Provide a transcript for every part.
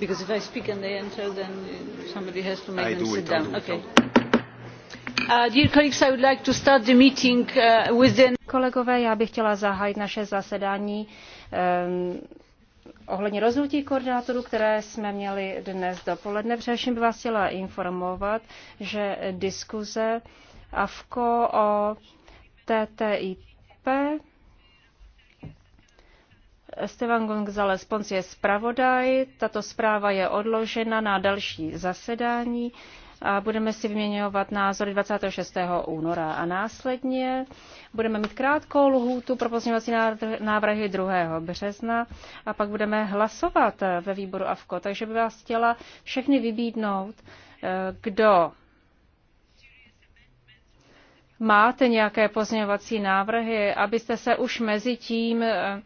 Because if I speak and they enter, then somebody has to make I them sit it, down. okay. uh, dear colleagues, I would like to start the meeting uh, within. Kolegové, já bych chtěla zahájit naše zasedání um, ohledně rozhodnutí koordinátorů, které jsme měli dnes dopoledne. Především bych vás chtěla informovat, že diskuze AFKO o TTIP Esteban González Pons je zpravodaj, tato zpráva je odložena na další zasedání a budeme si vyměňovat názory 26. února. A následně budeme mít krátkou lhůtu pro pozměňovací návrhy 2. března a pak budeme hlasovat eh, ve výboru AFKO. Takže bych vás chtěla všechny vybídnout, eh, kdo máte nějaké pozměňovací návrhy, abyste se už mezi tím eh,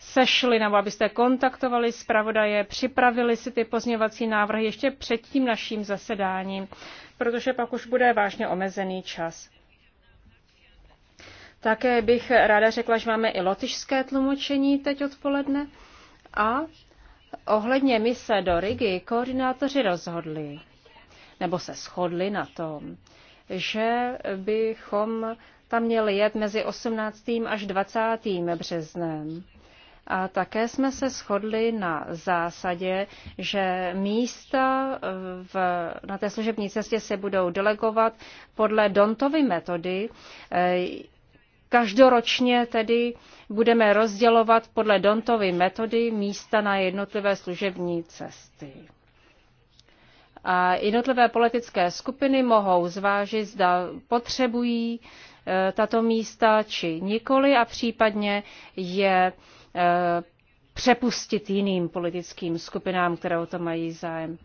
sešli nebo abyste kontaktovali zpravodaje, připravili si ty pozměňovací návrhy ještě před tím naším zasedáním, protože pak už bude vážně omezený čas. Také bych ráda řekla, že máme i lotyšské tlumočení teď odpoledne. A ohledně mise do Rigi koordinátoři rozhodli, nebo se shodli na tom, že bychom tam měli jet mezi 18. až 20. březnem. A také jsme se shodli na zásadě, že místa eh, v, na té služební cestě se budou delegovat podle Dontovy metody. Eh, každoročně tedy budeme rozdělovat podle Dontovy metody místa na jednotlivé služební cesty. A jednotlivé politické skupiny mohou zvážit, zda potřebují eh, tato místa či nikoli a případně je Eh, přepustit jiným politickým skupinám, které o to mají zájem.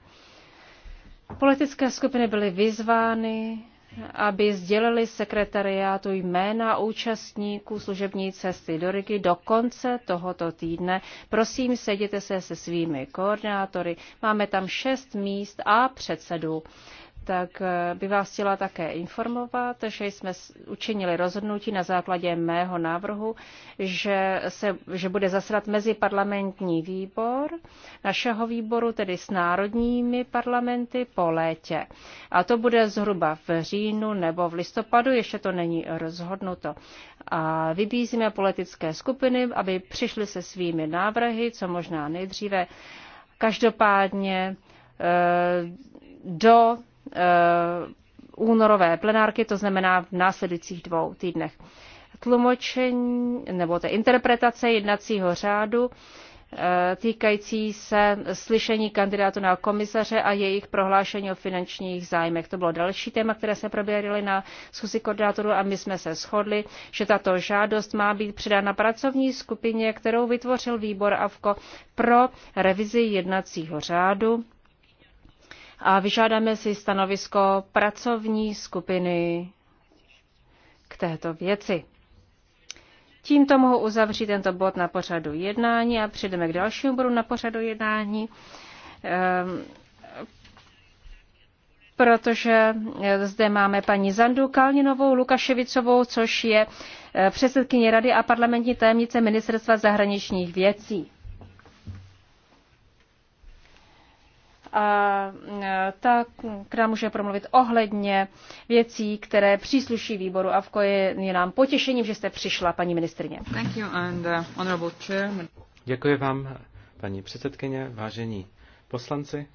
Politické skupiny byly vyzvány, aby sdělili sekretariátu jména účastníků služební cesty do Rigi do konce tohoto týdne. Prosím, seděte se se svými koordinátory. Máme tam šest míst a předsedu tak eh, by vás chtěla také informovat, že jsme učinili rozhodnutí na základě mého návrhu, že, se, že bude zasedat meziparlamentní výbor našeho výboru, tedy s národními parlamenty po létě. A to bude zhruba v říjnu nebo v listopadu, ještě to není rozhodnuto. A vybízíme politické skupiny, aby přišly se svými návrhy, co možná nejdříve. Každopádně eh, do Eh, únorové plenárky, to znamená v následujících dvou týdnech. Tlumočení nebo té interpretace jednacího řádu eh, týkající se slyšení kandidátu na komisaře a jejich prohlášení o finančních zájmech. To bylo další téma, které se proběhly na schůzi koordinátorů a my jsme se shodli, že tato žádost má být předána pracovní skupině, kterou vytvořil výbor AVKO pro revizi jednacího řádu a vyžádáme si stanovisko pracovní skupiny k této věci. Tímto mohu uzavřít tento bod na pořadu jednání a přejdeme k dalšímu bodu na pořadu jednání, ehm, protože zde máme paní Zandu Kalninovou Lukaševicovou, což je eh, předsedkyně Rady a parlamentní tajemnice Ministerstva zahraničních věcí. a e, ta, která může promluvit ohledně věcí, které přísluší výboru v koji je nám potěšením, že jste přišla, paní ministrně. Thank you and, uh, Děkuji vám, paní předsedkyně, vážení poslanci.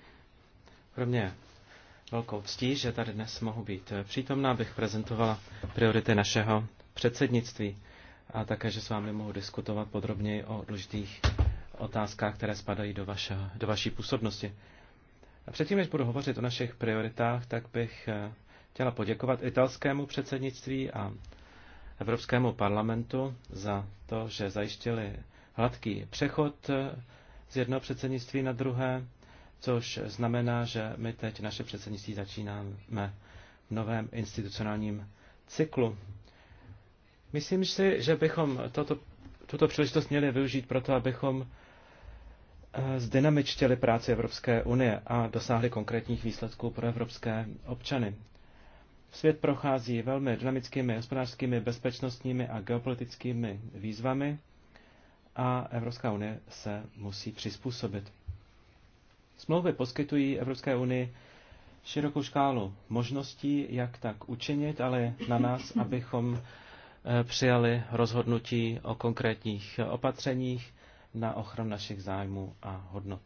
Pro mě velkou ctí, že tady dnes mohu být přítomná, abych prezentovala priority našeho předsednictví a také, že s vámi mohu diskutovat podrobněji o důležitých otázkách, které spadají do, vašeho, do vaší působnosti. A předtím, než budu hovořit o našich prioritách, tak bych eh, chtěla poděkovat italskému předsednictví a Evropskému parlamentu za to, že zajištili hladký přechod eh, z jednoho předsednictví na druhé, což znamená, že my teď naše předsednictví začínáme v novém institucionálním cyklu. Myslím si, že bychom toto, tuto příležitost měli využít proto, abychom Eh, zdynamičtili práci Evropské unie a dosáhli konkrétních výsledků pro evropské občany. Svět prochází velmi dynamickými hospodářskými, bezpečnostními a geopolitickými výzvami a Evropská unie se musí přizpůsobit. Smlouvy poskytují Evropské unii širokou škálu možností, jak tak učinit, ale na nás, abychom eh, přijali rozhodnutí o konkrétních opatřeních, na ochranu našich zájmů a hodnot.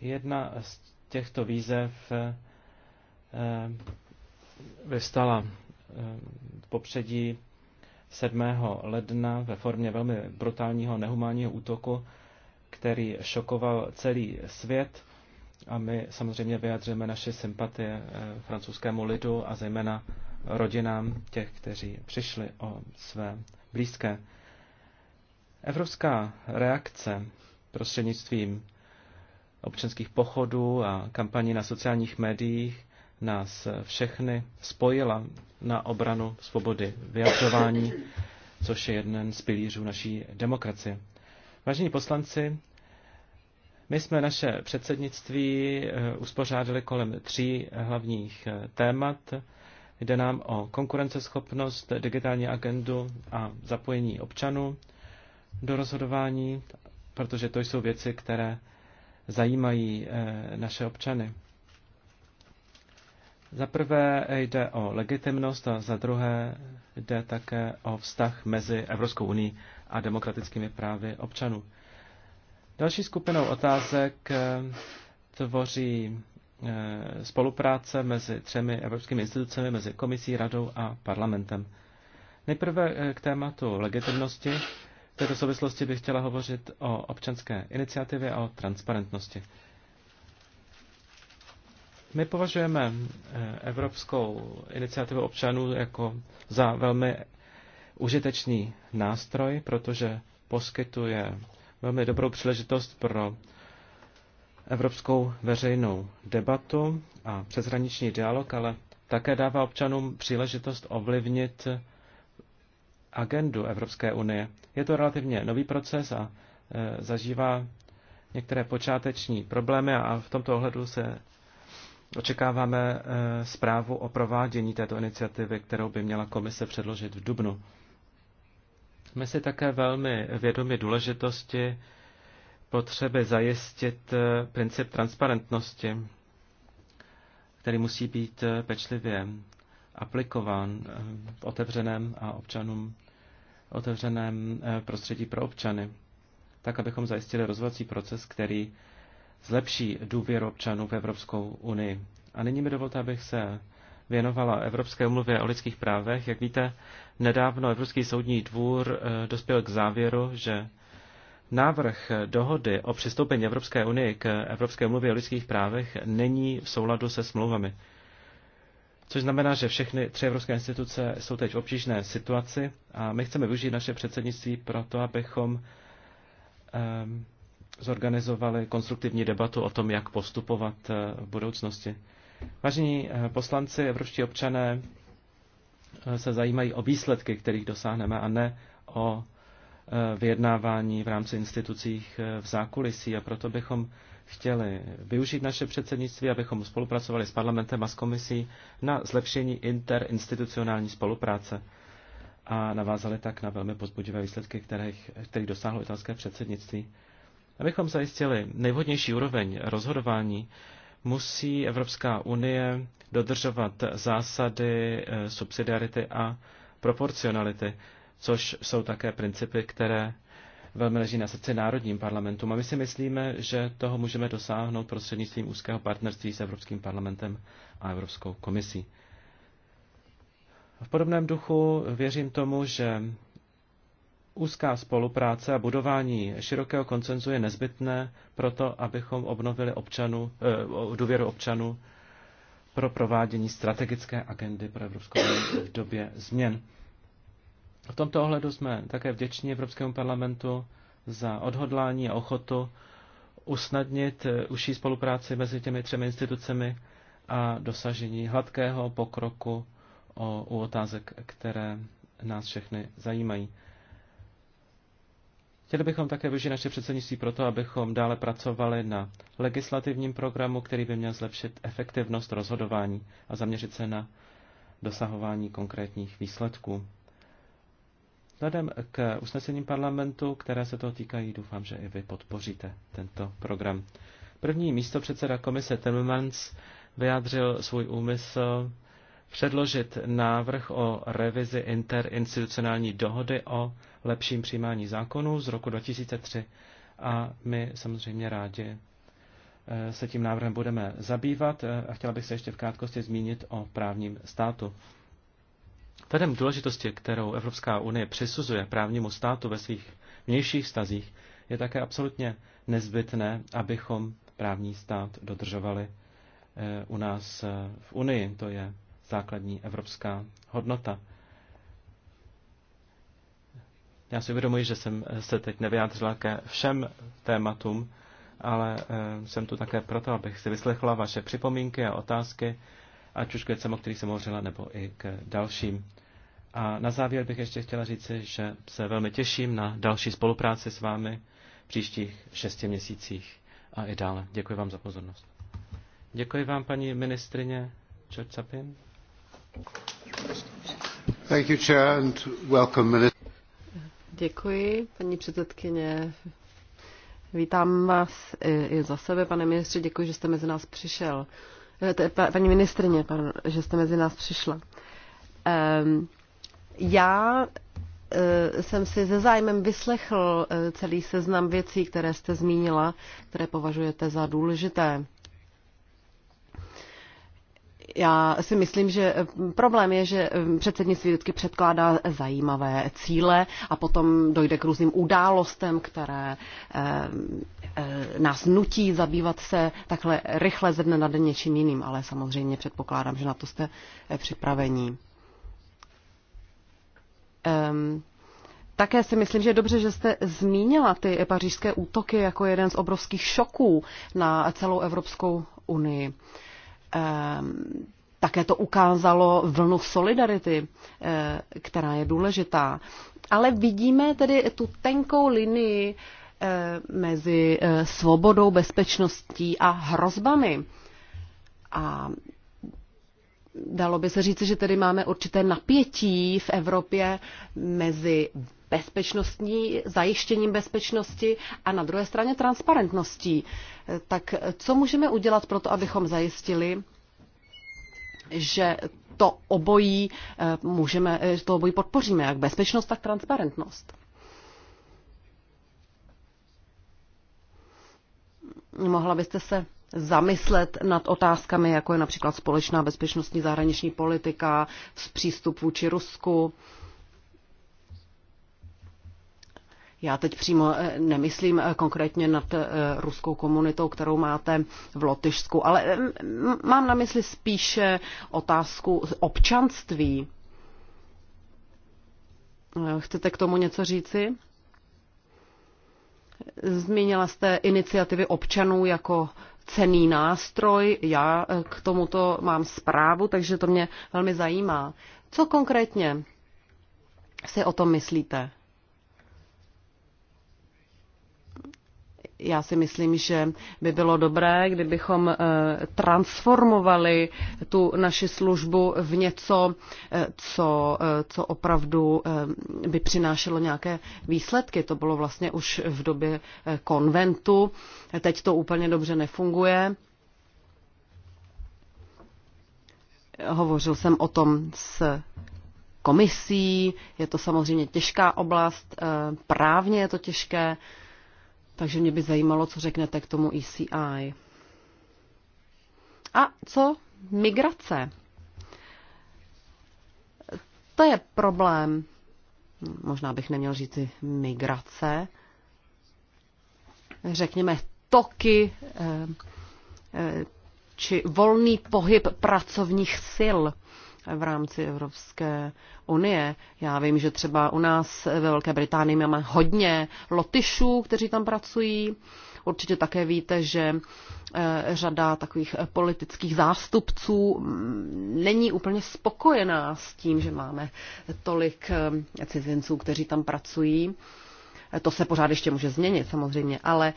Jedna z těchto výzev eh, eh, vystala eh, v popředí 7. ledna ve formě velmi brutálního nehumánního útoku, který šokoval celý svět. A my samozřejmě vyjadřujeme naše sympatie francouzskému lidu a zejména rodinám těch, kteří přišli o své blízké. Evropská reakce prostřednictvím občanských pochodů a kampaní na sociálních médiích nás všechny spojila na obranu svobody vyjadřování, což je jeden z pilířů naší demokracie. Vážení poslanci, my jsme naše předsednictví eh, uspořádali kolem tří hlavních eh, témat. Jde nám o konkurenceschopnost, digitální agendu a zapojení občanů do rozhodování, protože to jsou věci, které zajímají eh, naše občany. Za prvé jde o legitimnost a za druhé jde také o vztah mezi Evropskou unii a demokratickými právy občanů. Další skupinou otázek eh, tvoří eh, spolupráce mezi třemi evropskými institucemi, mezi komisí, radou a parlamentem. Nejprve k tématu legitimnosti. V této souvislosti bych chtěla hovořit o občanské iniciativě a o transparentnosti. My považujeme eh, Evropskou iniciativu občanů jako za velmi užitečný nástroj, protože poskytuje velmi dobrou příležitost pro evropskou veřejnou debatu a přeshraniční dialog, ale také dává občanům příležitost ovlivnit agendu Evropské unie. Je to relativně nový proces a e, zažívá některé počáteční problémy a v tomto ohledu se očekáváme e, zprávu o provádění této iniciativy, kterou by měla komise předložit v Dubnu. My si také velmi vědomi důležitosti potřeby zajistit e, princip transparentnosti, který musí být e, pečlivě aplikován eh, v otevřeném a občanům otevřeném eh, prostředí pro občany, tak abychom zajistili rozvojací proces, který zlepší důvěru občanů v Evropskou unii. A nyní mi dovolte, abych se věnovala Evropské umluvě o lidských právech. Jak víte, nedávno Evropský soudní dvůr eh, dospěl k závěru, že návrh dohody o přistoupení Evropské unie k Evropské umluvě o lidských právech není v souladu se smlouvami. Což znamená, že všechny tři evropské instituce jsou teď v obtížné situaci a my chceme využít naše předsednictví pro to, abychom um, zorganizovali konstruktivní debatu o tom, jak postupovat eh, v budoucnosti. Vážení eh, poslanci, evropští občané eh, se zajímají o výsledky, kterých dosáhneme, a ne o vyjednávání v rámci institucích v zákulisí. A proto bychom chtěli využít naše předsednictví, abychom spolupracovali s parlamentem a s komisí na zlepšení interinstitucionální spolupráce a navázali tak na velmi pozbudivé výsledky, kterých, kterých dosáhlo italské předsednictví. Abychom zajistili nejvhodnější úroveň rozhodování, musí Evropská unie dodržovat zásady eh, subsidiarity a proporcionality, což jsou také principy, které velmi leží na srdci národním parlamentům. A my si myslíme, že toho můžeme dosáhnout prostřednictvím úzkého partnerství s Evropským parlamentem a Evropskou komisí. V podobném duchu věřím tomu, že úzká spolupráce a budování širokého koncenzu je nezbytné pro to, abychom obnovili občanu, eh, důvěru občanů pro provádění strategické agendy pro Evropskou unii v době změn. V tomto ohledu jsme také vděční Evropskému parlamentu za odhodlání a ochotu usnadnit eh, užší spolupráci mezi těmi třemi institucemi a dosažení hladkého pokroku o, u otázek, které nás všechny zajímají. Chtěli bychom také využít naše předsednictví proto, abychom dále pracovali na legislativním programu, který by měl zlepšit efektivnost rozhodování a zaměřit se na dosahování konkrétních výsledků. Vzhledem k usnesením parlamentu, které se toho týkají, doufám, že i vy podpoříte tento program. První místo předseda komise Timmermans vyjádřil svůj úmysl předložit návrh o revizi interinstitucionální dohody o lepším přijímání zákonů z roku 2003 a my samozřejmě rádi eh, se tím návrhem budeme zabývat eh, a chtěla bych se ještě v krátkosti zmínit o právním státu. Vzhledem k důležitosti, kterou Evropská unie přisuzuje právnímu státu ve svých vnějších stazích, je také absolutně nezbytné, abychom právní stát dodržovali eh, u nás eh, v Unii. To je základní evropská hodnota. Já si uvědomuji, že jsem eh, se teď nevyjádřila ke všem tématům, ale jsem tu také proto, abych si vyslechla vaše připomínky a otázky ať už k věcem, o kterých jsem hovořila, nebo i k dalším. A na závěr bych ještě chtěla říci, že se velmi těším na další spolupráci s vámi v příštích šesti měsících a i dále. Děkuji vám za pozornost. Děkuji vám, paní ministrině Čočapin. Thank you, Chair, and welcome, Děkuji, paní předsedkyně. Vítám vás i, i za sebe, pane ministře. Děkuji, že jste mezi nás přišel. Eh, paní ministrině, pardon, že jste mezi nás přišla. Ehm, já eh, jsem si ze zájmem vyslechl eh, celý seznam věcí, které jste zmínila, které považujete za důležité já si myslím, že eh, problém je, že eh, předsednictví vždycky předkládá zajímavé cíle a potom dojde k různým událostem, které eh, nás nutí zabývat se takhle rychle ze dne na den něčím jiným, ale samozřejmě předpokládám, že na to jste připravení. Um, také si myslím, že je dobře, že jste zmínila ty pařížské útoky jako jeden z obrovských šoků na celou Evropskou unii. Ehm, také to ukázalo vlnu solidarity, eh, která je důležitá. Ale vidíme tedy tu tenkou linii eh, mezi eh, svobodou, bezpečností a hrozbami. A dalo by se říci, že tedy máme určité napětí v Evropě mezi bezpečnostní, zajištěním bezpečnosti a na druhé straně transparentností. Tak co můžeme udělat pro to, abychom zajistili, že to obojí, eh, můžeme, že eh, to obojí podpoříme, jak bezpečnost, tak transparentnost? Mohla byste se zamyslet nad otázkami, jako je například společná bezpečnostní zahraniční politika, přístup vůči Rusku, Já teď přímo eh, nemyslím eh, konkrétně nad eh, ruskou komunitou, kterou máte v Lotyšsku, ale mám na mysli spíše otázku občanství. Chcete k tomu něco říci? Zmínila jste iniciativy občanů jako cený nástroj. Já k tomuto mám zprávu, takže to mě velmi zajímá. Co konkrétně si o tom myslíte? já si myslím, že by bylo dobré, kdybychom eh, transformovali tu naši službu v něco, eh, co, eh, co opravdu by přinášelo nějaké výsledky. To bylo vlastně už v době konventu. Teď to úplně dobře nefunguje. Hovořil jsem o tom s komisí, je to samozřejmě těžká oblast, právně je to těžké, takže mě by zajímalo, co řeknete k tomu ECI. A co migrace? To je problém. Možná bych neměl říct migrace. Řekněme toky eh, eh, či volný pohyb pracovních sil v rámci Evropské unie. Já vím, že třeba u nás ve Velké Británii máme hodně lotyšů, kteří tam pracují. Určitě také víte, že eh, řada takových politických zástupců mm, není úplně spokojená s tím, že máme tolik eh, cizinců, kteří tam pracují. Eh, to se pořád ještě může změnit samozřejmě, ale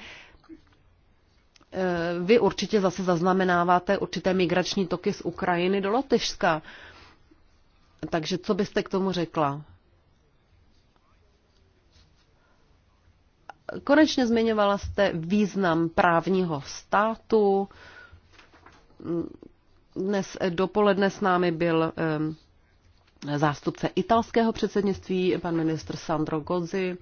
vy určitě zase zaznamenáváte určité migrační toky z Ukrajiny do Lotyšska. Takže co byste k tomu řekla? Konečně zmiňovala jste význam právního státu. Dnes dopoledne s námi byl ehm, zástupce italského předsednictví, pan ministr Sandro Gozzi.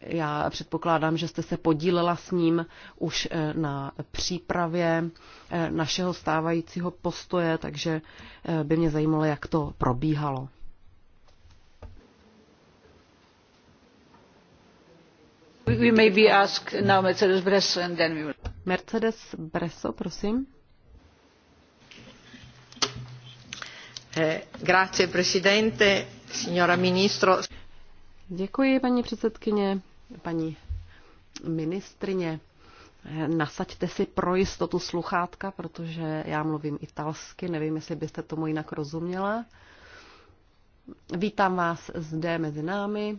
Já předpokládám, že jste se podílela s ním už eh, na přípravě eh, našeho stávajícího postoje, takže eh, by mě zajímalo, jak to probíhalo. We maybe ask now Mercedes Bresso and then we will... Mercedes Bresso, prosím. Eh, grazie Presidente, signora Ministro. Děkuji, paní předsedkyně, paní ministrině. Nasaďte si pro jistotu sluchátka, protože já mluvím italsky, nevím, jestli byste tomu jinak rozuměla. Vítám vás zde mezi námi.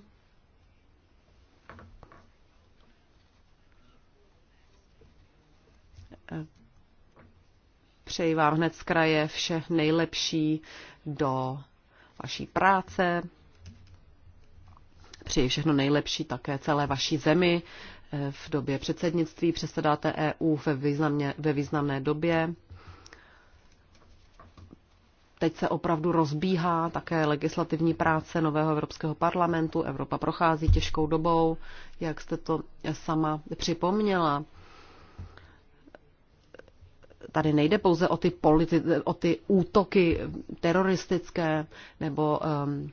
Přeji vám hned z kraje vše nejlepší do vaší práce, Přeji všechno nejlepší také celé vaší zemi. E, v době předsednictví předsedáte EU ve, významně, ve významné době. Teď se opravdu rozbíhá také legislativní práce nového Evropského parlamentu. Evropa prochází těžkou dobou, jak jste to sama připomněla. Tady nejde pouze o ty, politi- o ty útoky teroristické nebo um,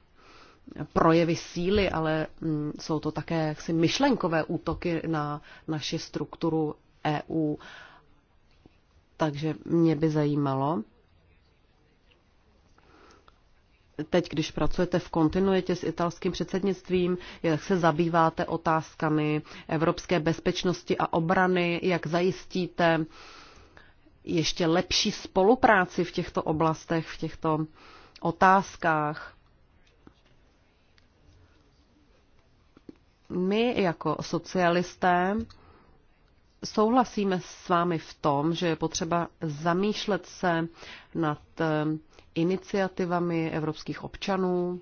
projevy síly, ale mm, jsou to také jaksi myšlenkové útoky na naši strukturu EU. Takže mě by zajímalo, teď, když pracujete v kontinuitě s italským předsednictvím, jak se zabýváte otázkami evropské bezpečnosti a obrany, jak zajistíte ještě lepší spolupráci v těchto oblastech, v těchto otázkách. My jako socialisté souhlasíme s vámi v tom, že je potřeba zamýšlet se nad eh, iniciativami evropských občanů.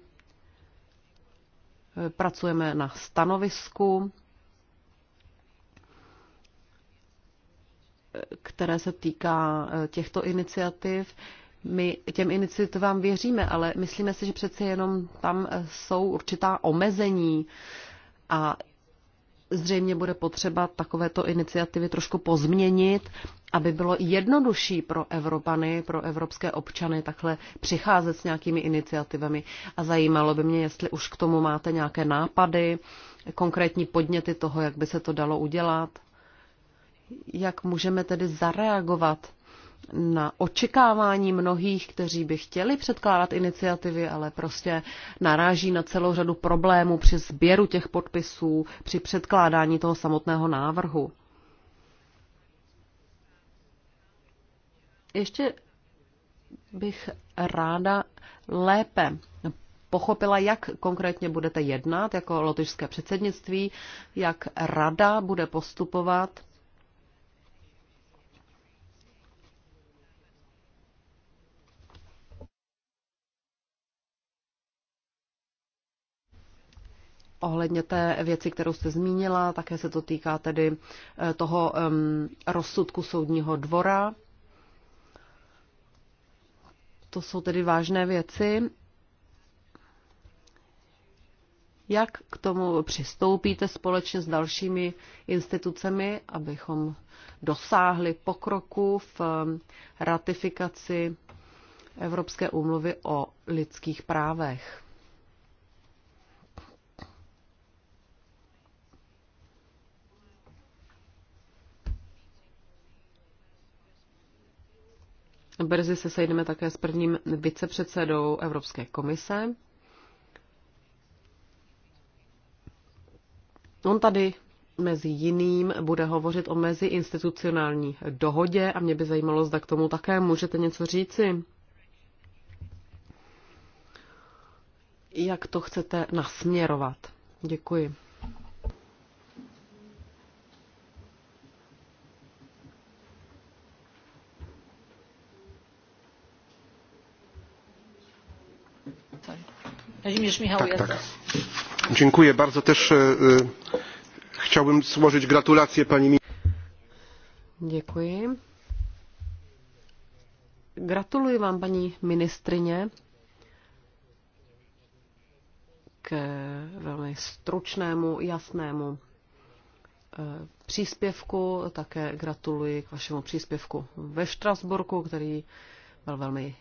Pracujeme na stanovisku, které se týká eh, těchto iniciativ. My těm iniciativám věříme, ale myslíme si, že přece jenom tam eh, jsou určitá omezení, a zřejmě bude potřeba takovéto iniciativy trošku pozměnit, aby bylo jednodušší pro Evropany, pro evropské občany takhle přicházet s nějakými iniciativami. A zajímalo by mě, jestli už k tomu máte nějaké nápady, konkrétní podněty toho, jak by se to dalo udělat. Jak můžeme tedy zareagovat na očekávání mnohých, kteří by chtěli předkládat iniciativy, ale prostě naráží na celou řadu problémů při sběru těch podpisů, při předkládání toho samotného návrhu. Ještě bych ráda lépe pochopila, jak konkrétně budete jednat jako lotyšské předsednictví, jak rada bude postupovat ohledně té věci, kterou jste zmínila, také se to týká tedy eh, toho rozsudku soudního dvora. To jsou tedy vážné věci. Jak k tomu přistoupíte společně s dalšími institucemi, abychom dosáhli pokroku v ratifikaci Evropské úmluvy o lidských právech? Brzy se sejdeme také s prvním vicepředsedou Evropské komise. On tady mezi jiným bude hovořit o meziinstitucionální dohodě a mě by zajímalo, zda k tomu také můžete něco říci. Jak to chcete nasměrovat? Děkuji. bardzo. Też e, e, chciałbym złożyć gratulacje pani Děkuji. Gratuluji vám, paní ministrině, k velmi stručnému, jasnému e, příspěvku. Také gratuluji k vašemu příspěvku ve Štrasburku, který byl velmi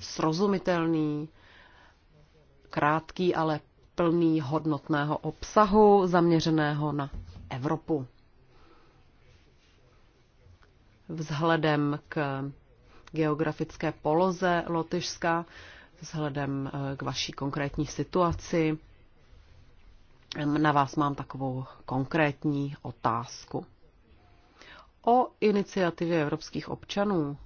srozumitelný, krátký, ale plný hodnotného obsahu zaměřeného na Evropu. Vzhledem k geografické poloze Lotyšska, vzhledem eh, k vaší konkrétní situaci, na vás mám takovou konkrétní otázku. O iniciativě evropských občanů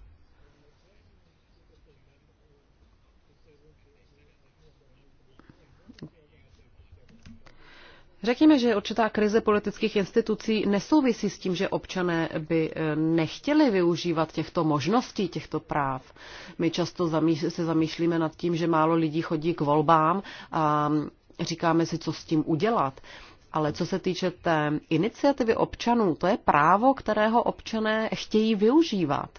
Řekněme, že určitá krize politických institucí nesouvisí s tím, že občané by eh, nechtěli využívat těchto možností, těchto práv. My často se zamýšlíme nad tím, že málo lidí chodí k volbám a říkáme si, co s tím udělat. Ale co se týče té iniciativy občanů, to je právo, kterého občané chtějí využívat,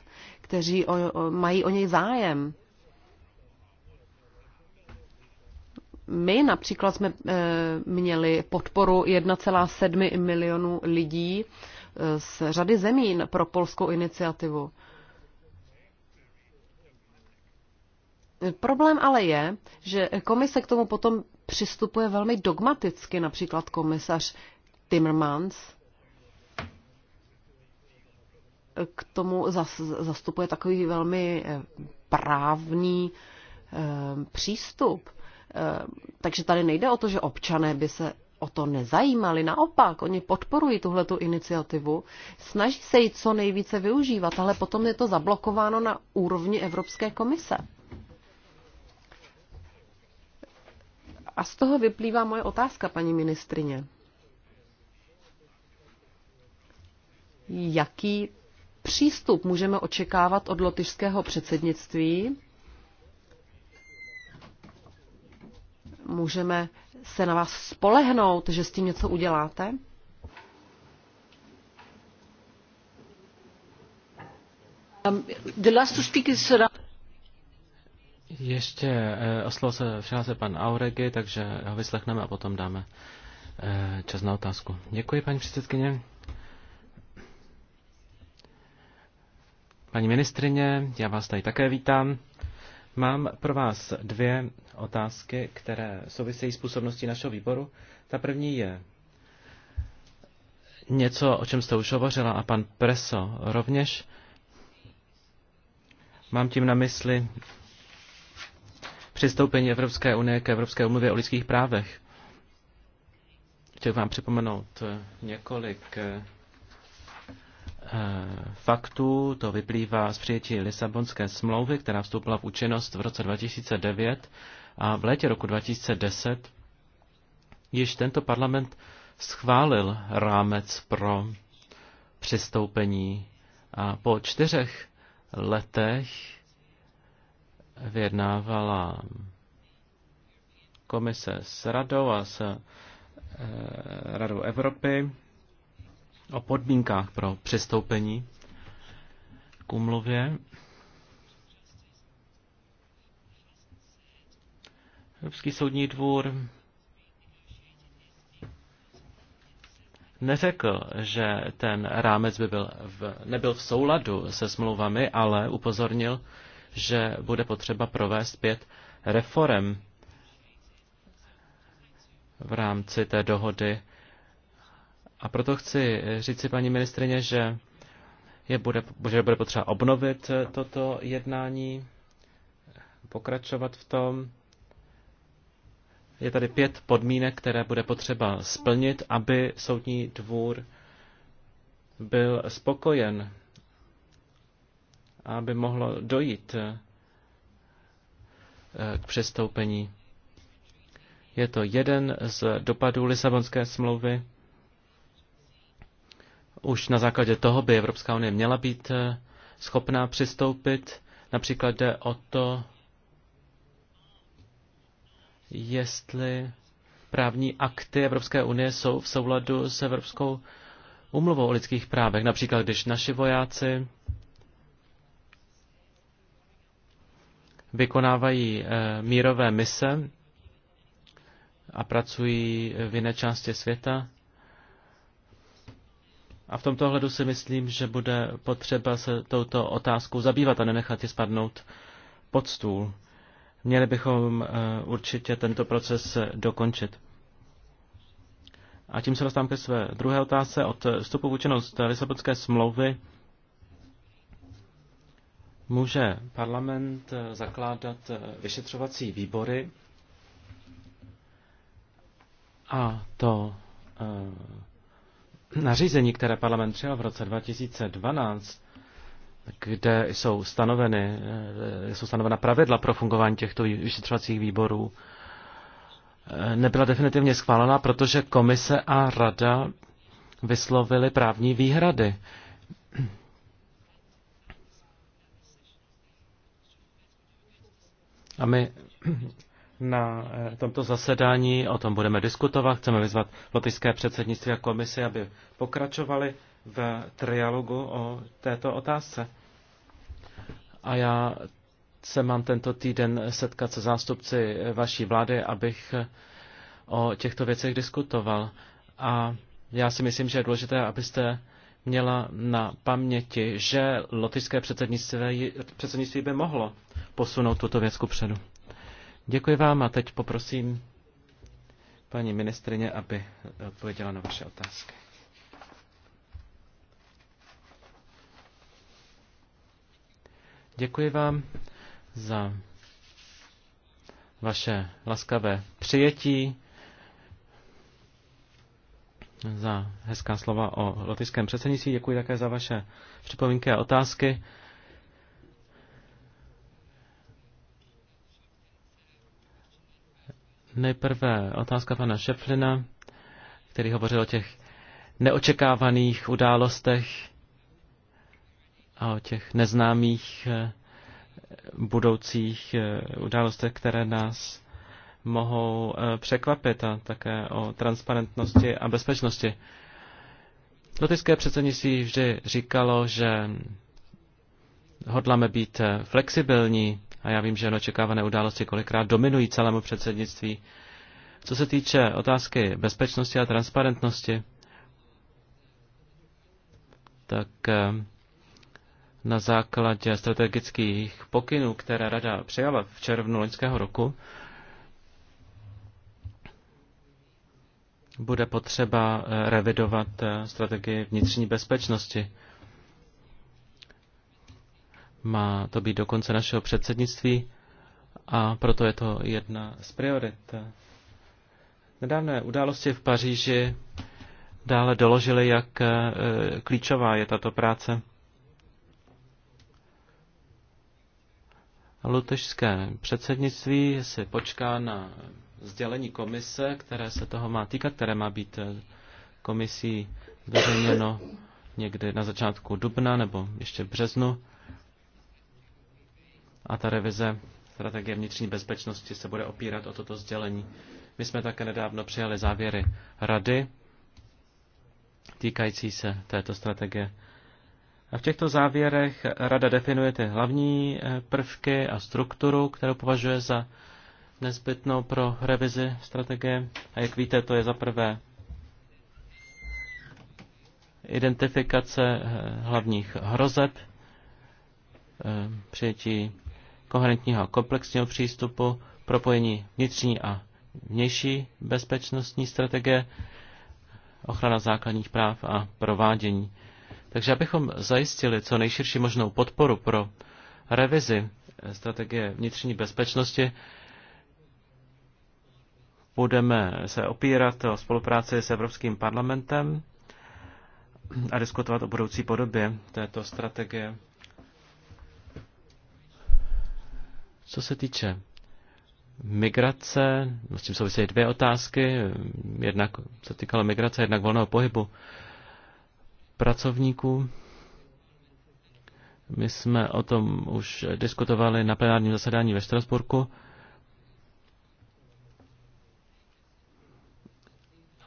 kteří mají o něj zájem. My například jsme eh, měli podporu 1,7 milionů lidí eh, z řady zemí pro polskou iniciativu. Problém ale je, že komise k tomu potom přistupuje velmi dogmaticky, například komisař Timmermans k tomu zastupuje takový velmi eh, právní přístup. Eh, takže tady nejde o to, že občané by se o to nezajímali. Naopak, oni podporují tuhle iniciativu, snaží se ji co nejvíce využívat, ale potom je to zablokováno na úrovni Evropské komise. A z toho vyplývá moje otázka, paní ministrině. Jaký přístup můžeme očekávat od lotyšského předsednictví Můžeme se na vás spolehnout, že s tím něco uděláte? Um, the last uh, Ještě eh, o oslo se přihlásil pan Auregi, takže ho vyslechneme a potom dáme eh, čas na otázku. Děkuji, paní předsedkyně. Paní ministrině, já vás tady také vítám. Mám pro vás dvě otázky, které souvisejí s působností našeho výboru. Ta první je něco, o čem jste už hovořila a pan Preso rovněž. Mám tím na mysli přistoupení Evropské unie k Evropské umluvě o lidských právech. Chtěl vám připomenout několik Eh, faktů, to vyplývá z přijetí Lisabonské smlouvy, která vstoupila v účinnost v roce 2009 a v létě roku 2010 již tento parlament schválil rámec pro přistoupení a po čtyřech letech vyjednávala komise s radou a s eh, Radou Evropy o podmínkách pro přestoupení k umluvě. Evropský soudní dvůr neřekl, že ten rámec by byl v, nebyl v souladu se smlouvami, ale upozornil, že bude potřeba provést pět reform v rámci té dohody a proto chci říci paní ministrině, že je bude, že bude potřeba obnovit eh, toto jednání, pokračovat v tom. Je tady pět podmínek, které bude potřeba splnit, aby soudní dvůr byl spokojen, aby mohlo dojít eh, k přestoupení. Je to jeden z dopadů Lisabonské smlouvy už na základě toho by Evropská unie měla být eh, schopná přistoupit. Například jde o to, jestli právní akty Evropské unie jsou v souladu s Evropskou umluvou o lidských právech. Například, když naši vojáci vykonávají eh, mírové mise a pracují v jiné části světa, a v tomto ohledu si myslím, že bude potřeba se touto otázkou zabývat a nenechat ji spadnout pod stůl. Měli bychom eh, určitě tento proces eh, dokončit. A tím se dostávám ke své druhé otázce. Od eh, vstupu v účinnost Lisabonské smlouvy může parlament zakládat vyšetřovací výbory a to nařízení, které parlament přijal v roce 2012, kde jsou, stanoveny, eh, jsou stanovena pravidla pro fungování těchto vyšetřovacích výborů, eh, nebyla definitivně schválená, protože komise a rada vyslovily právní výhrady. A my na eh, tomto zasedání. O tom budeme diskutovat. Chceme vyzvat lotyšské předsednictví a komisi, aby pokračovali v trialogu o této otázce. A já se mám tento týden setkat se zástupci vaší vlády, abych eh, o těchto věcech diskutoval. A já si myslím, že je důležité, abyste měla na paměti, že lotyšské předsednictví, předsednictví by mohlo posunout tuto věc ku předu. Děkuji vám a teď poprosím paní ministrině, aby odpověděla na vaše otázky. Děkuji vám za vaše laskavé přijetí, za hezká slova o lotyšském předsednictví. Děkuji také za vaše připomínky a otázky. Nejprve otázka pana Šeflina, který hovořil o těch neočekávaných událostech a o těch neznámých eh, budoucích eh, událostech, které nás mohou eh, překvapit a také o transparentnosti a bezpečnosti. Lotyšské předsednictví vždy říkalo, že hodláme být flexibilní a já vím, že neočekávané události kolikrát dominují celému předsednictví. Co se týče otázky bezpečnosti a transparentnosti, tak eh, na základě strategických pokynů, které Rada přijala v červnu loňského roku, bude potřeba eh, revidovat eh, strategii vnitřní bezpečnosti. Má to být do konce našeho předsednictví a proto je to jedna z priorit. Nedávné události v Paříži dále doložily, jak eh, klíčová je tato práce. Lutežské předsednictví si počká na sdělení komise, které se toho má týkat, které má být eh, komisí zveřejněno někdy na začátku dubna nebo ještě březnu a ta revize strategie vnitřní bezpečnosti se bude opírat o toto sdělení. My jsme také nedávno přijali závěry rady týkající se této strategie. A v těchto závěrech rada definuje ty hlavní eh, prvky a strukturu, kterou považuje za nezbytnou pro revizi strategie. A jak víte, to je za prvé identifikace eh, hlavních hrozeb, eh, přijetí koherentního komplexního přístupu, propojení vnitřní a vnější bezpečnostní strategie, ochrana základních práv a provádění. Takže abychom zajistili co nejširší možnou podporu pro revizi strategie vnitřní bezpečnosti, budeme se opírat o spolupráci s Evropským parlamentem a diskutovat o budoucí podobě této strategie. Co se týče migrace, no, s tím souvisí dvě otázky, jednak se týkala migrace, jednak volného pohybu pracovníků. My jsme o tom už diskutovali na plenárním zasedání ve Štrasburku.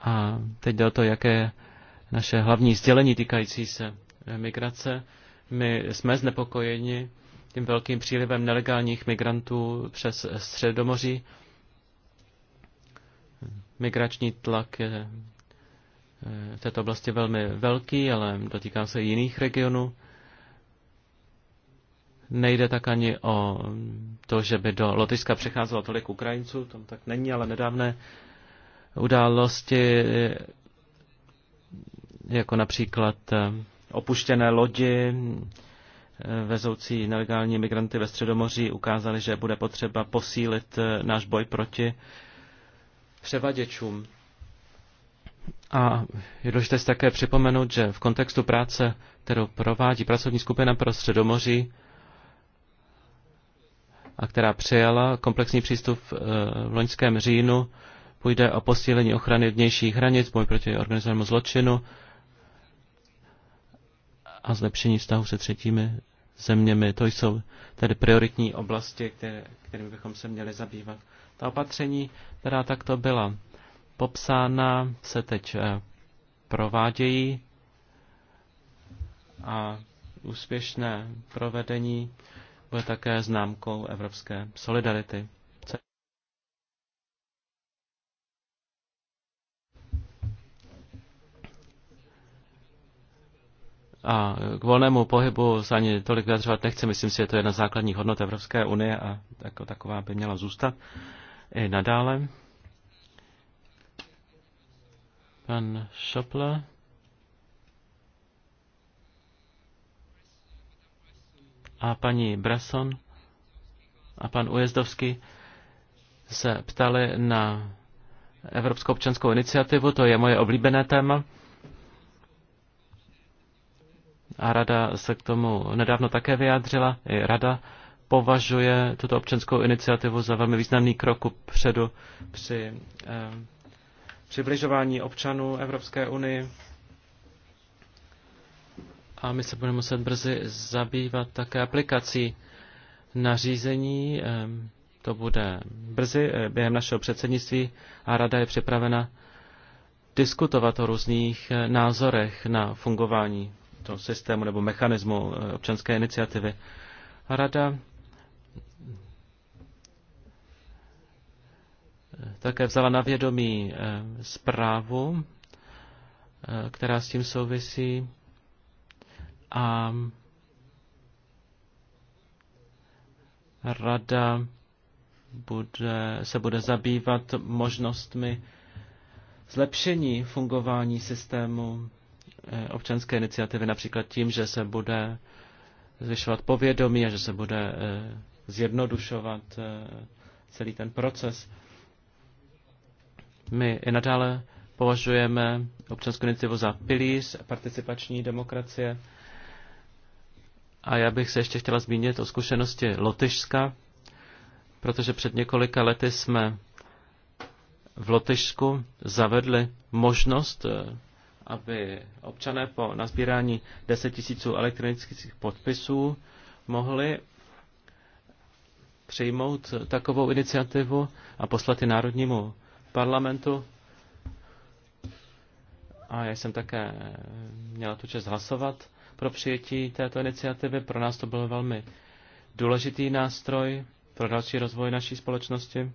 A teď jde o to, jaké je naše hlavní sdělení týkající se migrace. My jsme znepokojeni tím velkým přílivem nelegálních migrantů přes Středomoří. Migrační tlak je eh, v této oblasti velmi velký, ale dotýká se i jiných regionů. Nejde tak ani o to, že by do Lotyšska přecházelo tolik Ukrajinců, tam tak není, ale nedávné události, jako například eh, opuštěné lodi, vezoucí nelegální migranty ve Středomoří ukázali, že bude potřeba posílit eh, náš boj proti převaděčům. A je důležité si také připomenout, že v kontextu práce, kterou provádí pracovní skupina pro Středomoří, a která přijala komplexní přístup eh, v loňském říjnu, půjde o posílení ochrany vnějších hranic, boj proti organizovanému zločinu, a zlepšení vztahu se třetími zeměmi. To jsou tedy prioritní oblasti, které, kterými bychom se měli zabývat. Ta opatření, která takto byla popsána, se teď eh, provádějí a úspěšné provedení bude také známkou evropské solidarity. A k volnému pohybu se ani tolik vyjadřovat nechci. Myslím si, že to je jedna z základních hodnot Evropské unie a jako taková by měla zůstat i nadále. Pan Šopla. A paní Brason a pan Ujezdovský se ptali na Evropskou občanskou iniciativu, to je moje oblíbené téma a rada se k tomu nedávno také vyjádřila. I rada považuje tuto občanskou iniciativu za velmi významný krok předu při eh, přibližování občanů Evropské unii. A my se budeme muset brzy zabývat také aplikací nařízení. Eh, to bude brzy eh, během našeho předsednictví a rada je připravena diskutovat o různých eh, názorech na fungování toho systému nebo mechanismu eh, občanské iniciativy. Rada eh, také vzala na vědomí eh, zprávu, která s tím souvisí a rada bude, se bude zabývat možnostmi zlepšení fungování systému Eh, občanské iniciativy, například tím, že se bude zvyšovat povědomí a že se bude eh, zjednodušovat eh, celý ten proces. My i nadále považujeme občanskou iniciativu za pilíř participační demokracie. A já bych se ještě chtěla zmínit o zkušenosti Lotyšska, protože před několika lety jsme v Lotyšsku zavedli možnost aby občané po nazbírání 10 tisíců elektronických podpisů mohli přijmout takovou iniciativu a poslat ji Národnímu parlamentu. A já jsem také měla tu čest hlasovat pro přijetí této iniciativy. Pro nás to byl velmi důležitý nástroj pro další rozvoj naší společnosti.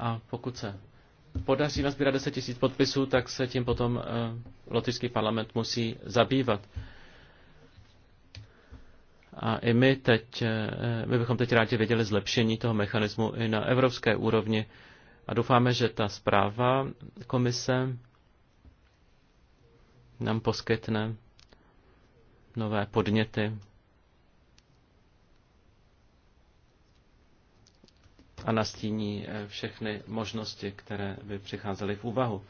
A pokud se podaří nazbírat 10 tisíc podpisů, tak se tím potom eh, lotyšský parlament musí zabývat. A i my teď, eh, my bychom teď rádi věděli zlepšení toho mechanismu i na evropské úrovni. A doufáme, že ta zpráva komise nám poskytne nové podněty a nastíní eh, všechny možnosti, které by přicházely v úvahu.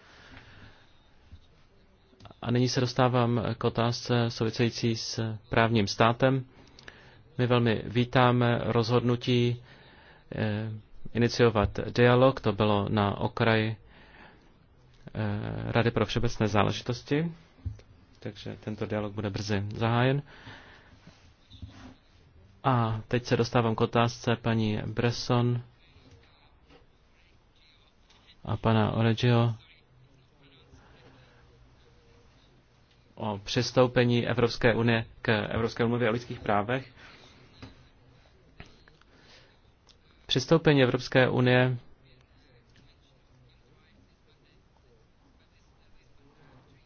A nyní se dostávám k otázce související s právním státem. My velmi vítáme rozhodnutí eh, iniciovat dialog, to bylo na okraji eh, Rady pro všeobecné záležitosti, takže tento dialog bude brzy zahájen. A teď se dostávám k otázce paní Bresson a pana Oregio o přistoupení Evropské unie k Evropské umluvě o lidských právech. Přistoupení Evropské unie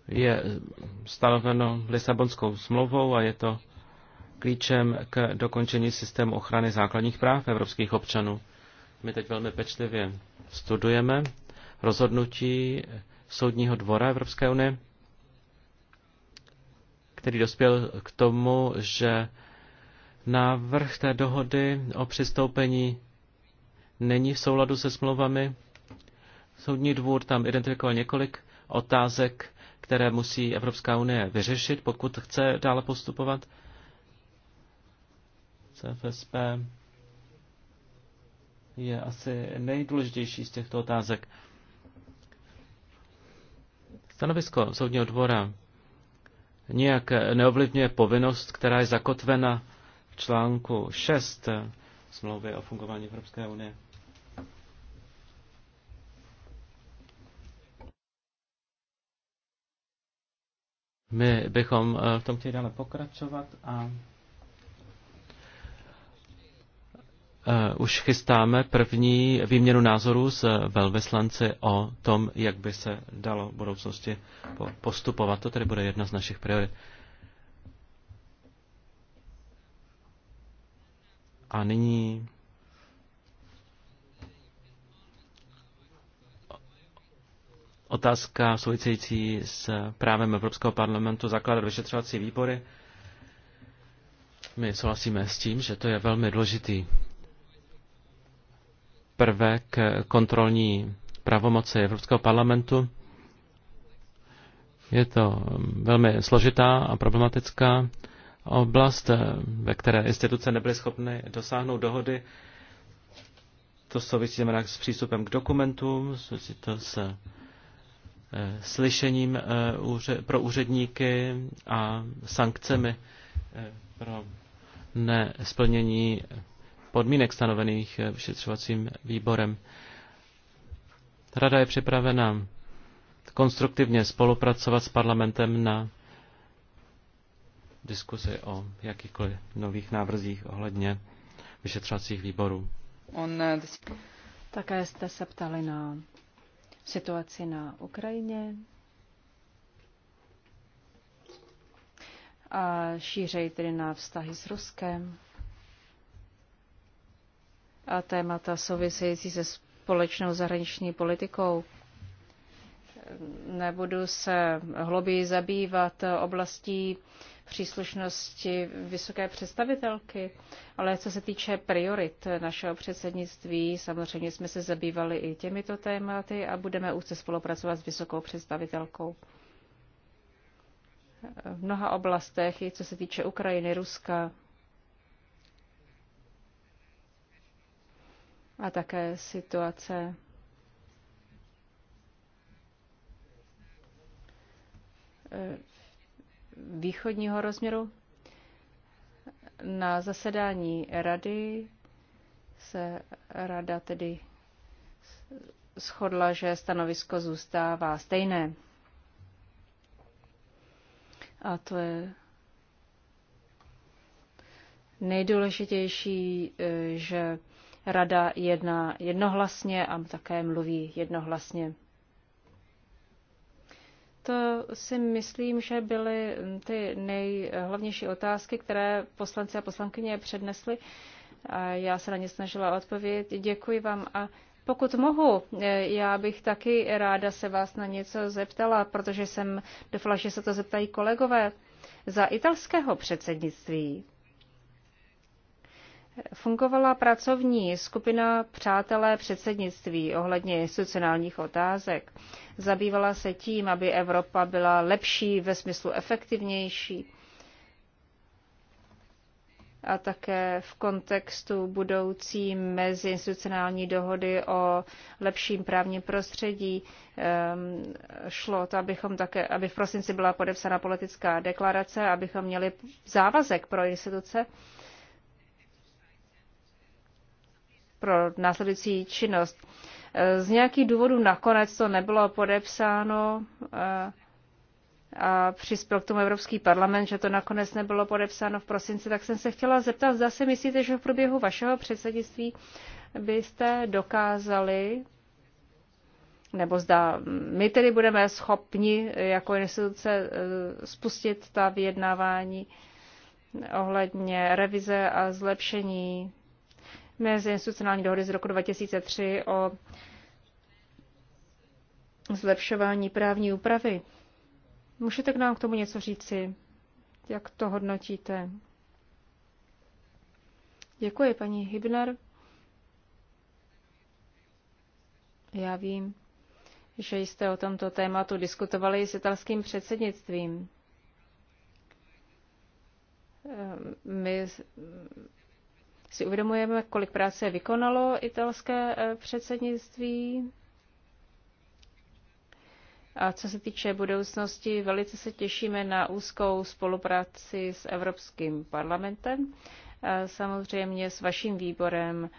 je stanoveno Lisabonskou smlouvou a je to klíčem k dokončení systému ochrany základních práv evropských občanů. My teď velmi pečlivě studujeme rozhodnutí Soudního dvora Evropské unie, který dospěl k tomu, že návrh té dohody o přistoupení není v souladu se smlouvami. Soudní dvůr tam identifikoval několik otázek, které musí Evropská unie vyřešit, pokud chce dále postupovat. CFSP je asi nejdůležitější z těchto otázek. Stanovisko soudního dvora nijak neovlivňuje povinnost, která je zakotvena v článku 6 smlouvy o fungování Evropské unie. My bychom eh, v tom chtěli dále pokračovat a Eh, už chystáme první výměnu názorů s velvyslanci o tom, jak by se dalo v budoucnosti postupovat. To tedy bude jedna z našich priorit. A nyní otázka související s právem Evropského parlamentu zakládat vyšetřovací výbory. My souhlasíme s tím, že to je velmi důležitý prvek kontrolní pravomoci Evropského parlamentu. Je to velmi složitá a problematická oblast, ve které instituce nebyly schopny dosáhnout dohody. To souvisí s přístupem k dokumentům, souvisí to s eh, slyšením eh, pro úředníky a sankcemi eh, pro nesplnění podmínek stanovených eh, vyšetřovacím výborem. Rada je připravena konstruktivně spolupracovat s parlamentem na diskuzi o jakýchkoliv nových návrzích ohledně vyšetřovacích výborů. On, eh, také jste se ptali na situaci na Ukrajině a šířej tedy na vztahy s Ruskem a témata související se společnou zahraniční politikou. Nebudu se hlouběji zabývat oblastí příslušnosti vysoké představitelky, ale co se týče priorit našeho předsednictví, samozřejmě jsme se zabývali i těmito tématy a budeme úzce spolupracovat s vysokou představitelkou. V mnoha oblastech, i co se týče Ukrajiny, Ruska, a také situace eh, východního rozměru. Na zasedání rady se rada tedy shodla, že stanovisko zůstává stejné. A to je nejdůležitější, eh, že Rada jedná jednohlasně a také mluví jednohlasně. To si myslím, že byly ty nejhlavnější otázky, které poslanci a poslankyně přednesli. A já se na ně snažila odpovědět. Děkuji vám a pokud mohu, e, já bych taky ráda se vás na něco zeptala, protože jsem doufala, že se to zeptají kolegové. Za italského předsednictví fungovala pracovní skupina Přátelé předsednictví ohledně institucionálních otázek. Zabývala se tím, aby Evropa byla lepší ve smyslu efektivnější a také v kontextu budoucí meziinstitucionální dohody o lepším právním prostředí ehm, šlo to, abychom také, aby v prosinci byla podepsána politická deklarace, abychom měli závazek pro instituce, pro následující činnost. Eh, z nějakých důvodů nakonec to nebylo podepsáno eh, a přispěl k tomu Evropský parlament, že to nakonec nebylo podepsáno v prosinci, tak jsem se chtěla zeptat, zda si myslíte, že v průběhu vašeho předsednictví byste dokázali, nebo zda my tedy budeme schopni jako instituce eh, spustit ta vyjednávání ohledně revize a zlepšení mezi institucionální dohody z roku 2003 o zlepšování právní úpravy. Můžete k nám k tomu něco říci? Jak to hodnotíte? Děkuji, paní Hibner. Já vím, že jste o tomto tématu diskutovali s italským předsednictvím. Ehm, my si uvědomujeme, kolik práce vykonalo italské eh, předsednictví. A co se týče budoucnosti, velice se těšíme na úzkou spolupráci s Evropským parlamentem, a samozřejmě s vaším výborem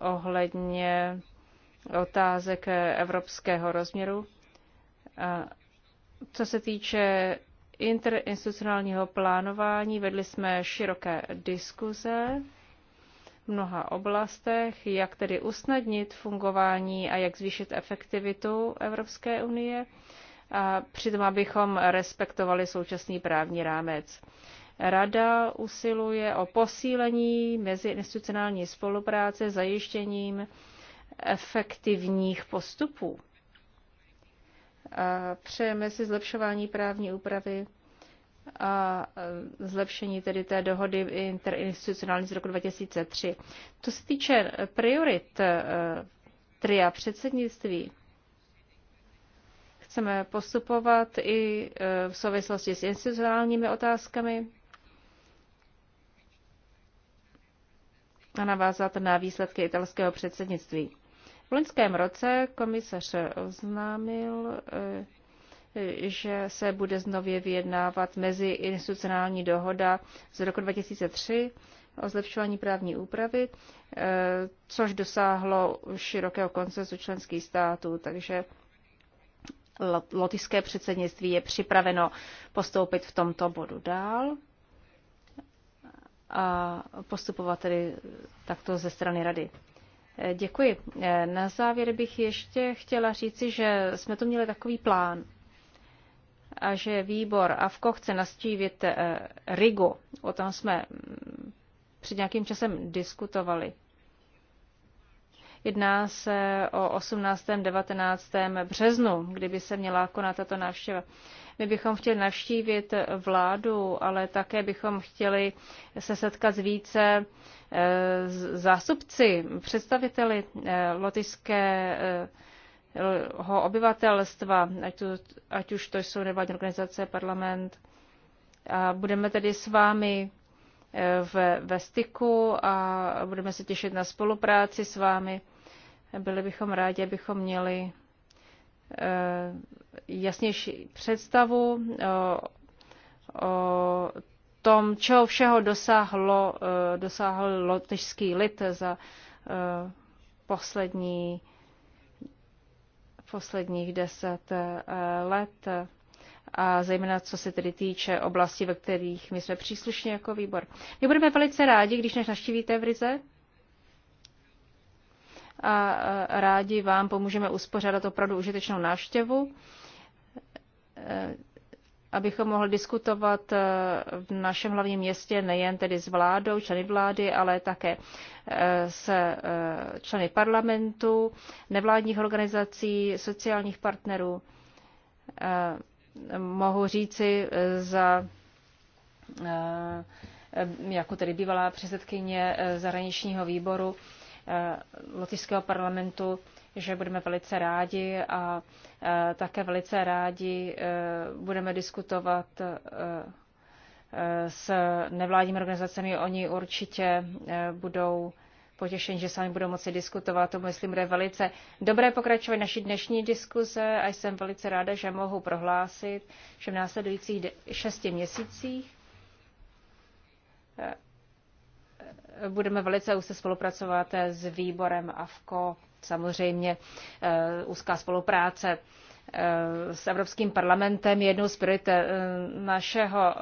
ohledně otázek eh, evropského rozměru. A co se týče interinstitucionálního plánování, vedli jsme široké diskuze v mnoha oblastech, jak tedy usnadnit fungování a jak zvýšit efektivitu Evropské unie, a přitom abychom respektovali současný právní rámec. Rada usiluje o posílení meziinstitucionální spolupráce zajištěním efektivních postupů. A přejeme si zlepšování právní úpravy a e, zlepšení tedy té dohody interinstitucionální z roku 2003. Co se týče priorit e, tria předsednictví, chceme postupovat i e, v souvislosti s institucionálními otázkami a navázat na výsledky italského předsednictví. V loňském roce komisař oznámil, že se bude znově vyjednávat mezi institucionální dohoda z roku 2003 o zlepšování právní úpravy, eh, což dosáhlo širokého koncesu členských států, takže lotické předsednictví je připraveno postoupit v tomto bodu dál a postupovat tedy takto ze strany rady. Eh, děkuji. Eh, na závěr bych ještě chtěla říci, že jsme to měli takový plán a že výbor AVKO chce nastívit eh, Rigu. O tom jsme mm, před nějakým časem diskutovali. Jedná se o 18. 19. březnu, kdyby se měla konat tato návštěva. My bychom chtěli navštívit vládu, ale také bychom chtěli se setkat s více eh, zástupci, představiteli eh, lotyské obyvatelstva, ať, to, ať už to jsou nevládní organizace, parlament. A budeme tedy s vámi eh, ve, ve styku a budeme se těšit na spolupráci s vámi. Byli bychom rádi, abychom měli eh, jasnější představu o, o tom, čeho všeho dosáhlo, eh, dosáhl lotyšský lid za poslední posledních deset eh, let a zejména co se tedy týče oblasti, ve kterých my jsme příslušní jako výbor. My budeme velice rádi, když nás naštívíte v Rize a eh, rádi vám pomůžeme uspořádat opravdu užitečnou návštěvu eh, abychom mohli diskutovat eh, v našem hlavním městě nejen tedy s vládou, členy vlády, ale také eh, se eh, členy parlamentu, nevládních organizací, sociálních partnerů. Mohu říci za jako tedy bývalá předsedkyně zahraničního výboru lotyšského parlamentu, že budeme velice rádi a e, také velice rádi e, budeme diskutovat e, s nevládními organizacemi. Oni určitě budou potěšení, že s vámi budou moci diskutovat. To myslím bude velice dobré pokračovat naší dnešní diskuze a jsem velice ráda, že mohu prohlásit, že v následujících šesti měsících budeme velice úzce spolupracovat s výborem AFKO. Samozřejmě eh, úzká spolupráce eh, s Evropským parlamentem je jednou z priorit eh, našeho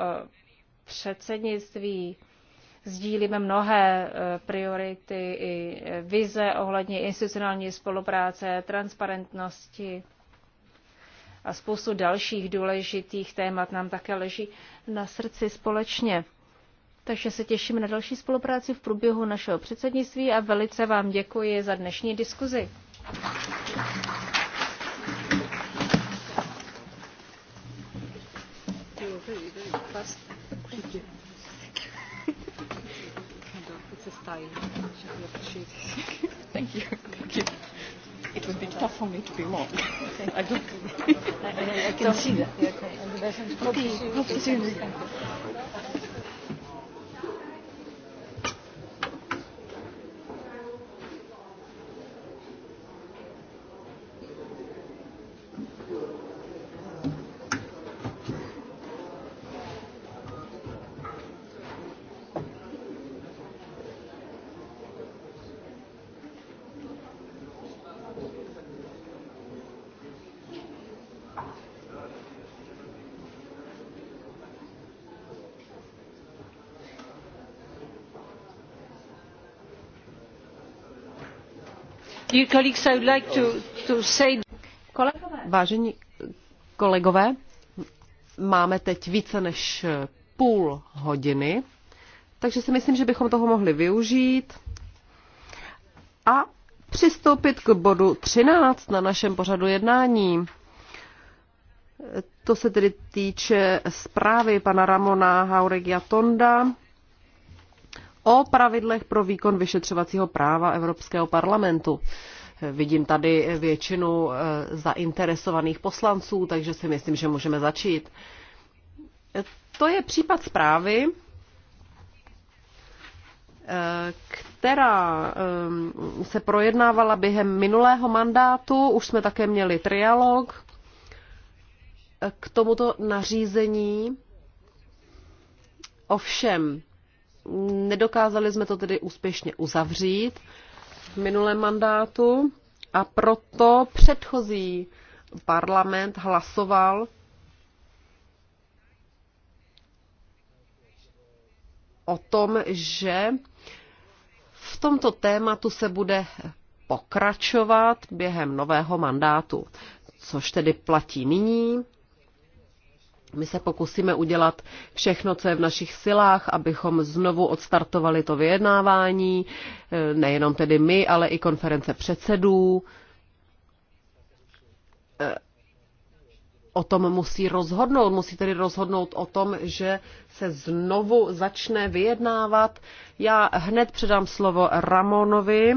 předsednictví. Sdílíme mnohé priority i vize ohledně institucionální spolupráce, transparentnosti a spoustu dalších důležitých témat nám také leží na srdci společně takže se těším na další spolupráci v průběhu našeho předsednictví a velice vám děkuji za dnešní diskuzi. Thank you. Thank you. It would be tough for me to be long. I don't. I, I, I can so, see that. Okay. And the best okay. Hope to see you. Vážení kolegové, máme teď více než půl hodiny, takže si myslím, že bychom toho mohli využít a přistoupit k bodu 13 na našem pořadu jednání. To se tedy týče zprávy pana Ramona Hauregia Tonda o pravidlech pro výkon vyšetřovacího práva Evropského parlamentu. Vidím tady většinu eh, zainteresovaných poslanců, takže si myslím, že můžeme začít. To je případ zprávy, eh, která eh, se projednávala během minulého mandátu. Už jsme také měli trialog k tomuto nařízení. Ovšem, Nedokázali jsme to tedy úspěšně uzavřít v minulém mandátu a proto předchozí parlament hlasoval o tom, že v tomto tématu se bude pokračovat během nového mandátu, což tedy platí nyní. My se pokusíme udělat všechno, co je v našich silách, abychom znovu odstartovali to vyjednávání, eh, nejenom tedy my, ale i konference předsedů. Eh, o tom musí rozhodnout, musí tedy rozhodnout o tom, že se znovu začne vyjednávat. Já hned předám slovo Ramonovi.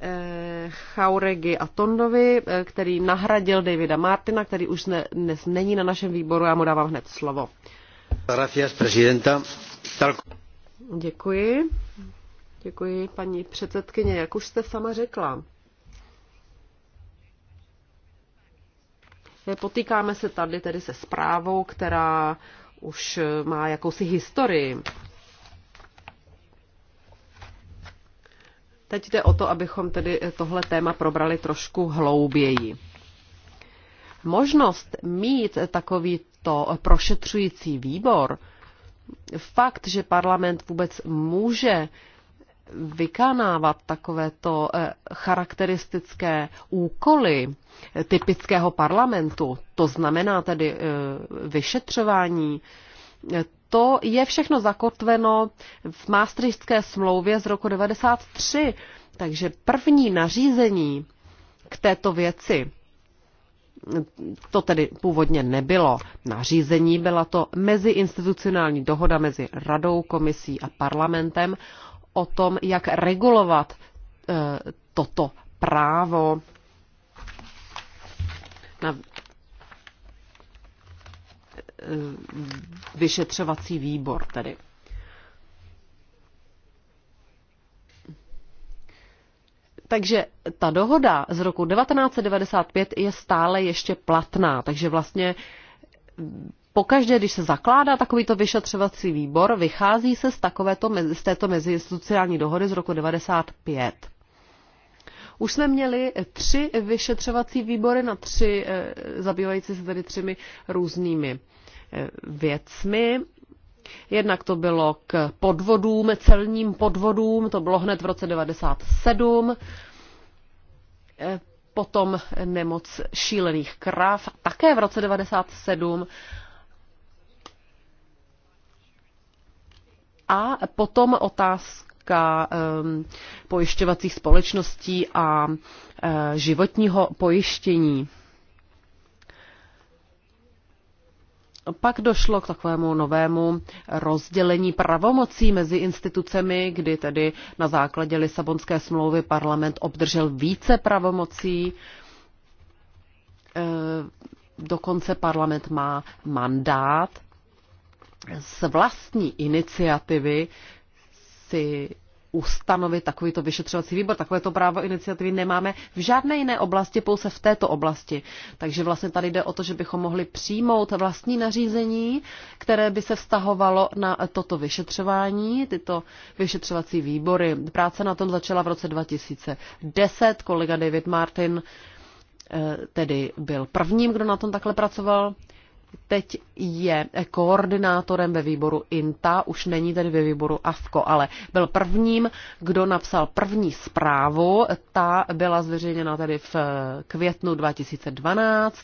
Eh, Chauregi a Tondovi, eh, který nahradil Davida Martina, který už ne, dnes není na našem výboru. Já mu dávám hned slovo. Gracias, presidenta. Děkuji. Děkuji, paní předsedkyně. Jak už jste sama řekla, eh, potýkáme se tady tedy se zprávou, která už má jakousi historii. Teď jde o to, abychom tedy eh, tohle téma probrali trošku hlouběji. Možnost mít eh, takovýto eh, prošetřující výbor, fakt, že parlament vůbec může vykonávat takovéto charakteristické úkoly typického parlamentu, to znamená tedy vyšetřování, to je všechno zakotveno v Maastrichtské smlouvě z roku 1993. Takže první nařízení k této věci, to tedy původně nebylo nařízení, byla to meziinstitucionální dohoda mezi radou, komisí a parlamentem o tom, jak regulovat e, toto právo na Eh, vyšetřovací výbor tedy. Takže ta dohoda z roku 1995 je stále ještě platná, takže vlastně eh, pokaždé, když se zakládá takovýto vyšetřovací výbor, vychází se z, takovéto, z této meziinstitucionální dohody z roku 1995. Už jsme měli eh, tři vyšetřovací výbory na tři, zabývající se tedy třemi různými věcmi. Jednak to bylo k podvodům, celním podvodům, to bylo hned v roce 1997. Potom nemoc šílených krav, také v roce 1997. A potom otázka um, pojišťovacích společností a uh, životního pojištění. Pak došlo k takovému novému rozdělení pravomocí mezi institucemi, kdy tedy na základě Lisabonské smlouvy parlament obdržel více pravomocí. E, dokonce parlament má mandát z vlastní iniciativy si ustanovit takovýto vyšetřovací výbor. Takovéto právo iniciativy nemáme v žádné jiné oblasti, pouze v této oblasti. Takže vlastně tady jde o to, že bychom mohli přijmout vlastní nařízení, které by se vztahovalo na toto vyšetřování, tyto vyšetřovací výbory. Práce na tom začala v roce 2010. Kolega David Martin eh, tedy byl prvním, kdo na tom takhle pracoval teď je koordinátorem ve výboru INTA, už není tedy ve výboru AFKO, ale byl prvním, kdo napsal první zprávu. Ta byla zveřejněna tedy v eh, květnu 2012.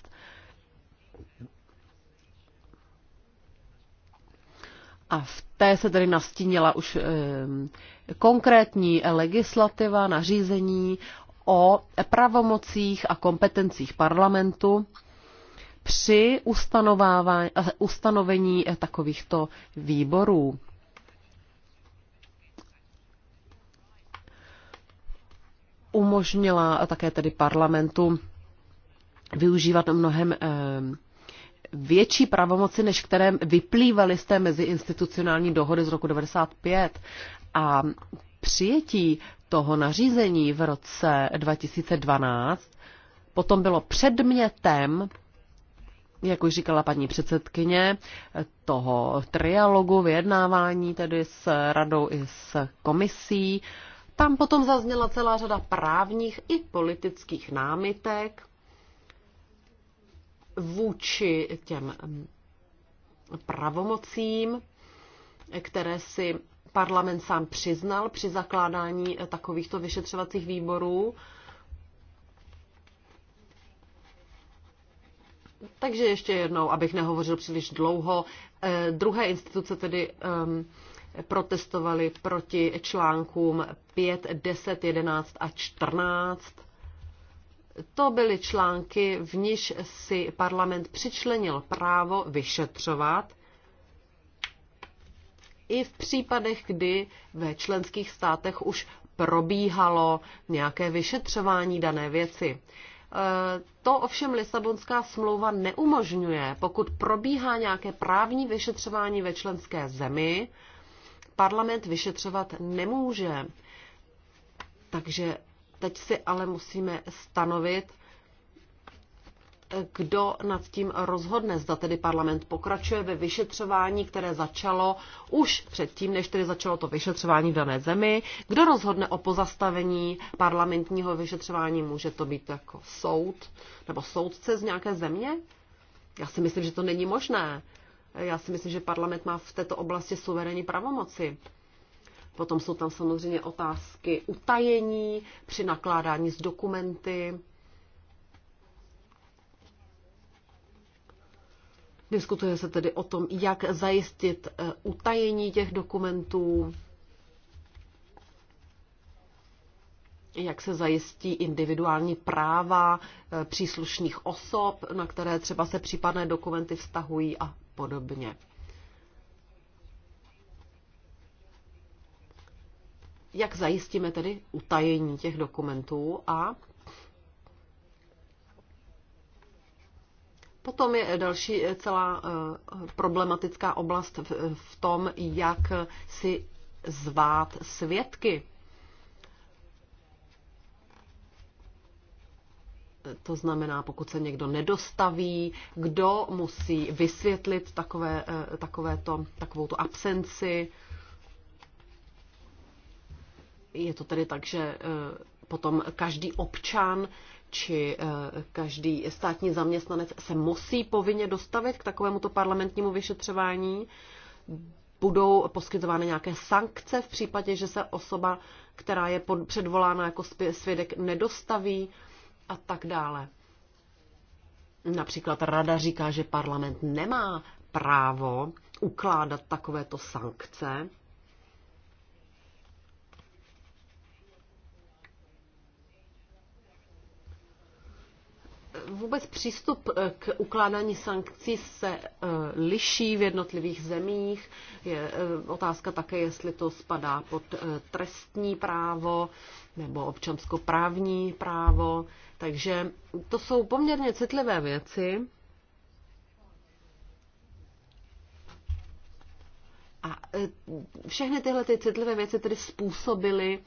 A v té se tedy nastínila už eh, konkrétní legislativa, nařízení o pravomocích a kompetencích parlamentu při eh, ustanovení eh, takovýchto výborů. Umožnila eh, také tedy parlamentu využívat mnohem větší pravomoci, než které vyplývaly z té meziinstitucionální dohody z roku 1995. A přijetí toho nařízení v roce 2012 potom bylo předmětem jak už říkala paní předsedkyně, toho trialogu, vyjednávání tedy s radou i s komisí. Tam potom zazněla celá řada právních i politických námitek vůči těm pravomocím, které si parlament sám přiznal při zakládání takovýchto vyšetřovacích výborů. Takže ještě jednou, abych nehovořil příliš dlouho. Eh, druhé instituce tedy ehm, protestovali proti článkům 5, 10, 11 a 14. To byly články, v níž si parlament přičlenil právo vyšetřovat i v případech, kdy ve členských státech už probíhalo nějaké vyšetřování dané věci. To ovšem Lisabonská smlouva neumožňuje. Pokud probíhá nějaké právní vyšetřování ve členské zemi, parlament vyšetřovat nemůže. Takže teď si ale musíme stanovit, kdo nad tím rozhodne. Zda tedy parlament pokračuje ve vyšetřování, které začalo už předtím, než tedy začalo to vyšetřování v dané zemi. Kdo rozhodne o pozastavení parlamentního vyšetřování? Může to být jako soud nebo soudce z nějaké země? Já si myslím, že to není možné. Já si myslím, že parlament má v této oblasti suverénní pravomoci. Potom jsou tam samozřejmě otázky utajení při nakládání s dokumenty, Diskutuje se tedy o tom, jak zajistit eh, utajení těch dokumentů, jak se zajistí individuální práva eh, příslušných osob, na které třeba se případné dokumenty vztahují a podobně. Jak zajistíme tedy utajení těch dokumentů a Potom je další eh, celá eh, problematická oblast v tom, jak si zvát svědky. To znamená, pokud se někdo nedostaví, kdo musí vysvětlit takové, eh, takové to, takovou tu absenci. Je to tedy tak, že potom každý občan či eh, každý státní zaměstnanec se musí povinně dostavit k takovémuto parlamentnímu vyšetřování. Budou poskytovány nějaké sankce v případě, že se osoba, která je předvolána jako svědek, nedostaví a tak dále. Například rada říká, že parlament nemá právo ukládat takovéto sankce, vůbec přístup eh, k ukládání sankcí se eh, liší v jednotlivých zemích. Je eh, otázka také, jestli to spadá pod trestní právo nebo občanskoprávní právo. Takže to jsou poměrně citlivé věci. A všechny tyhle ty citlivé věci tedy způsobily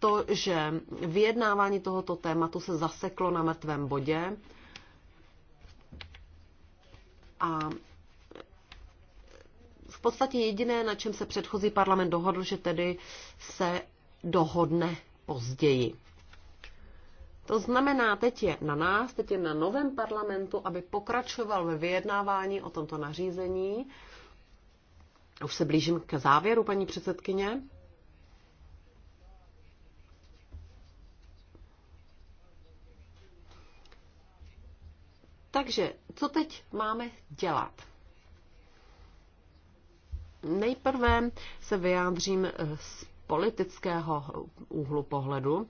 to, že vyjednávání tohoto tématu se zaseklo na mrtvém bodě. A v podstatě jediné, na čem se předchozí parlament dohodl, že tedy se dohodne později. To znamená, teď je na nás, teď je na novém parlamentu, aby pokračoval ve vyjednávání o tomto nařízení. Už se blížím k závěru, paní předsedkyně. Takže, co teď máme dělat? Nejprve se vyjádřím eh, z politického úhlu pohledu.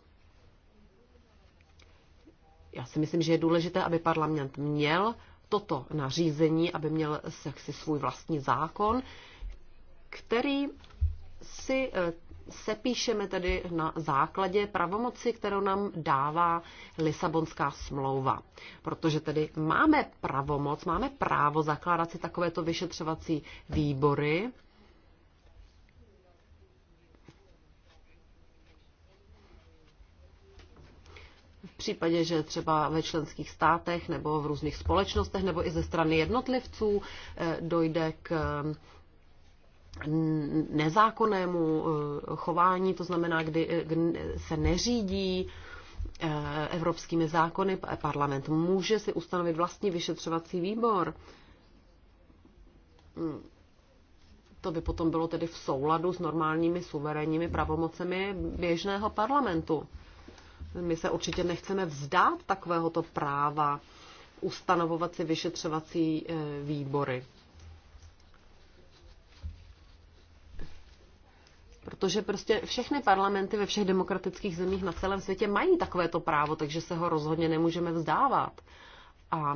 Já si myslím, že je důležité, aby parlament měl toto nařízení, aby měl jaksi svůj vlastní zákon, který si eh, sepíšeme tedy na základě pravomoci, kterou nám dává Lisabonská smlouva. Protože tedy máme pravomoc, máme právo zakládat si takovéto vyšetřovací výbory, v případě, že třeba ve členských státech nebo v různých společnostech nebo i ze strany jednotlivců eh, dojde k nezákonnému eh, chování, to znamená, kdy eh, se neřídí eh, evropskými zákony, parlament může si ustanovit vlastní vyšetřovací výbor. Hmm. To by potom bylo tedy v souladu s normálními suverénními pravomocemi běžného parlamentu. My se určitě nechceme vzdát takovéhoto práva ustanovovat si vyšetřovací výbory. Protože prostě všechny parlamenty ve všech demokratických zemích na celém světě mají takovéto právo, takže se ho rozhodně nemůžeme vzdávat. A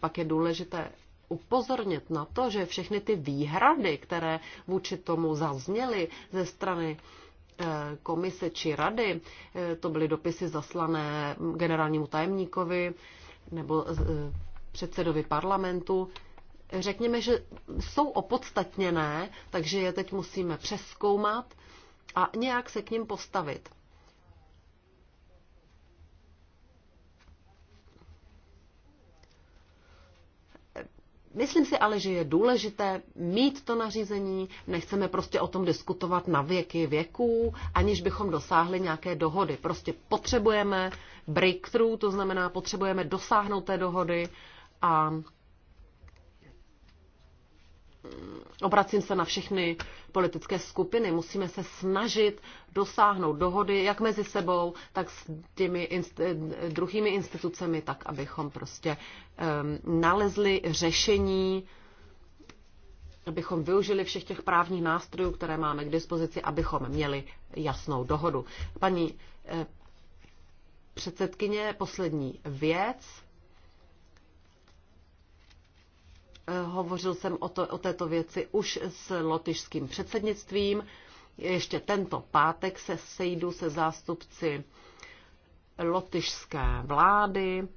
pak je důležité upozornit na to, že všechny ty výhrady, které vůči tomu zazněly ze strany eh, komise či rady, eh, to byly dopisy zaslané generálnímu tajemníkovi nebo eh, předsedovi parlamentu, řekněme, že jsou opodstatněné, takže je teď musíme přeskoumat a nějak se k ním postavit. Myslím si ale, že je důležité mít to nařízení, nechceme prostě o tom diskutovat na věky věků, aniž bychom dosáhli nějaké dohody. Prostě potřebujeme breakthrough, to znamená potřebujeme dosáhnout té dohody a obracím se na všechny politické skupiny. Musíme se snažit dosáhnout dohody jak mezi sebou, tak s těmi inst- eh, druhými institucemi, tak abychom prostě um, nalezli řešení, abychom využili všech těch právních nástrojů, které máme k dispozici, abychom měli jasnou dohodu. Paní eh, předsedkyně, poslední věc Eh, hovořil jsem o, to, o této věci už s lotyšským předsednictvím. Ještě tento pátek se sejdu se zástupci lotyšské vlády.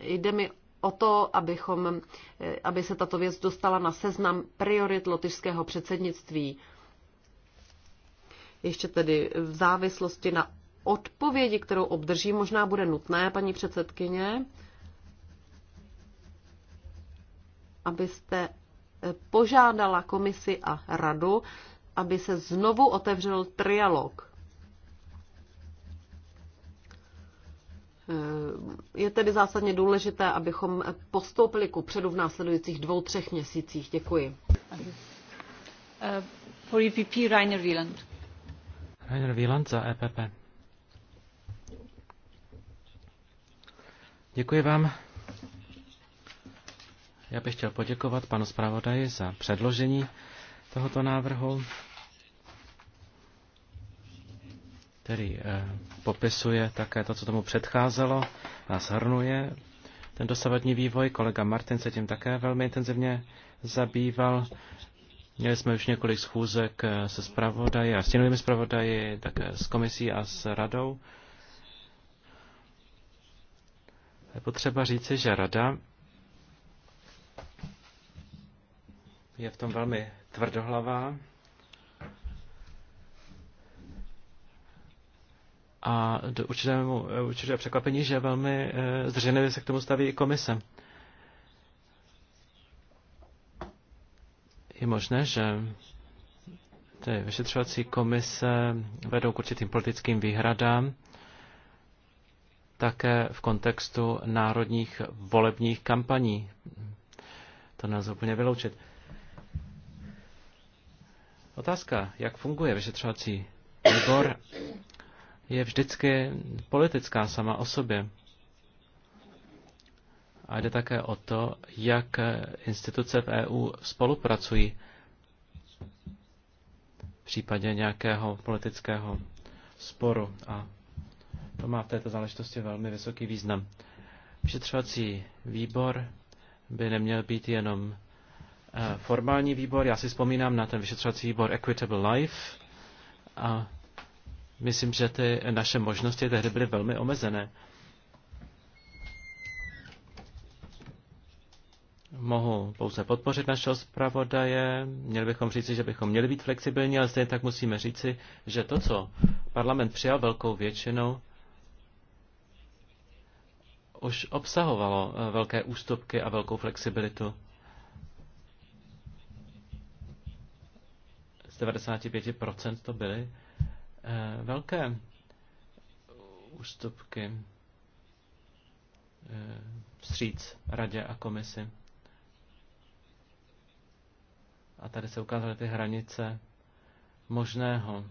Jde mi o to, abychom, eh, aby se tato věc dostala na seznam priorit lotyšského předsednictví. Ještě tedy v závislosti na odpovědi, kterou obdrží, možná bude nutné, paní předsedkyně, abyste eh, požádala komisi a radu, aby se znovu otevřel trialog. Eh, je tedy zásadně důležité, abychom postoupili ku předu v následujících dvou, třech měsících. Děkuji. Eh, for EPP Rainer Wieland. Rainer Wieland za EPP. Děkuji vám, já bych chtěl poděkovat panu zpravodaji za předložení tohoto návrhu, který eh, popisuje také to, co tomu předcházelo a shrnuje ten dosavadní vývoj. Kolega Martin se tím také velmi intenzivně zabýval. Měli jsme už několik schůzek eh, se zpravodaji a těmi zpravodaji, také s komisí a s radou. Je potřeba říci, že rada je v tom velmi tvrdohlavá. A do určitému, určitého překvapení, že velmi eh, zdrženlivě se k tomu staví i komise. Je možné, že ty vyšetřovací komise vedou k určitým politickým výhradám, také v kontextu národních volebních kampaní. To nás úplně vyloučit. Otázka, jak funguje vyšetřovací výbor, je vždycky politická sama o sobě. A jde také o to, jak instituce v EU spolupracují v případě nějakého politického sporu. A to má v této záležitosti velmi vysoký význam. Vyšetřovací výbor by neměl být jenom Eh, formální výbor. Já si vzpomínám na ten vyšetřovací výbor Equitable Life a myslím, že ty naše možnosti tehdy byly velmi omezené. Mohu pouze podpořit našeho zpravodaje, měli bychom říci, že bychom měli být flexibilní, ale stejně tak musíme říci, že to, co parlament přijal velkou většinou, už obsahovalo eh, velké ústupky a velkou flexibilitu. z 95% to byly eh, velké ústupky eh, vstříc radě a komisi. A tady se ukázaly ty hranice možného.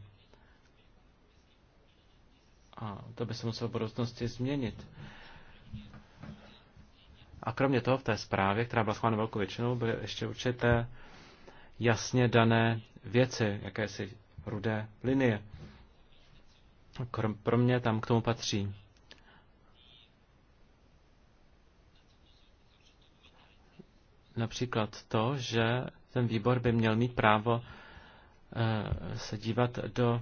A to by se muselo v budoucnosti změnit. A kromě toho v té zprávě, která byla schválena velkou většinou, byly ještě určité jasně dané věci, jakési rudé linie. pro mě tam k tomu patří například to, že ten výbor by měl mít právo eh, se dívat do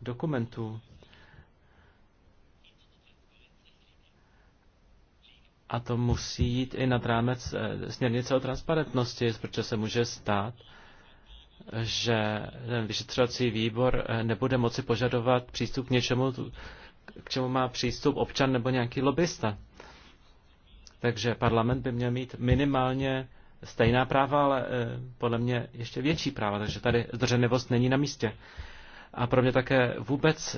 dokumentů. A to musí jít i nad rámec eh, směrnice o transparentnosti, protože se může stát, že ten vyšetřovací výbor eh, nebude moci požadovat přístup k něčemu, k čemu má přístup občan nebo nějaký lobbysta. Takže parlament by měl mít minimálně stejná práva, ale eh, podle mě ještě větší práva, takže tady zdrženlivost není na místě. A pro mě také vůbec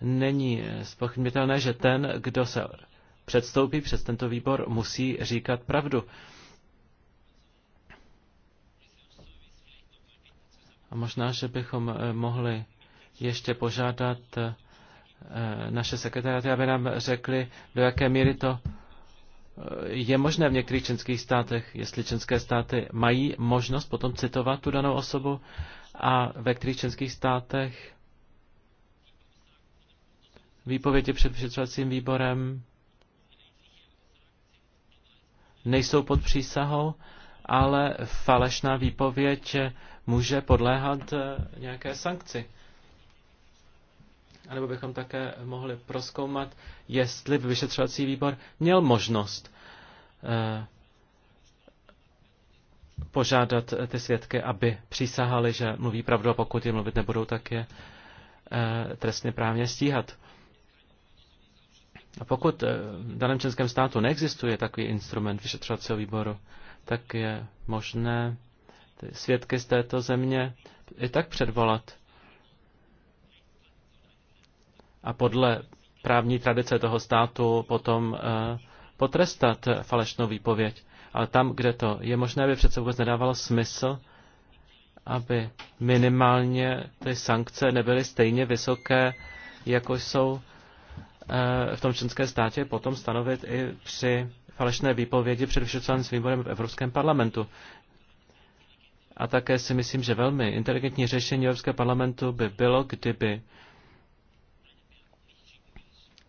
není eh, spochybnitelné, že ten, kdo se předstoupí přes tento výbor, musí říkat pravdu. možná, že bychom eh, mohli ještě požádat eh, naše sekretariáty, aby nám řekli, do jaké míry to eh, je možné v některých členských státech, jestli členské státy mají možnost potom citovat tu danou osobu a ve kterých členských státech výpovědi před vyšetřovacím výborem nejsou pod přísahou, ale falešná výpověď může podléhat eh, nějaké sankci. A nebo bychom také mohli proskoumat, jestli by vyšetřovací výbor měl možnost eh, požádat eh, ty svědky, aby přísahali, že mluví pravdu a pokud je mluvit nebudou, tak je trestně právně stíhat. A pokud v daném členském státu neexistuje takový instrument vyšetřovacího výboru, tak je možné ty svědky z této země i tak předvolat. A podle právní tradice toho státu potom eh, potrestat falešnou výpověď. Ale tam, kde to je možné, by přece vůbec nedávalo smysl, aby minimálně ty sankce nebyly stejně vysoké, jako jsou eh, v tom členské státě, potom stanovit i při falešné výpovědi před vyšetřovaným výborem v Evropském parlamentu. A také si myslím, že velmi inteligentní řešení Evropského parlamentu by bylo, kdyby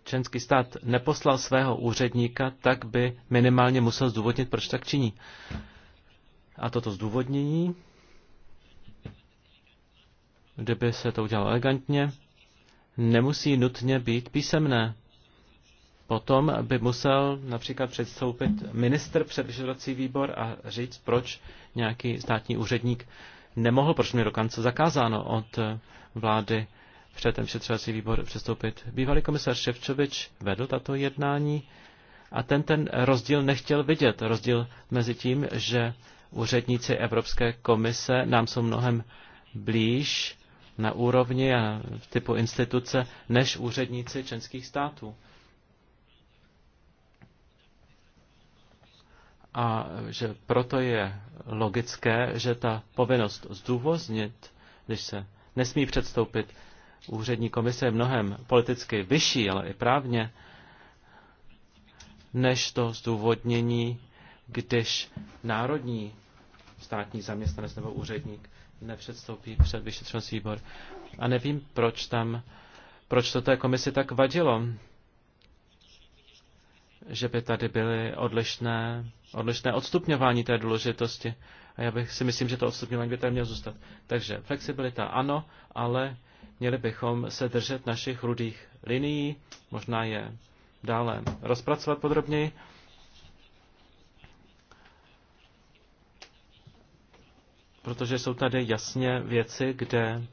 členský stát neposlal svého úředníka, tak by minimálně musel zdůvodnit, proč tak činí. A toto zdůvodnění, kdyby se to udělalo elegantně, nemusí nutně být písemné potom by musel například předstoupit minister před vyšetřovací výbor a říct, proč nějaký státní úředník nemohl, proč mi dokonce zakázáno od vlády před ten vyšetřovací výbor přestoupit. Bývalý komisař Ševčovič vedl tato jednání a ten ten rozdíl nechtěl vidět. Rozdíl mezi tím, že úředníci Evropské komise nám jsou mnohem blíž na úrovni a typu instituce, než úředníci členských států. a že proto je logické, že ta povinnost zdůvoznit, když se nesmí předstoupit úřední komise je mnohem politicky vyšší, ale i právně, než to zdůvodnění, když národní státní zaměstnanec nebo úředník nepředstoupí před vyšetřovací výbor. A nevím, proč tam, proč to té komisi tak vadilo, že by tady byly odlišné odlišné odstupňování té důležitosti. A já bych si myslím, že to odstupňování by tam mělo zůstat. Takže flexibilita ano, ale měli bychom se držet našich rudých linií, možná je dále rozpracovat podrobněji. Protože jsou tady jasně věci, kde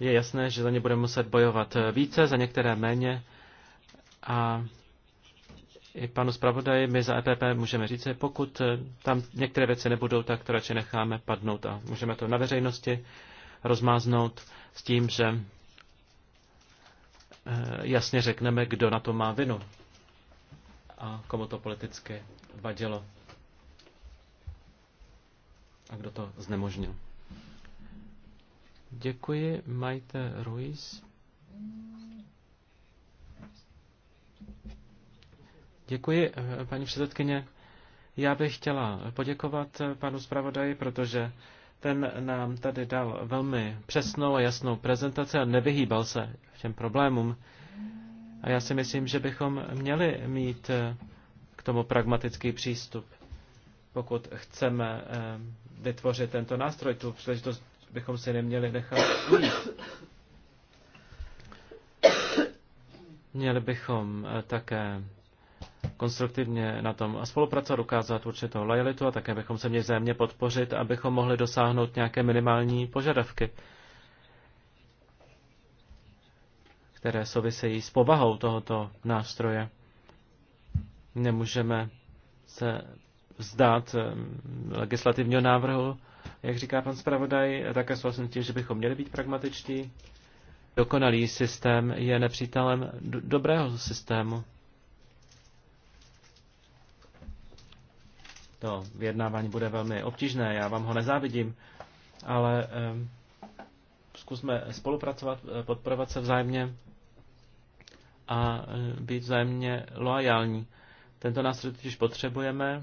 je jasné, že za ně budeme muset bojovat více, za některé méně. A i panu zpravodaji, my za EPP můžeme říct, že pokud eh, tam některé věci nebudou, tak to radši necháme padnout a můžeme to na veřejnosti rozmáznout s tím, že eh, jasně řekneme, kdo na to má vinu a komu to politicky vadilo a kdo to znemožnil. Děkuji, Majte Ruiz. Děkuji, eh, paní předsedkyně. Já bych chtěla poděkovat eh, panu zpravodaji, protože ten nám tady dal velmi přesnou a jasnou prezentaci a nevyhýbal se těm problémům. A já si myslím, že bychom měli mít eh, k tomu pragmatický přístup, pokud chceme vytvořit tento nástroj. Tu příležitost bychom si neměli nechat ujít. Měli bychom také konstruktivně na tom a spolupracovat, ukázat určitou lojalitu a také bychom se měli vzájemně podpořit, abychom mohli dosáhnout nějaké minimální požadavky, které souvisejí s povahou tohoto nástroje. Nemůžeme se vzdát legislativního návrhu, jak říká pan zpravodaj, také souhlasím tím, že bychom měli být pragmatičtí. Dokonalý systém je nepřítelem dobrého systému. to vyjednávání bude velmi obtížné, já vám ho nezávidím, ale zkusme spolupracovat, eh, podporovat se vzájemně a eh, být vzájemně loajální. Tento nástroj totiž potřebujeme.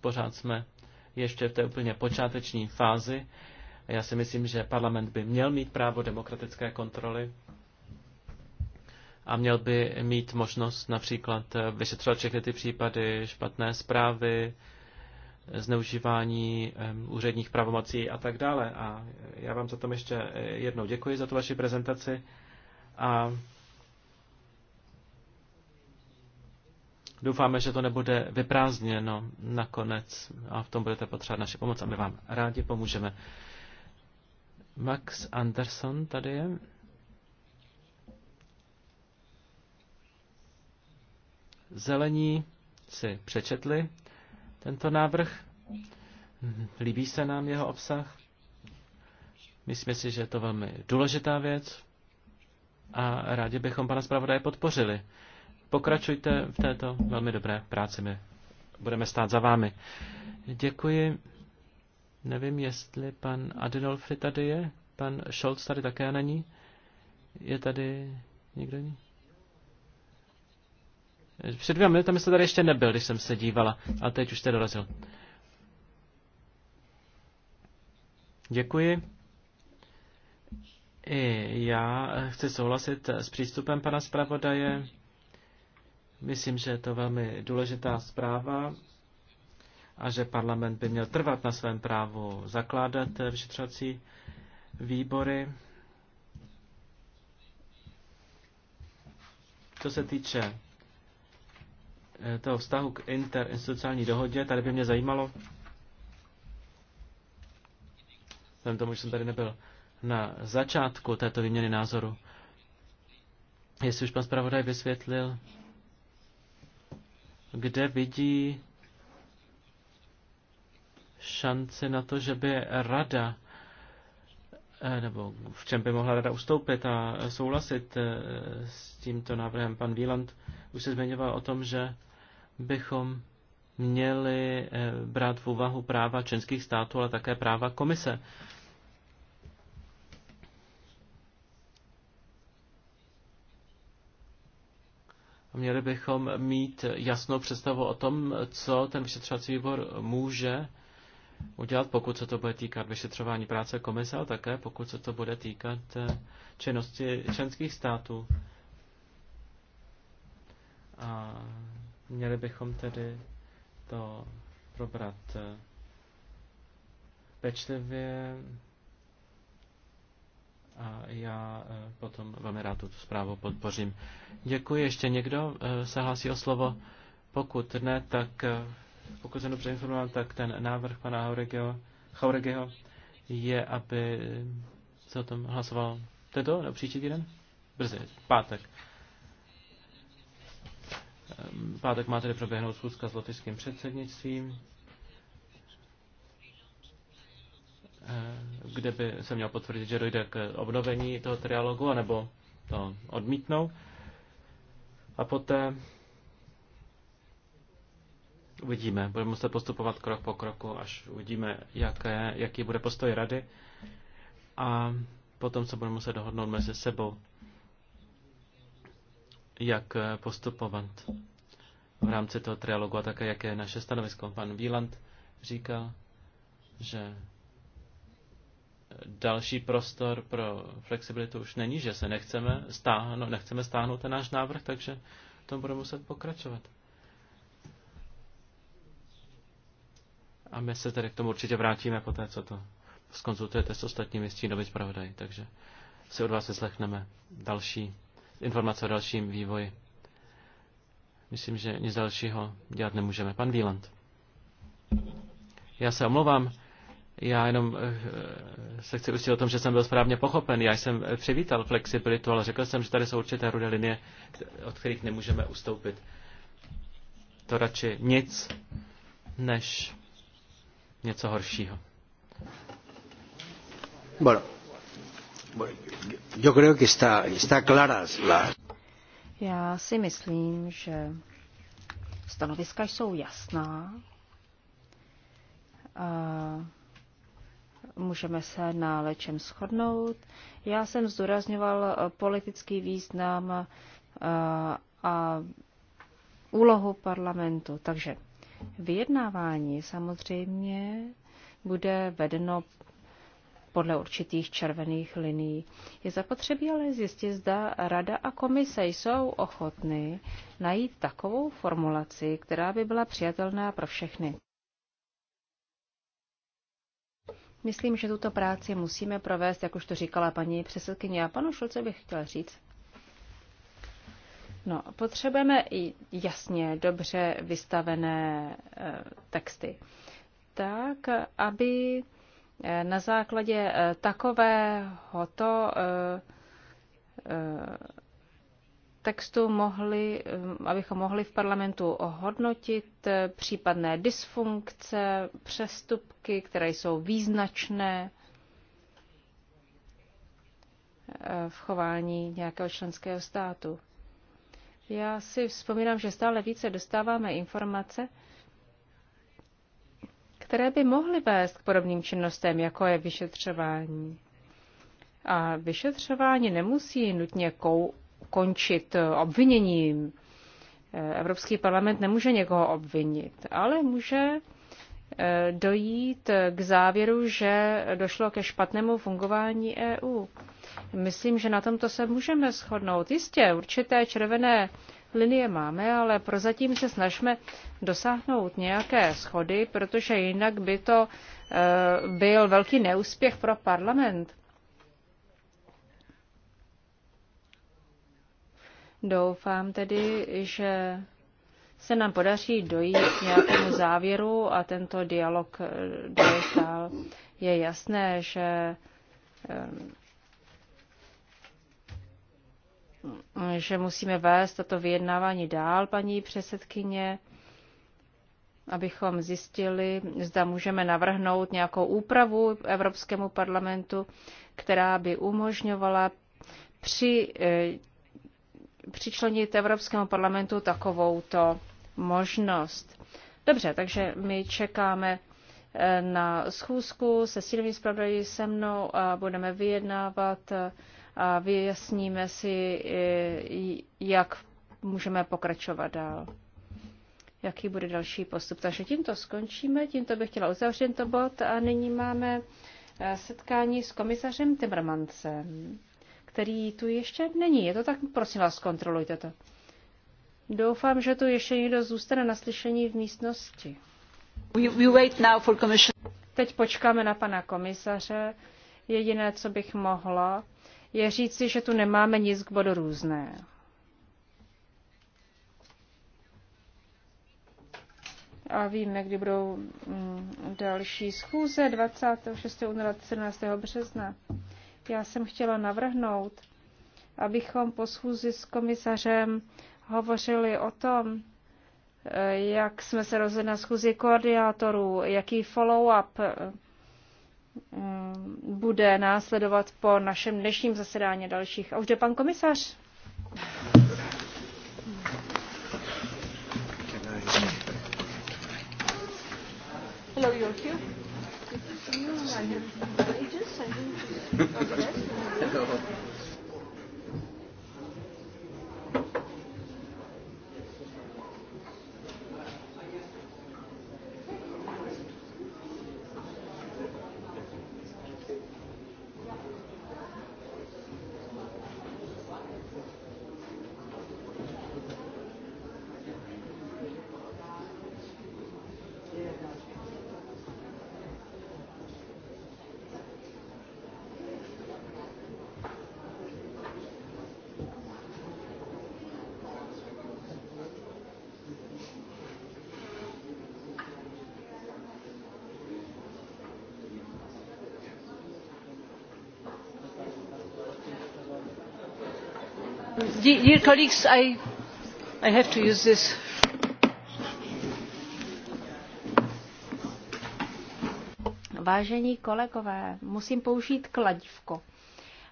Pořád jsme ještě v té úplně počáteční fázi. Já si myslím, že parlament by měl mít právo demokratické kontroly a měl by mít možnost například eh, vyšetřovat všechny ty případy špatné zprávy, eh, zneužívání eh, úředních pravomocí a tak dále. A já vám za to ještě jednou děkuji za tu vaši prezentaci a doufáme, že to nebude vyprázdněno nakonec a v tom budete potřebovat naši pomoc a my vám rádi pomůžeme. Max Anderson tady je. Zelení si přečetli tento návrh, líbí se nám jeho obsah, myslíme si, že je to velmi důležitá věc a rádi bychom pana zpravodaje podpořili. Pokračujte v této velmi dobré práci, my budeme stát za vámi. Děkuji. Nevím, jestli pan Adinolfi tady je, pan Scholz tady také není. Je tady někdo jiný? Před dvěma minutami jste tady ještě nebyl, když jsem se dívala, ale teď už jste dorazil. Děkuji. I já chci souhlasit s přístupem pana zpravodaje. Myslím, že je to velmi důležitá zpráva a že parlament by měl trvat na svém právu zakládat vyšetřovací výbory. Co se týče Eh, toho vztahu k interinstitucionální dohodě, tady by mě zajímalo, vzhledem tomu, že jsem tady nebyl na začátku této výměny názoru, jestli už pan zpravodaj vysvětlil, kde vidí šanci na to, že by rada Eh, nebo v čem by mohla rada ustoupit a souhlasit eh, s tímto návrhem. Pan Wieland už se zmiňoval o tom, že bychom měli eh, brát v úvahu práva členských států, ale také práva komise. Měli bychom mít jasnou představu o tom, co ten vyšetřovací výbor může udělat, pokud se to bude týkat vyšetřování práce komise, ale také pokud se to bude týkat eh, činnosti členských států. A měli bychom tedy to probrat eh, pečlivě a já eh, potom velmi rád tuto zprávu podpořím. Děkuji. Ještě někdo se hlásí o slovo? Pokud ne, tak pokud jsem dobře informoval, tak ten návrh pana Hauregeho, Chauregeho je, aby se o tom hlasoval tento nebo příští týden? Brzy, pátek. Ehm, pátek má tedy proběhnout schůzka s lotyšským předsednictvím, ehm, kde by se měl potvrdit, že dojde k obnovení toho trialogu, anebo to odmítnou. A poté Uvidíme. Budeme muset postupovat krok po kroku, až uvidíme, jaké, jaký bude postoj rady. A potom se budeme muset dohodnout mezi sebou, jak postupovat v rámci toho trialogu a také, jaké je naše stanovisko. Pan Wieland říkal, že další prostor pro flexibilitu už není, že se nechceme stáhnout, nechceme stáhnout ten náš návrh, takže to budeme muset pokračovat. A my se tedy k tomu určitě vrátíme po té, co to skonzultujete s ostatními stínovými zpravodaji. Takže si od vás vyslechneme další informace o dalším vývoji. Myslím, že nic dalšího dělat nemůžeme. Pan Víland. Já se omlouvám. Já jenom eh, se chci ujistit o tom, že jsem byl správně pochopen. Já jsem eh, přivítal flexibilitu, ale řekl jsem, že tady jsou určité rudé linie, od kterých nemůžeme ustoupit. To radši nic, než něco horšího. Bueno, yo creo que está, está clara la... Já si myslím, že stanoviska jsou jasná. A můžeme se na lečem shodnout. Já jsem zdůrazňoval politický význam a úlohu parlamentu. Takže Vyjednávání samozřejmě bude vedeno podle určitých červených linií. Je zapotřebí ale zjistit, zda Rada a Komise jsou ochotny najít takovou formulaci, která by byla přijatelná pro všechny. Myslím, že tuto práci musíme provést, jak už to říkala paní předsedkyně. A panu Šulce bych chtěla říct, No, potřebujeme i jasně, dobře vystavené eh, texty, tak aby eh, na základě eh, takového to textu mohli, abychom mohli v parlamentu ohodnotit případné dysfunkce, přestupky, které jsou význačné v chování nějakého členského státu. Já si vzpomínám, že stále více dostáváme informace, které by mohly vést k podobným činnostem, jako je vyšetřování. A vyšetřování nemusí nutně kou- končit obviněním. Evropský parlament nemůže někoho obvinit, ale může Eh, dojít k závěru, že došlo ke špatnému fungování EU. Myslím, že na tomto se můžeme shodnout. Jistě, určité červené linie máme, ale prozatím se snažme dosáhnout nějaké schody, protože jinak by to eh, byl velký neúspěch pro parlament. Doufám tedy, že se nám podaří dojít k nějakému závěru a tento dialog eh, dojistal Je jasné, že eh, že musíme vést toto vyjednávání dál, paní předsedkyně, abychom zjistili, zda můžeme navrhnout nějakou úpravu Evropskému parlamentu, která by umožňovala při, eh, přičlenit Evropskému parlamentu takovouto možnost. Dobře, takže my čekáme eh, na schůzku se sílovým zpravodají se mnou a budeme vyjednávat a vyjasníme si, eh, jak můžeme pokračovat dál. Jaký bude další postup. Takže tímto skončíme, tímto bych chtěla uzavřít to bod a nyní máme eh, setkání s komisařem Timmermansem, který tu ještě není. Je to tak? Prosím vás, kontrolujte to. Doufám, že tu ještě někdo zůstane na slyšení v místnosti. Teď počkáme na pana komisaře. Jediné, co bych mohla, je říci, že tu nemáme nic k bodu různé. A víme, kdy budou mm, další schůze 26. února 17. března. Já jsem chtěla navrhnout, abychom po schůzi s komisařem hovořili o tom, eh, jak jsme se rozhodli na schůzi koordinátorů, jaký follow-up eh, bude následovat po našem dnešním zasedání dalších. A už jde pan komisař. Hello, you're here. Hello. dear colleagues i have to use this. vážení kolegové musím použít kladívko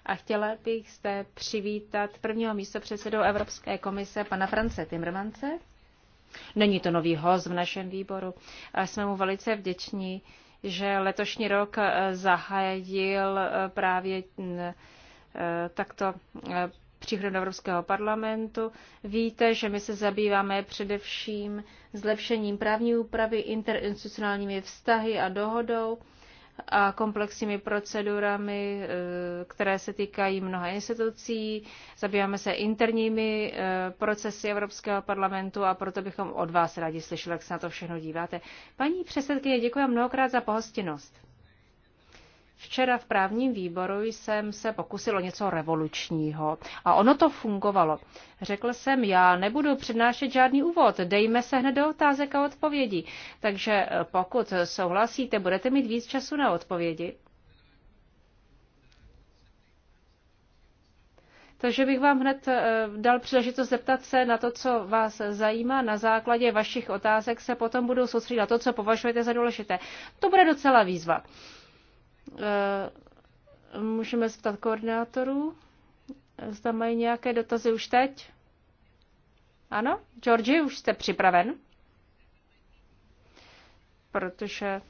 a chtěla bych zde přivítat prvního místopředsedu evropské komise pana france timmermanse není to nový host v našem výboru a jsme mu velice vděční že letošní rok eh, zahájil eh, právě mm, eh, takto příhradu Evropského parlamentu. Víte, že my se zabýváme především zlepšením právní úpravy, interinstitucionálními vztahy a dohodou a komplexními procedurami, eh, které se týkají mnoha institucí. Zabýváme se interními eh, procesy Evropského parlamentu a proto bychom od vás rádi slyšeli, jak se na to všechno díváte. Paní předsedkyně, děkuji mnohokrát za pohostinnost. Včera v právním výboru jsem se pokusil o něco revolučního a ono to fungovalo. Řekl jsem, já nebudu přednášet žádný úvod, dejme se hned do otázek a odpovědí. Takže eh, pokud souhlasíte, budete mít víc času na odpovědi. Takže bych vám hned eh, dal příležitost zeptat se na to, co vás zajímá. Na základě vašich otázek se potom budou soustředit na to, co považujete za důležité. To bude docela výzva. Eh, můžeme zeptat koordinátorů, zda mají nějaké dotazy už teď. Ano, Georgi, už jste připraven? Protože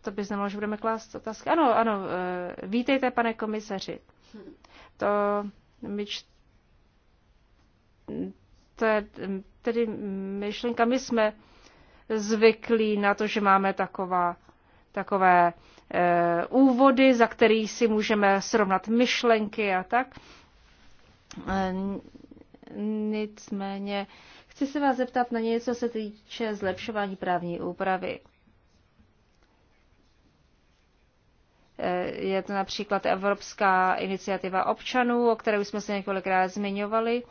to by znamenalo, že budeme klást otázky. Ano, ano, eh, vítejte, pane komisaři. To my č... Hm, tedy myšlenka, my jsme zvyklí na to, že máme taková, takové Eh, úvody, za který si můžeme srovnat myšlenky a tak. Eh, nicméně chci se vás zeptat na něco, co se týče zlepšování právní úpravy. Eh, je to například Evropská iniciativa občanů, o které jsme se několikrát zmiňovali.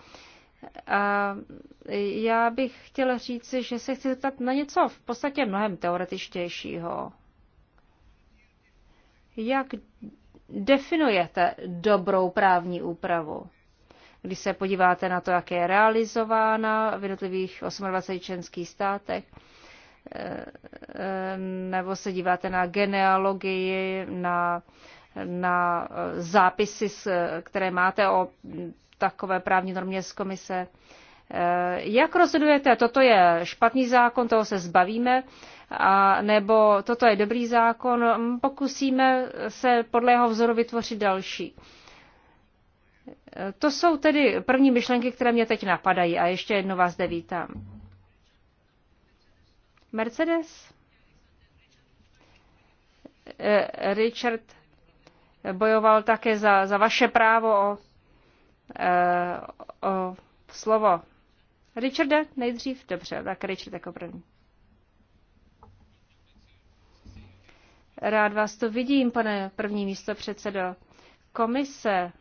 A já bych chtěla říci, že se chci zeptat na něco v podstatě mnohem teoretičtějšího. Jak definujete dobrou právní úpravu? Když se podíváte na to, jak je realizována v jednotlivých 28 členských státech, eh, nebo se díváte na genealogii, na, na zápisy, které máte o takové právní normě z komise. Eh, jak rozhodujete, toto je špatný zákon, toho se zbavíme, a nebo toto je dobrý zákon, pokusíme se podle jeho vzoru vytvořit další. To jsou tedy první myšlenky, které mě teď napadají a ještě jednou vás zde vítám. Mercedes? E, Richard bojoval také za, za vaše právo o, e, o slovo. Richarde nejdřív? Dobře, tak Richard jako první. Rád vás tu vidím, pane první místo předsedo. Komise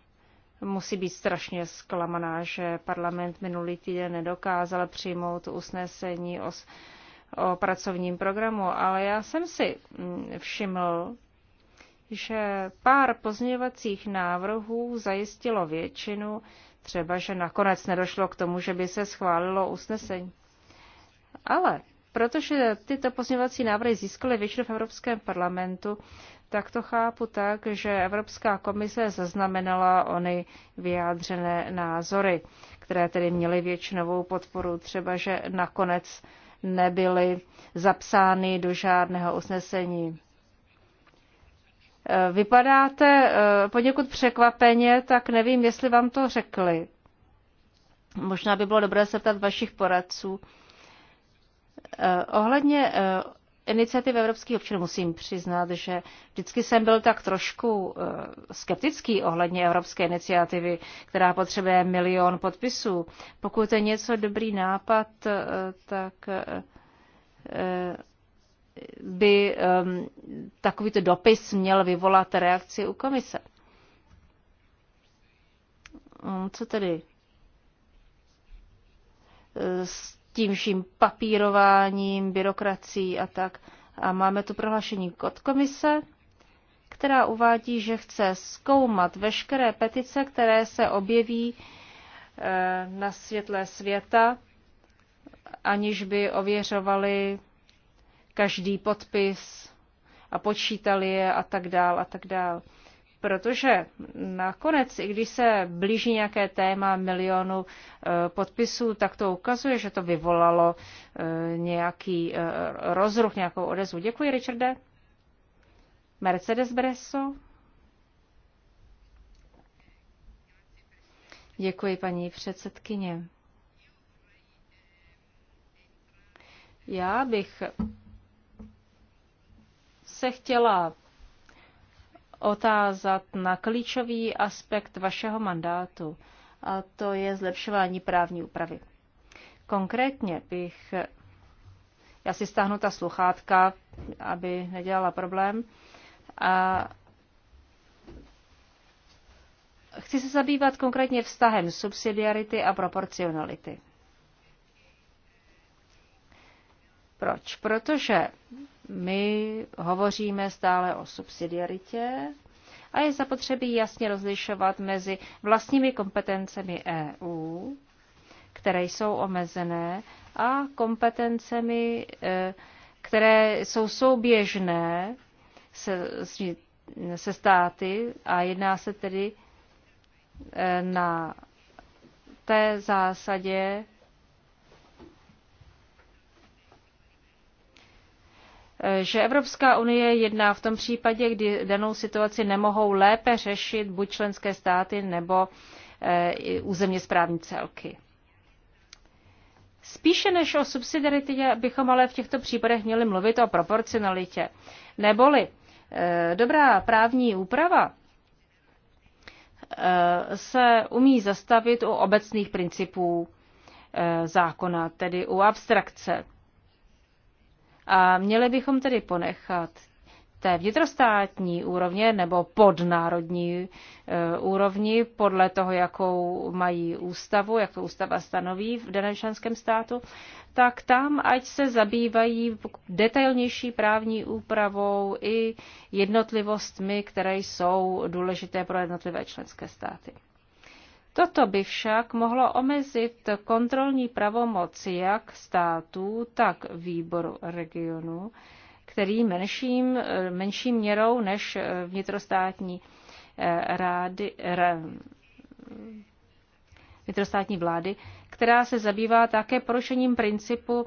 musí být strašně zklamaná, že parlament minulý týden nedokázal přijmout usnesení o, o pracovním programu, ale já jsem si mm, všiml, že pár pozměňovacích návrhů zajistilo většinu, třeba že nakonec nedošlo k tomu, že by se schválilo usnesení. Ale Protože tyto pozměňovací návrhy získaly většinu v Evropském parlamentu, tak to chápu tak, že Evropská komise zaznamenala ony vyjádřené názory, které tedy měly většinovou podporu, třeba že nakonec nebyly zapsány do žádného usnesení. Vypadáte eh, poněkud překvapeně, tak nevím, jestli vám to řekli. Možná by bylo dobré se ptat vašich poradců, Eh, ohledně eh, iniciativy evropských občanů musím přiznat, že vždycky jsem byl tak trošku eh, skeptický ohledně evropské iniciativy, která potřebuje milion podpisů. Pokud je něco dobrý nápad, tak by ehm, takovýto dopis měl vyvolat reakci u komise. Hm, co tedy? tím vším papírováním, byrokracií a tak. A máme tu prohlášení od komise, která uvádí, že chce zkoumat veškeré petice, které se objeví eh, na světle světa, aniž by ověřovali každý podpis a počítali je a tak dál a tak dál protože nakonec, i když se blíží nějaké téma milionu eh, podpisů, tak to ukazuje, že to vyvolalo eh, nějaký eh, rozruch, nějakou odezvu. Děkuji, Richarde. Mercedes Bresso. Děkuji, paní předsedkyně. Já bych se chtěla otázat na klíčový aspekt vašeho mandátu, a to je zlepšování právní úpravy. Konkrétně bych, já si stáhnu ta sluchátka, aby nedělala problém, a chci se zabývat konkrétně vztahem subsidiarity a proporcionality. Proč? Protože my hovoříme stále o subsidiaritě a je zapotřebí jasně rozlišovat mezi vlastními kompetencemi EU, které jsou omezené, a kompetencemi, e, které jsou souběžné se, se státy a jedná se tedy e, na té zásadě, že Evropská unie jedná v tom případě, kdy danou situaci nemohou lépe řešit buď členské státy nebo eh, územně správní celky. Spíše než o subsidiaritě bychom ale v těchto případech měli mluvit o proporcionalitě. Neboli eh, dobrá právní úprava eh, se umí zastavit u obecných principů zákona, tedy u abstrakce. A měli bychom tedy ponechat té vnitrostátní úrovně nebo podnárodní e, úrovni podle toho, jakou mají ústavu, jak to ústava stanoví v daném členském státu, tak tam, ať se zabývají detailnější právní úpravou i jednotlivostmi, které jsou důležité pro jednotlivé členské státy. Toto by však mohlo omezit kontrolní pravomoci jak států, tak výboru regionu, který menším, menším měrou než eh, vnitrostátní eh, rády, r, vnitrostátní vlády, která se zabývá také porušením principu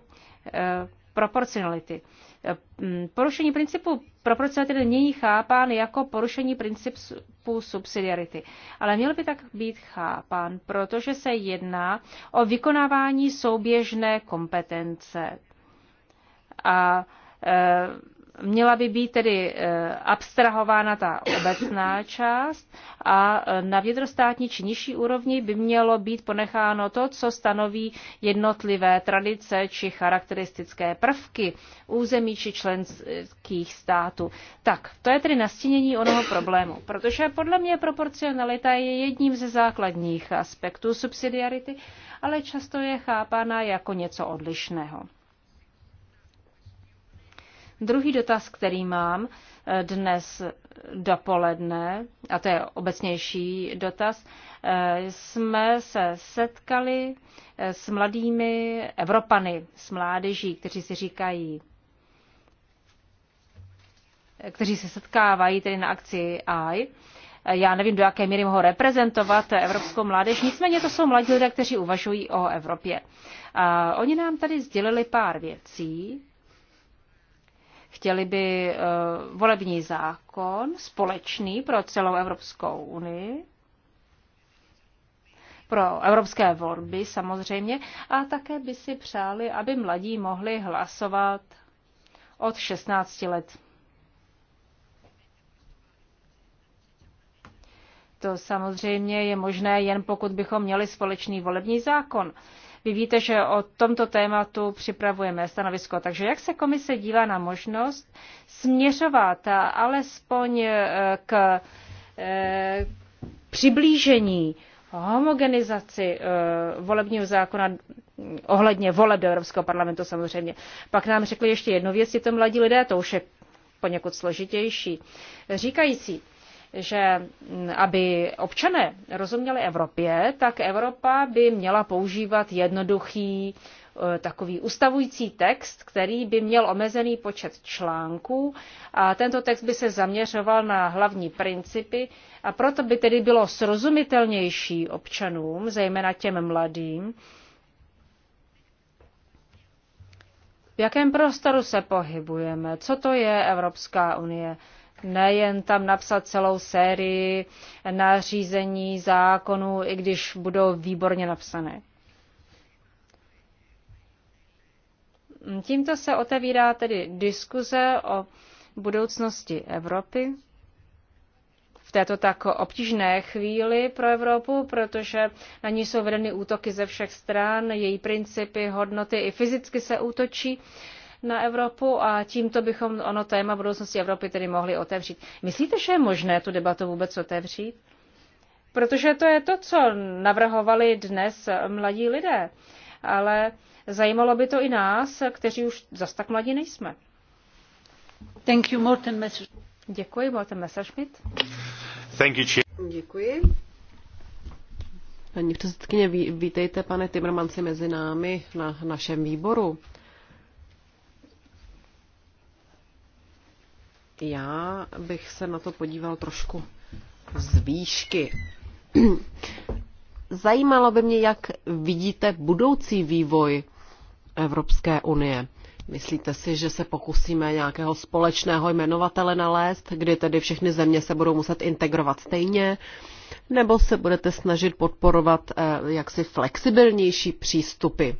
eh, proporcionality. Eh, mm, porušení principu proporcionality není chápán jako porušení principu subsidiarity, ale měl by tak být chápán, protože se jedná o vykonávání souběžné kompetence. A e, měla by být tedy eh, abstrahována ta obecná část a eh, na vnitrostátní či nižší úrovni by mělo být ponecháno to, co stanoví jednotlivé tradice či charakteristické prvky území či členských států. Tak, to je tedy nastínění onoho problému, protože podle mě proporcionalita je jedním ze základních aspektů subsidiarity, ale často je chápána jako něco odlišného. Druhý dotaz, který mám eh, dnes dopoledne, a to je obecnější dotaz, eh, jsme se setkali eh, s mladými Evropany, s mládeží, kteří si říkají, kteří se setkávají tedy na akci AI. Já nevím, do jaké míry mohou reprezentovat evropskou mládež, nicméně to jsou mladí lidé, kteří uvažují o Evropě. A oni nám tady sdělili pár věcí, Chtěli by eh, volební zákon společný pro celou Evropskou unii, pro evropské volby samozřejmě, a také by si přáli, aby mladí mohli hlasovat od 16 let. To samozřejmě je možné jen pokud bychom měli společný volební zákon. Vy víte, že o tomto tématu připravujeme stanovisko. Takže jak se komise dívá na možnost směřovat alespoň e, k e, přiblížení homogenizaci e, volebního zákona ohledně voleb do Evropského parlamentu samozřejmě. Pak nám řekli ještě jednu věc, je to mladí lidé, to už je poněkud složitější. Říkající, že aby občané rozuměli Evropě, tak Evropa by měla používat jednoduchý e, takový ustavující text, který by měl omezený počet článků a tento text by se zaměřoval na hlavní principy a proto by tedy bylo srozumitelnější občanům, zejména těm mladým, v jakém prostoru se pohybujeme, co to je Evropská unie, nejen tam napsat celou sérii nařízení, zákonů, i když budou výborně napsané. Tímto se otevírá tedy diskuze o budoucnosti Evropy v této tak obtížné chvíli pro Evropu, protože na ní jsou vedeny útoky ze všech stran, její principy, hodnoty i fyzicky se útočí na Evropu a tímto bychom ono téma budoucnosti Evropy tedy mohli otevřít. Myslíte, že je možné tu debatu vůbec otevřít? Protože to je to, co navrhovali dnes mladí lidé. Ale zajímalo by to i nás, kteří už zas tak mladí nejsme. Thank you, Morten Děkuji, Morten Messerschmidt. Thank you, Děkuji. Paní předsedkyně, vítejte, pane Timmermansi, mezi námi na našem výboru. Já bych se na to podíval trošku z výšky. Zajímalo by mě, jak vidíte budoucí vývoj Evropské unie. Myslíte si, že se pokusíme nějakého společného jmenovatele nalézt, kdy tedy všechny země se budou muset integrovat stejně, nebo se budete snažit podporovat eh, jaksi flexibilnější přístupy?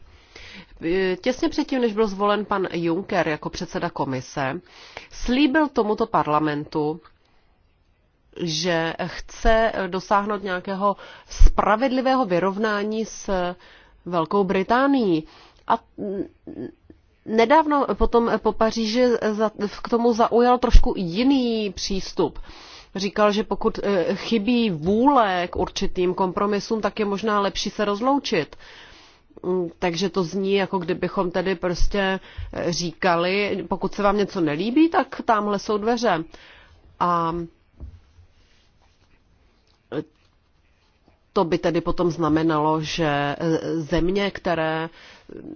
těsně předtím, než byl zvolen pan Juncker jako předseda komise, slíbil tomuto parlamentu, že chce dosáhnout nějakého spravedlivého vyrovnání s Velkou Británií. A nedávno potom po Paříži k tomu zaujal trošku jiný přístup. Říkal, že pokud eh, chybí vůle k určitým kompromisům, tak je možná lepší se rozloučit. Mm, takže to zní, jako kdybychom tedy prostě eh, říkali, pokud se vám něco nelíbí, tak tamhle jsou dveře. A eh, to by tedy potom znamenalo, že eh, země, které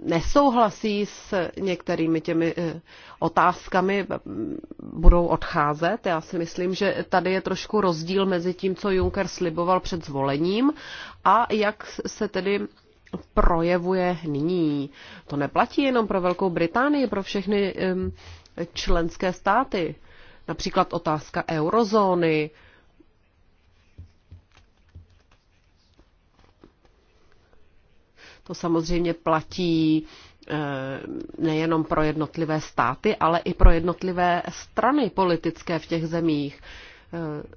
nesouhlasí s některými těmi otázkami, budou odcházet. Já si myslím, že tady je trošku rozdíl mezi tím, co Juncker sliboval před zvolením a jak se tedy projevuje nyní. To neplatí jenom pro Velkou Británii, pro všechny členské státy. Například otázka eurozóny. To samozřejmě platí eh, nejenom pro jednotlivé státy, ale i pro jednotlivé strany politické v těch zemích. Eh,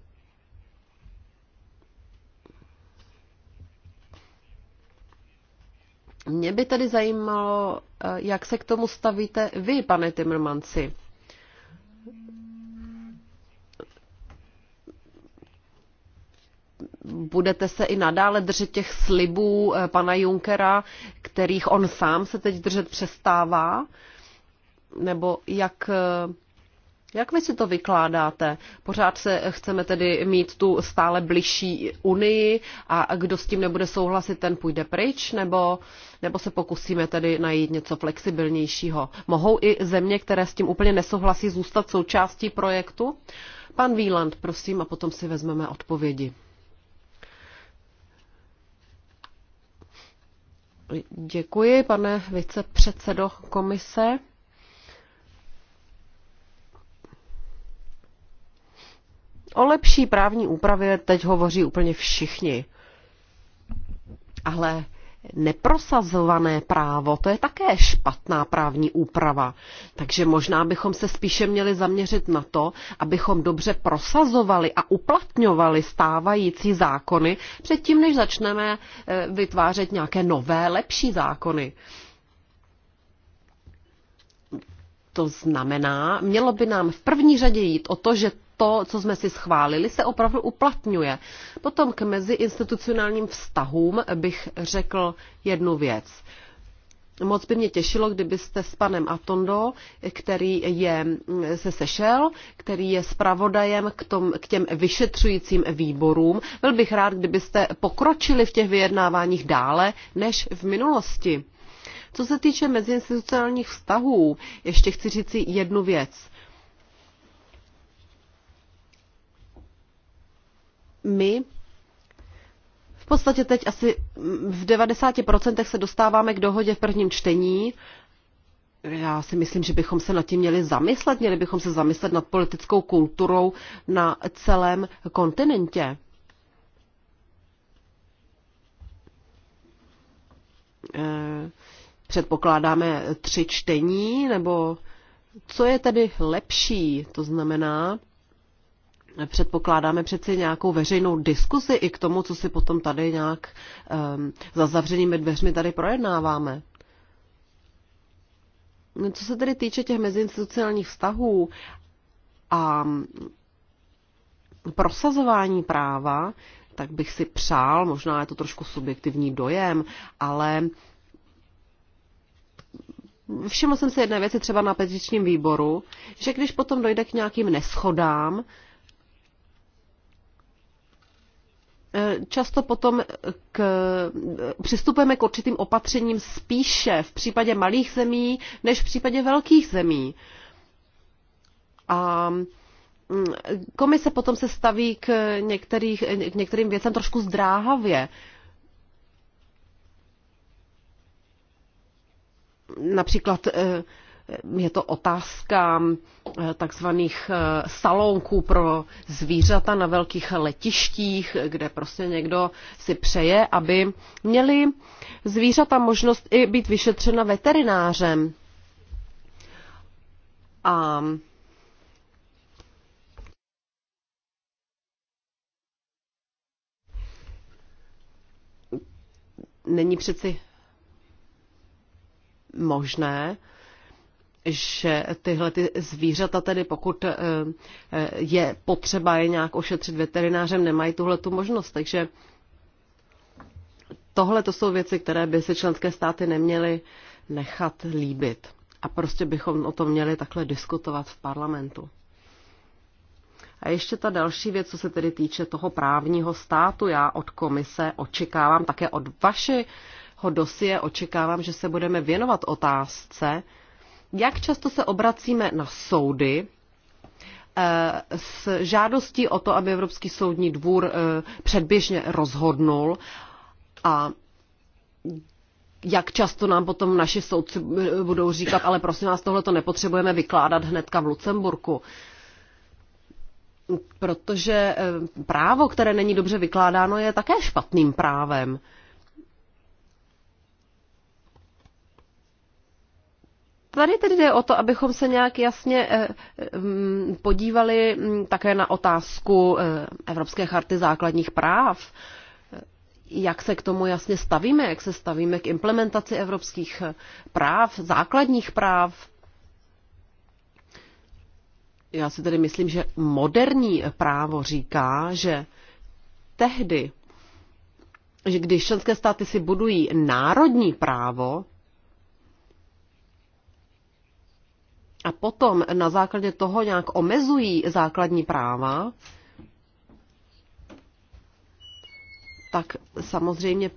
Mě by tedy zajímalo, eh, jak se k tomu stavíte vy, pane Timmermansi. budete se i nadále držet těch slibů eh, pana Junkera, kterých on sám se teď držet přestává? Nebo jak eh, jak vy si to vykládáte? Pořád se chceme tedy mít tu stále bližší unii a kdo s tím nebude souhlasit, ten půjde pryč, nebo, nebo se pokusíme tedy najít něco flexibilnějšího? Mohou i země, které s tím úplně nesouhlasí, zůstat součástí projektu? Pan Wieland, prosím, a potom si vezmeme odpovědi. Děkuji, pane vicepředsedo komise. O lepší právní úpravě teď hovoří úplně všichni. Ale neprosazované právo, to je také špatná právní úprava. Takže možná bychom se spíše měli zaměřit na to, abychom dobře prosazovali a uplatňovali stávající zákony předtím, než začneme eh, vytvářet nějaké nové, lepší zákony. To znamená, mělo by nám v první řadě jít o to, že to, co jsme si schválili, se opravdu uplatňuje. Potom k meziinstitucionálním vztahům bych řekl jednu věc. Moc by mě těšilo, kdybyste s panem Atondo, který je, se sešel, který je spravodajem k, tom, k těm vyšetřujícím výborům. Byl bych rád, kdybyste pokročili v těch vyjednáváních dále než v minulosti. Co se týče meziinstitucionálních vztahů, ještě chci říci jednu věc. my v podstatě teď asi v 90% se dostáváme k dohodě v prvním čtení. Já si myslím, že bychom se nad tím měli zamyslet, měli bychom se zamyslet nad politickou kulturou na celém kontinentě. Eh, předpokládáme tři čtení, nebo co je tedy lepší, to znamená, předpokládáme přeci nějakou veřejnou diskusi i k tomu, co si potom tady nějak um, za zavřenými dveřmi tady projednáváme. Co se tedy týče těch meziinstitucionálních vztahů a prosazování práva, tak bych si přál, možná je to trošku subjektivní dojem, ale všiml jsem si jedné věci třeba na petičním výboru, že když potom dojde k nějakým neschodám, Eh, často potom k, přistupujeme k určitým opatřením spíše v případě malých zemí než v případě velkých zemí. A mm, komise potom se staví k, některých, k některým věcem trošku zdráhavě. Například eh, je to otázka eh, takzvaných eh, salonků pro zvířata na velkých letištích, kde prostě někdo si přeje, aby měli zvířata možnost i být vyšetřena veterinářem. A není přeci možné, že tyhle ty zvířata tedy, pokud eh, eh, je potřeba je nějak ošetřit veterinářem, nemají tuhle tu možnost. Takže tohle to jsou věci, které by se členské státy neměly nechat líbit. A prostě bychom o tom měli takhle diskutovat v parlamentu. A ještě ta další věc, co se tedy týče toho právního státu, já od komise očekávám, také od vašeho dosie očekávám, že se budeme věnovat otázce, jak často se obracíme na soudy eh, s žádostí o to, aby Evropský soudní dvůr eh, předběžně rozhodnul a jak často nám potom naši soudci eh, budou říkat, ale prosím vás, tohle to nepotřebujeme vykládat hnedka v Lucemburku. Protože právo, které není dobře vykládáno, je také špatným právem. Tady tedy jde o to, abychom se nějak jasně eh, eh, mm, podívali mm, také na otázku eh, Evropské charty základních práv, jak se k tomu jasně stavíme, jak se stavíme k implementaci evropských práv, základních práv. Já si tedy myslím, že moderní právo říká, že tehdy, že když členské státy si budují národní právo, a potom na základě toho nějak omezují základní práva, tak samozřejmě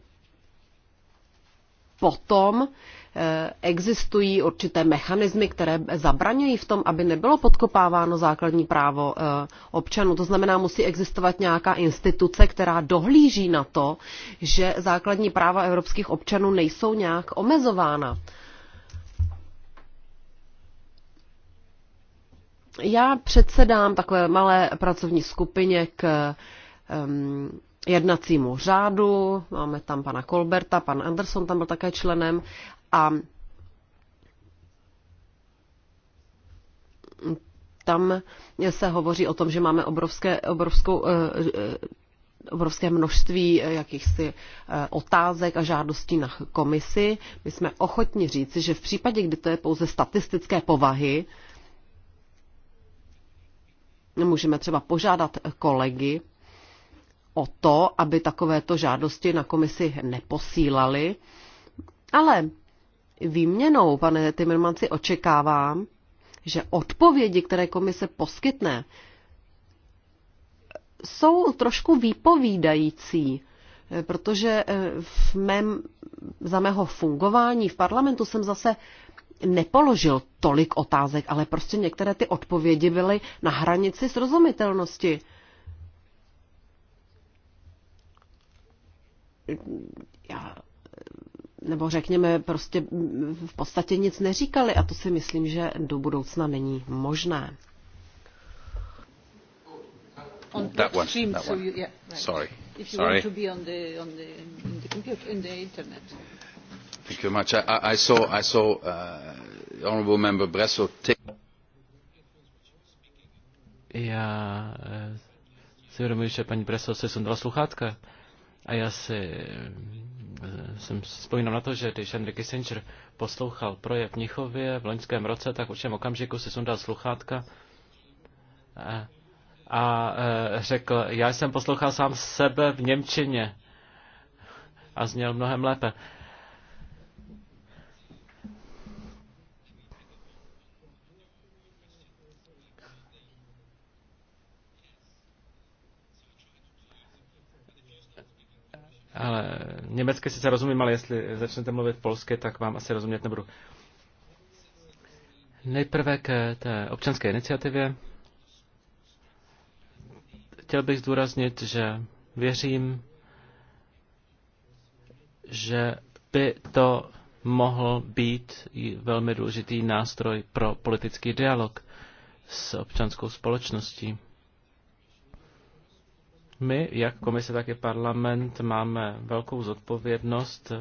potom eh, existují určité mechanismy, které zabraňují v tom, aby nebylo podkopáváno základní právo eh, občanů. To znamená, musí existovat nějaká instituce, která dohlíží na to, že základní práva evropských občanů nejsou nějak omezována. Já předsedám takové malé pracovní skupině k um, jednacímu řádu. Máme tam pana Kolberta, pan Anderson tam byl také členem a tam se hovoří o tom, že máme obrovské, obrovskou, eh, eh, obrovské množství eh, jakýchsi otázek a žádostí na komisi. My jsme ochotni říci, že v případě, kdy to je pouze statistické povahy, Můžeme třeba požádat kolegy o to, aby takovéto žádosti na komisi neposílali, ale výměnou, pane Timmermansi, očekávám, že odpovědi, které komise poskytne, jsou trošku výpovídající, protože v mém, za mého fungování v parlamentu jsem zase nepoložil tolik otázek, ale prostě některé ty odpovědi byly na hranici srozumitelnosti. Já, nebo řekněme, prostě v podstatě nic neříkali a to si myslím, že do budoucna není možné. On that one, stream, that one. you, yeah, right. Sorry. If you Sorry. want to be on the, on the, in the computer, in the internet. Uh, já eh, si uvědomuji, že paní Bresso se sundala sluchátka a já si eh, jsem vzpomínal na to, že když Henry Kissinger poslouchal projev Mnichově v loňském roce, tak v určitém okamžiku se sundal sluchátka eh, a, a řekl, já jsem poslouchal sám sebe v Němčině a zněl mnohem lépe. Ale německy sice rozumím, ale jestli začnete mluvit polsky, tak vám asi rozumět nebudu. Nejprve k té občanské iniciativě. Chtěl bych zdůraznit, že věřím, že by to mohl být velmi důležitý nástroj pro politický dialog s občanskou společností. My, jak komise, tak i parlament, máme velkou zodpovědnost,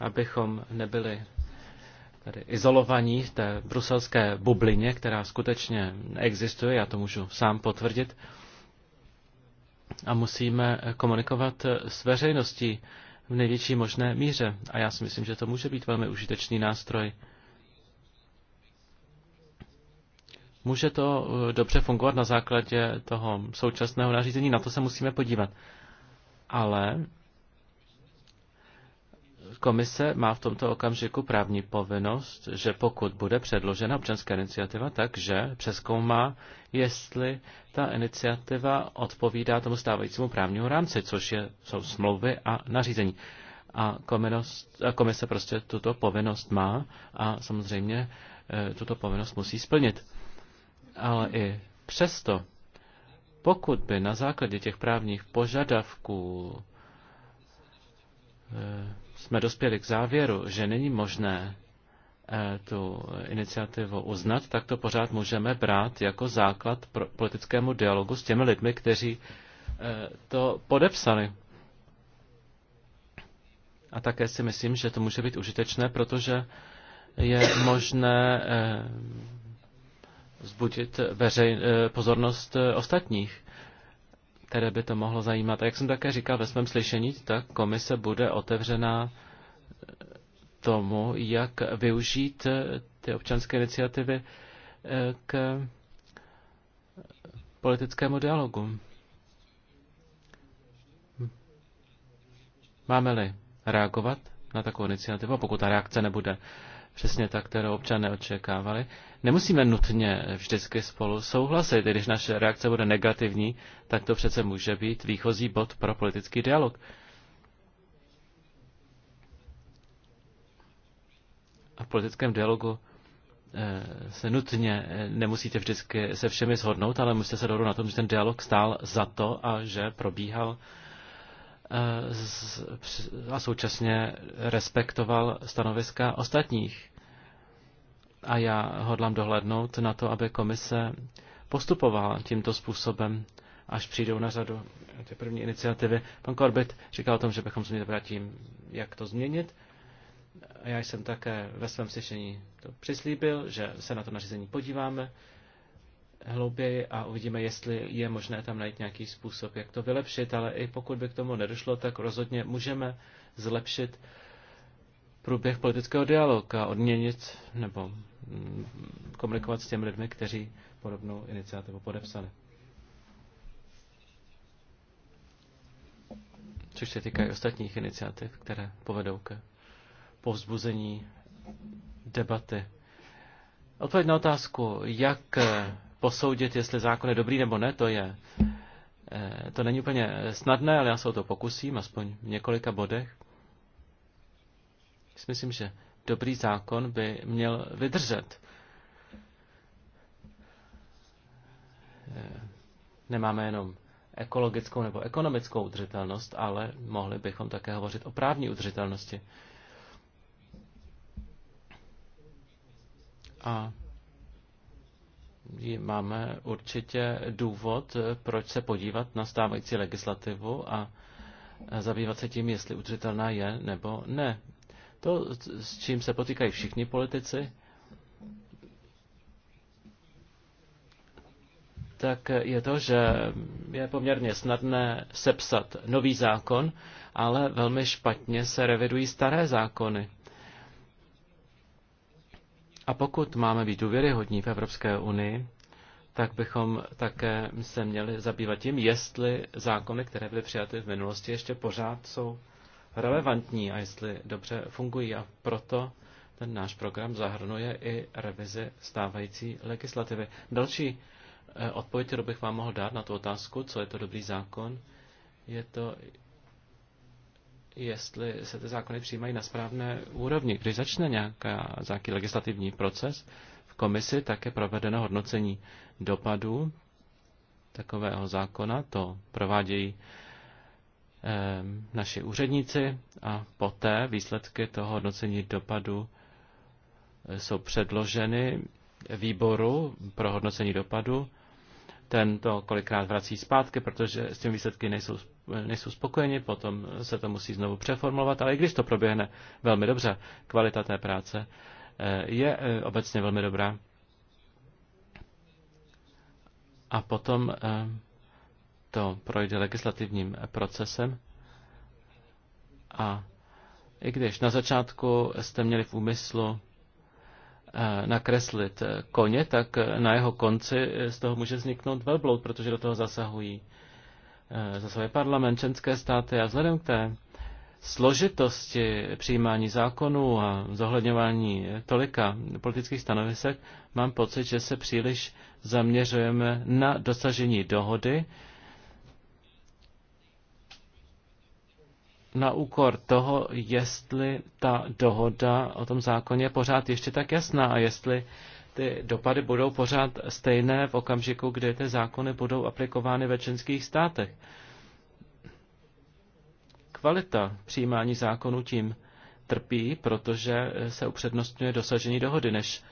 abychom nebyli tady izolovaní v té bruselské bublině, která skutečně existuje, já to můžu sám potvrdit. A musíme komunikovat s veřejností v největší možné míře. A já si myslím, že to může být velmi užitečný nástroj. Může to eh, dobře fungovat na základě toho současného nařízení, na to se musíme podívat. Ale komise má v tomto okamžiku právní povinnost, že pokud bude předložena občanská iniciativa, takže přeskoumá, jestli ta iniciativa odpovídá tomu stávajícímu právnímu rámci, což je, jsou smlouvy a nařízení. A komise prostě tuto povinnost má a samozřejmě eh, tuto povinnost musí splnit ale i přesto, pokud by na základě těch právních požadavků eh, jsme dospěli k závěru, že není možné eh, tu iniciativu uznat, tak to pořád můžeme brát jako základ pro politickému dialogu s těmi lidmi, kteří eh, to podepsali. A také si myslím, že to může být užitečné, protože je možné vzbudit veřej, eh, pozornost eh, ostatních, které by to mohlo zajímat. A jak jsem také říkal ve svém slyšení, tak komise bude otevřená eh, tomu, jak využít ty občanské iniciativy k politickému dialogu. Máme-li reagovat na takovou iniciativu, pokud ta reakce nebude přesně tak, kterou občané očekávali. Nemusíme nutně vždycky spolu souhlasit. Když naše reakce bude negativní, tak to přece může být výchozí bod pro politický dialog. A v politickém dialogu eh, se nutně eh, nemusíte vždycky se všemi shodnout, ale musíte se dohodnout na tom, že ten dialog stál za to a že probíhal Eh, a současně respektoval stanoviska ostatních. A já hodlám dohlednout na to, aby komise postupovala tímto způsobem, až přijdou na řadu ty první iniciativy. Pan Korbit říkal o tom, že bychom se měli brát tím, jak to změnit. A já jsem také ve svém slyšení to přislíbil, že se na to nařízení podíváme, hlouběji a uvidíme, jestli je možné tam najít nějaký způsob, jak to vylepšit, ale i pokud by k tomu nedošlo, tak rozhodně můžeme zlepšit průběh politického dialogu a odměnit nebo mm, komunikovat s těmi lidmi, kteří podobnou iniciativu podepsali. Což se týká i ostatních iniciativ, které povedou ke povzbuzení debaty. Odpověď na otázku, jak posoudit, jestli zákon je dobrý nebo ne, to je eh, to není úplně snadné, ale já se o to pokusím, aspoň v několika bodech. Myslím, že dobrý zákon by měl vydržet. Eh, nemáme jenom ekologickou nebo ekonomickou udržitelnost, ale mohli bychom také hovořit o právní udržitelnosti. A máme určitě důvod, eh, proč se podívat na stávající legislativu a eh, zabývat se tím, jestli udržitelná je nebo ne. To, s čím se potýkají všichni politici, tak je to, že je poměrně snadné sepsat nový zákon, ale velmi špatně se revidují staré zákony. A pokud máme být důvěryhodní v Evropské unii, tak bychom také se měli zabývat tím, jestli zákony, které byly přijaty v minulosti, ještě pořád jsou relevantní a jestli dobře fungují. A proto ten náš program zahrnuje i revizi stávající legislativy. Další eh, odpověď, kterou bych vám mohl dát na tu otázku, co je to dobrý zákon, je to, jestli se ty zákony přijímají na správné úrovni. Když začne nějaká, nějaký legislativní proces v komisi, tak je provedeno hodnocení dopadů takového zákona. To provádějí eh, naši úředníci a poté výsledky toho hodnocení dopadu eh, jsou předloženy výboru pro hodnocení dopadu. Ten to kolikrát vrací zpátky, protože s tím výsledky nejsou nejsou spokojeni, potom se to musí znovu přeformulovat, ale i když to proběhne velmi dobře, kvalita té práce eh, je eh, obecně velmi dobrá. A potom eh, to projde legislativním procesem a i když na začátku jste měli v úmyslu nakreslit koně, tak na jeho konci z toho může vzniknout velbloud, protože do toho zasahují Eh, za svoje parlament, členské státy a vzhledem k té složitosti přijímání zákonů a zohledňování tolika politických stanovisek, mám pocit, že se příliš zaměřujeme na dosažení dohody na úkor toho, jestli ta dohoda o tom zákoně je pořád ještě tak jasná a jestli ty dopady budou pořád stejné v okamžiku, kdy ty zákony budou aplikovány ve členských státech. Kvalita přijímání zákonů tím trpí, protože se upřednostňuje dosažení dohody než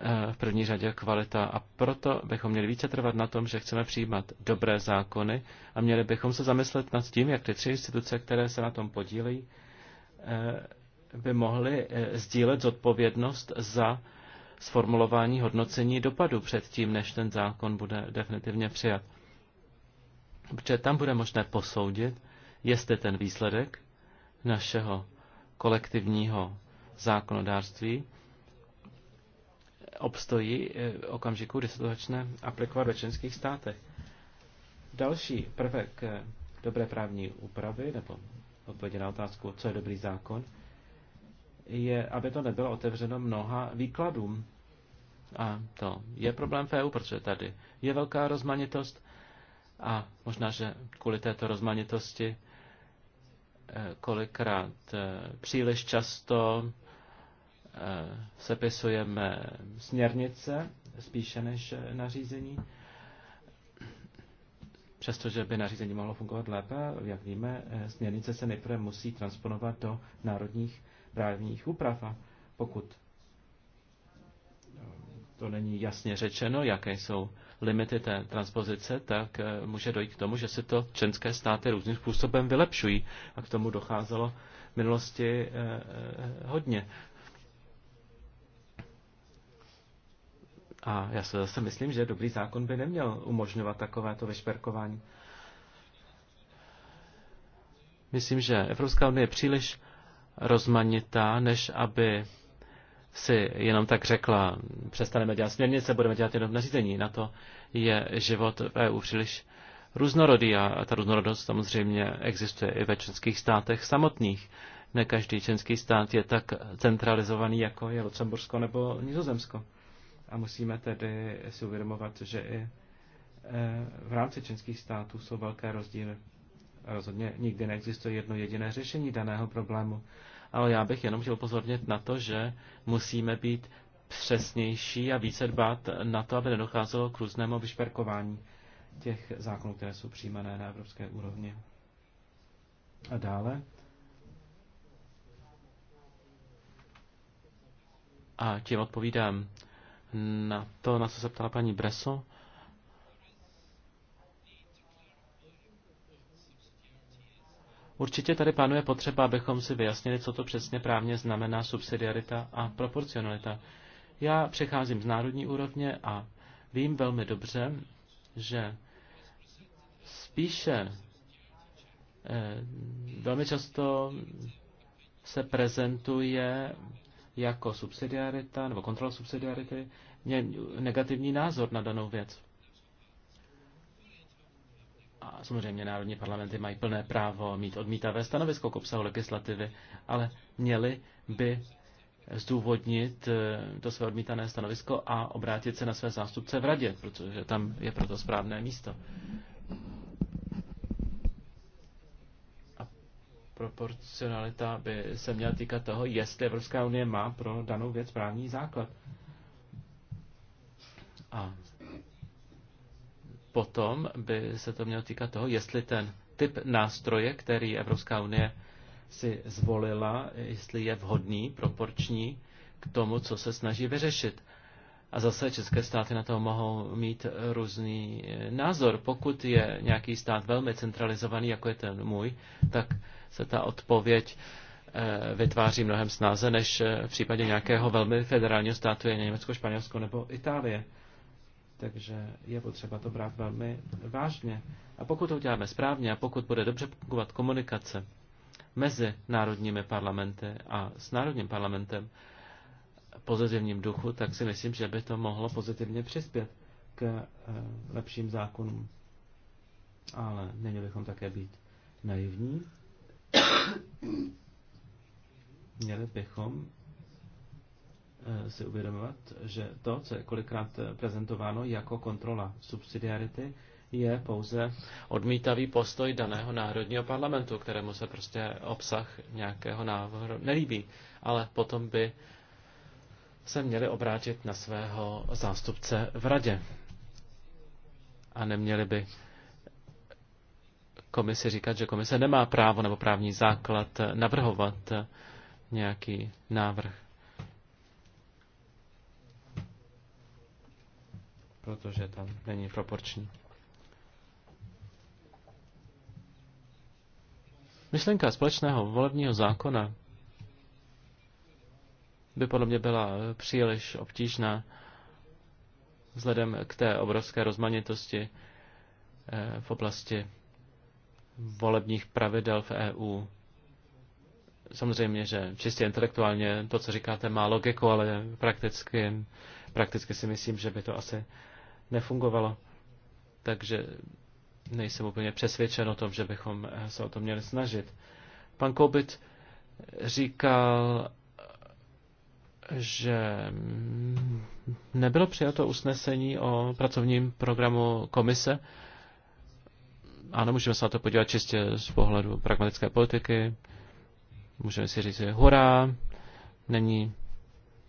eh, v první řadě kvalita. A proto bychom měli více trvat na tom, že chceme přijímat dobré zákony a měli bychom se zamyslet nad tím, jak ty tři instituce, které se na tom podílejí, eh, by mohly eh, sdílet zodpovědnost za sformulování hodnocení dopadu předtím, než ten zákon bude definitivně přijat. Protože tam bude možné posoudit, jestli ten výsledek našeho kolektivního zákonodárství obstojí eh, okamžiku, kdy se to začne aplikovat ve členských státech. Další prvek eh, dobré právní úpravy, nebo odpovědi na otázku, co je dobrý zákon, je, aby to nebylo otevřeno mnoha výkladům. A to je problém v EU, protože tady je velká rozmanitost a možná, že kvůli této rozmanitosti eh, kolikrát eh, příliš často eh, sepisujeme směrnice spíše než nařízení. Přestože by nařízení mohlo fungovat lépe, jak víme, směrnice se nejprve musí transponovat do národních právních úprav. A pokud eh, to není jasně řečeno, jaké jsou limity té transpozice, tak eh, může dojít k tomu, že se to členské státy různým způsobem vylepšují. A k tomu docházelo v minulosti eh, hodně. A já se zase myslím, že dobrý zákon by neměl umožňovat takovéto vyšperkování. Myslím, že Evropská unie je příliš rozmanitá, než aby si jenom tak řekla, přestaneme dělat směrnice, budeme dělat jenom nařízení. Na to je život v EU příliš různorodý a ta různorodost samozřejmě existuje i ve členských státech samotných. Ne každý členský stát je tak centralizovaný, jako je Lucembursko nebo Nizozemsko. A musíme tedy si uvědomovat, že i e, v rámci členských států jsou velké rozdíly rozhodně nikdy neexistuje jedno jediné řešení daného problému. Ale já bych jenom chtěl pozornit na to, že musíme být přesnější a více dbát na to, aby nedocházelo k různému vyšperkování těch zákonů, které jsou přijímané na evropské úrovni. A dále. A tím odpovídám na to, na co se ptala paní Breso. Určitě tady panuje potřeba, abychom si vyjasnili, co to přesně právně znamená subsidiarita a proporcionalita. Já přecházím z národní úrovně a vím velmi dobře, že spíše eh, velmi často se prezentuje jako subsidiarita nebo kontrola subsidiarity negativní názor na danou věc. A samozřejmě národní parlamenty mají plné právo mít odmítavé stanovisko k obsahu legislativy, ale měli by zdůvodnit eh, to své odmítané stanovisko a obrátit se na své zástupce v radě, protože tam je proto správné místo. A proporcionalita by se měla týkat toho, jestli Evropská unie má pro danou věc právní základ. A potom by se to mělo týkat toho, jestli ten typ nástroje, který Evropská unie si zvolila, jestli je vhodný, proporční k tomu, co se snaží vyřešit. A zase české státy na to mohou mít různý eh, názor. Pokud je nějaký stát velmi centralizovaný, jako je ten můj, tak se ta odpověď eh, vytváří mnohem snáze, než eh, v případě nějakého velmi federálního státu, je Německo, Španělsko nebo Itálie. Takže je potřeba to brát velmi vážně. A pokud to uděláme správně a pokud bude dobře fungovat komunikace mezi národními parlamenty a s národním parlamentem v pozitivním duchu, tak si myslím, že by to mohlo pozitivně přispět k eh, lepším zákonům. Ale neměli bychom také být naivní. Měli bychom Eh, si uvědomovat, že to, co je kolikrát eh, prezentováno jako kontrola subsidiarity, je pouze odmítavý postoj daného národního parlamentu, kterému se prostě obsah nějakého návrhu nelíbí. Ale potom by se měli obrátit na svého zástupce v radě. A neměli by komisi říkat, že komise nemá právo nebo právní základ navrhovat nějaký návrh. protože tam není proporční. Myšlenka společného volebního zákona by podle mě byla eh, příliš obtížná vzhledem k té obrovské rozmanitosti eh, v oblasti volebních pravidel v EU. Samozřejmě, že čistě intelektuálně to, co říkáte, má logiku, ale prakticky, prakticky si myslím, že by to asi nefungovalo. Takže nejsem úplně přesvědčen o tom, že bychom se o to měli snažit. Pan Koubit říkal, že nebylo přijato usnesení o pracovním programu komise. Ano, můžeme se na to podívat čistě z pohledu pragmatické politiky. Můžeme si říct, že hurá, není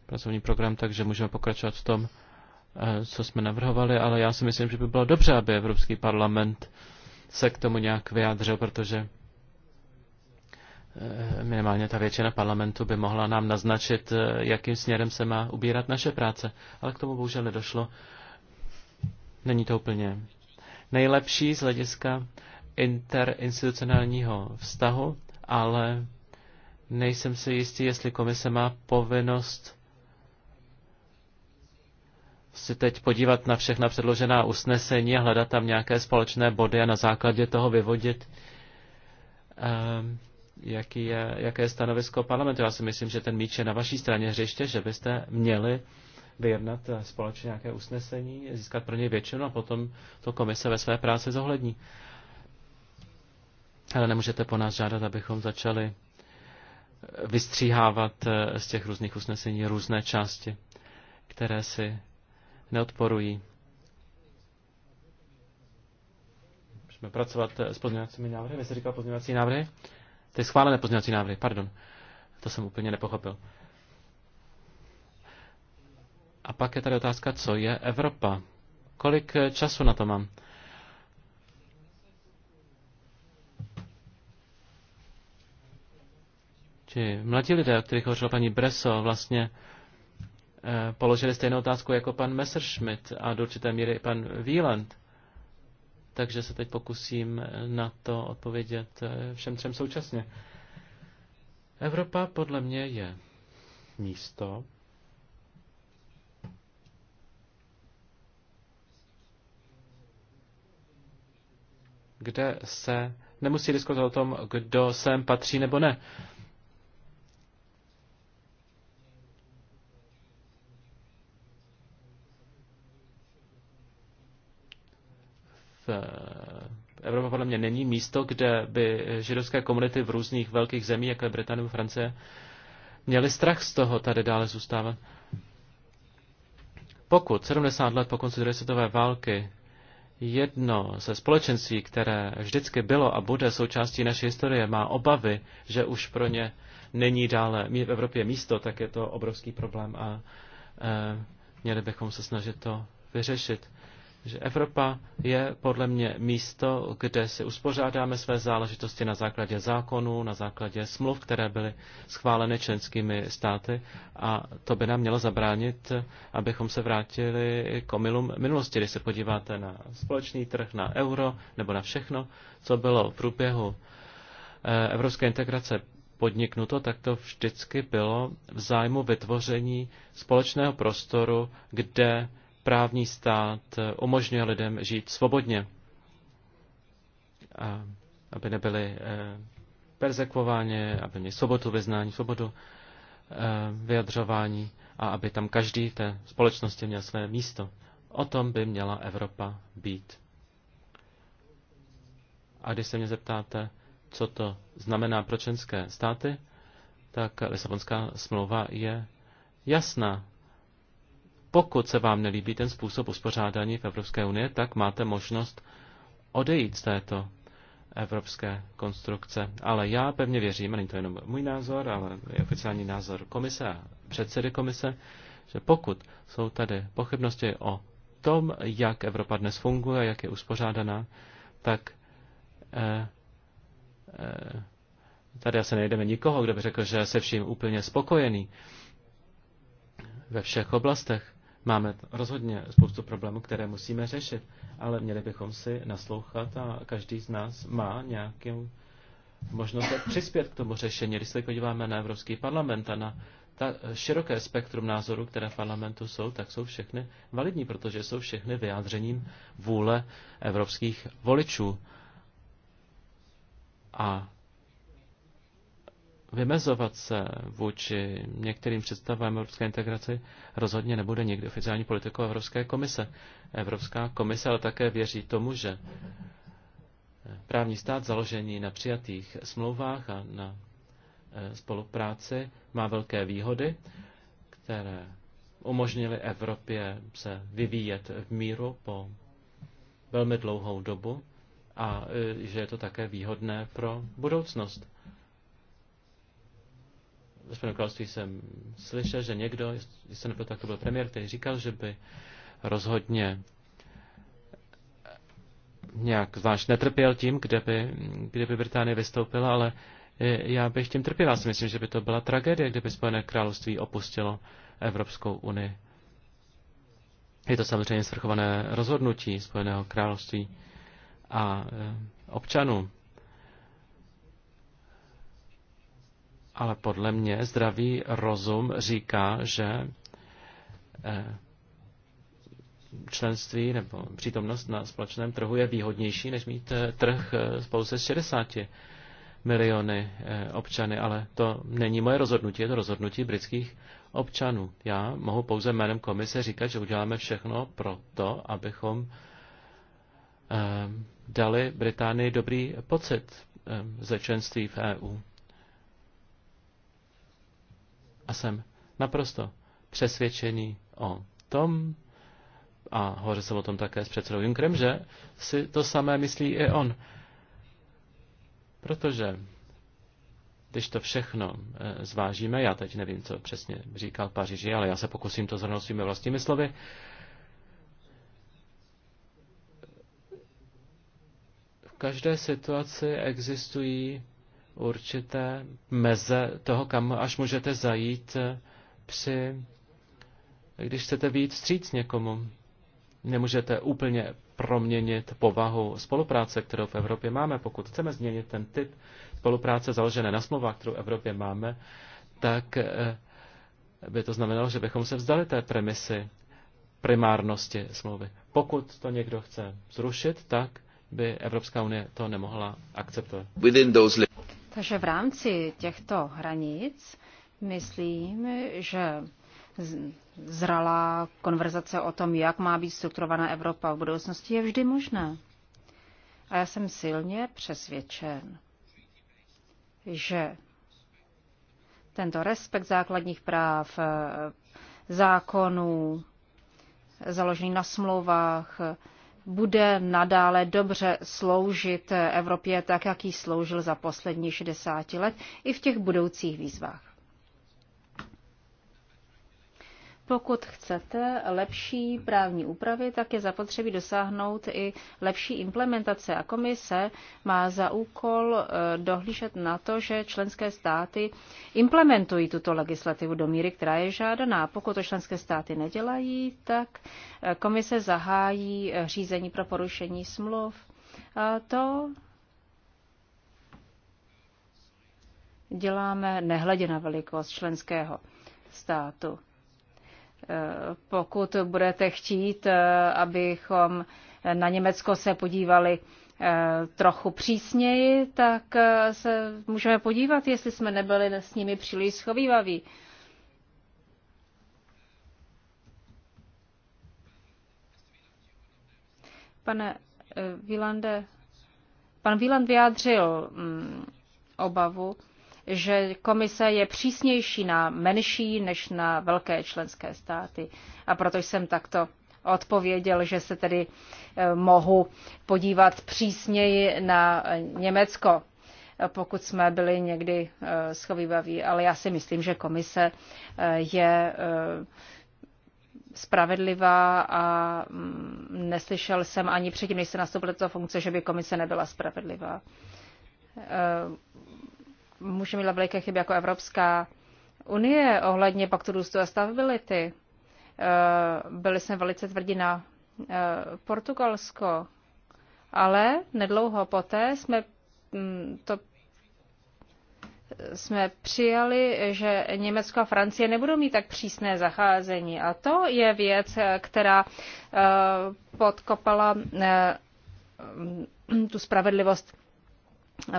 pracovní program, takže můžeme pokračovat v tom, Eh, co jsme navrhovali, ale já si myslím, že by bylo dobře, aby Evropský parlament se k tomu nějak vyjádřil, protože eh, minimálně ta většina parlamentu by mohla nám naznačit, eh, jakým směrem se má ubírat naše práce. Ale k tomu bohužel nedošlo. Není to úplně nejlepší z hlediska interinstitucionálního vztahu, ale nejsem si jistý, jestli komise má povinnost se teď podívat na všechna předložená usnesení a hledat tam nějaké společné body a na základě toho vyvodit, ehm, jaký je, jaké je stanovisko parlamentu. Já si myslím, že ten míč je na vaší straně hřiště, že byste měli vyjednat eh, společně nějaké usnesení, získat pro něj většinu a potom to komise ve své práci zohlední. Ale nemůžete po nás žádat, abychom začali eh, vystříhávat eh, z těch různých usnesení různé části, které si neodporují. Musíme pracovat eh, s pozměňovacími návrhy. Vy jste říkal pozměňovací návrhy? Ty schválené pozměňovací návrhy, pardon. To jsem úplně nepochopil. A pak je tady otázka, co je Evropa. Kolik eh, času na to mám? Či mladí lidé, o kterých hovořila paní Breso, vlastně Eh, položili stejnou otázku jako pan Messerschmidt a do určité míry i pan Wieland. Takže se teď pokusím eh, na to odpovědět eh, všem třem současně. Evropa podle mě je místo, kde se nemusí diskutovat o tom, kdo sem patří nebo ne. Eh, Evropa podle mě není místo, kde by židovské komunity v různých velkých zemích, jako je Británie nebo Francie, měly strach z toho tady dále zůstávat. Pokud 70 let po konci druhé světové války jedno ze společenství, které vždycky bylo a bude součástí naší historie, má obavy, že už pro ně není dále v Evropě místo, tak je to obrovský problém a e, měli bychom se snažit to vyřešit že Evropa je podle mě místo, kde si uspořádáme své záležitosti na základě zákonů, na základě smluv, které byly schváleny členskými státy a to by nám mělo zabránit, abychom se vrátili k omylům minulosti. Když se podíváte na společný trh, na euro nebo na všechno, co bylo v průběhu eh, evropské integrace podniknuto, tak to vždycky bylo v zájmu vytvoření společného prostoru, kde právní stát eh, umožňuje lidem žít svobodně, a aby nebyli eh, persekvováni, aby měli svobodu vyznání, svobodu eh, vyjadřování a aby tam každý v té společnosti měl své místo. O tom by měla Evropa být. A když se mě zeptáte, co to znamená pro členské státy, tak Lisabonská smlouva je jasná pokud se vám nelíbí ten způsob uspořádání v Evropské unii, tak máte možnost odejít z této evropské konstrukce. Ale já pevně věřím, a není to jenom můj názor, ale je oficiální názor komise a předsedy komise, že pokud jsou tady pochybnosti o tom, jak Evropa dnes funguje, jak je uspořádaná, tak eh, eh, tady asi nejdeme nikoho, kdo by řekl, že se vším úplně spokojený ve všech oblastech. Máme rozhodně spoustu problémů, které musíme řešit, ale měli bychom si naslouchat a každý z nás má nějakou možnost přispět k tomu řešení. Když se podíváme na Evropský parlament a na ta široké spektrum názorů, které v parlamentu jsou, tak jsou všechny validní, protože jsou všechny vyjádřením vůle evropských voličů. A vymezovat se vůči některým představám evropské integraci rozhodně nebude nikdy oficiální politikou Evropské komise. Evropská komise ale také věří tomu, že právní stát založený na přijatých smlouvách a na e, spolupráci má velké výhody, které umožnily Evropě se vyvíjet v míru po velmi dlouhou dobu a e, že je to také výhodné pro budoucnost ve Spojeném království jsem slyšel, že někdo, jestli se nebyl tak, to byl premiér, který říkal, že by rozhodně nějak zvlášť netrpěl tím, kde by, kde by Británie vystoupila, ale já bych tím trpěl. Já si myslím, že by to byla tragédie, kdyby Spojené království opustilo Evropskou unii. Je to samozřejmě svrchované rozhodnutí Spojeného království a eh, občanů Ale podle mě zdravý rozum říká, že eh, členství nebo přítomnost na společném trhu je výhodnější, než mít eh, trh pouze s 60 miliony eh, občany, ale to není moje rozhodnutí, je to rozhodnutí britských občanů. Já mohu pouze jménem komise říkat, že uděláme všechno pro to, abychom dali Británii dobrý pocit ze členství v EU. A jsem naprosto přesvědčený o tom, a hovořil jsem o tom také s předsedou Junkrem, že si to samé myslí i on. Protože když to všechno eh, zvážíme, já teď nevím, co přesně říkal Paříži, ale já se pokusím to zhrnout svými vlastními slovy, v každé situaci existují určité meze toho, kam až můžete zajít eh, při, když chcete být vstříc někomu. Nemůžete úplně proměnit povahu spolupráce, kterou v Evropě máme. Pokud chceme změnit ten typ spolupráce založené na smlouvách, kterou v Evropě máme, tak eh, by to znamenalo, že bychom se vzdali té premisy primárnosti smlouvy. Pokud to někdo chce zrušit, tak by Evropská unie to nemohla akceptovat. Takže v rámci těchto hranic myslím, že zralá konverzace o tom, jak má být strukturovaná Evropa v budoucnosti, je vždy možná. A já jsem silně přesvědčen, že tento respekt základních práv, eh, zákonů, založený na smlouvách, bude nadále dobře sloužit Evropě tak, jak jí sloužil za poslední 60 let i v těch budoucích výzvách. Pokud chcete lepší právní úpravy, tak je zapotřebí dosáhnout i lepší implementace. A komise má za úkol eh, dohlížet na to, že členské státy implementují tuto legislativu do míry, která je žádaná. Pokud to členské státy nedělají, tak eh, komise zahájí eh, řízení pro porušení smluv. A to děláme nehledě na velikost členského státu pokud budete chtít, eh, abychom na Německo se podívali eh, trochu přísněji, tak eh, se můžeme podívat, jestli jsme nebyli s nimi příliš schovývaví. Pane Vilande, pan Viland vyjádřil mm, obavu, že komise je přísnější na menší než na velké členské státy. A proto jsem takto odpověděl, že se tedy eh, mohu podívat přísněji na eh, Německo, pokud jsme byli někdy eh, schovývaví. Ale já si myslím, že komise je spravedlivá a mm, neslyšel jsem ani předtím, než se nastoupil do toho funkce, že by komise nebyla spravedlivá můžeme dělat veliké chyby jako Evropská unie ohledně paktu růstu a stability. Eh, byli jsme velice tvrdí na eh, Portugalsko, ale nedlouho poté jsme mm, to jsme přijali, že Německo a Francie nebudou mít tak přísné zacházení. A to je věc, která eh, podkopala tu spravedlivost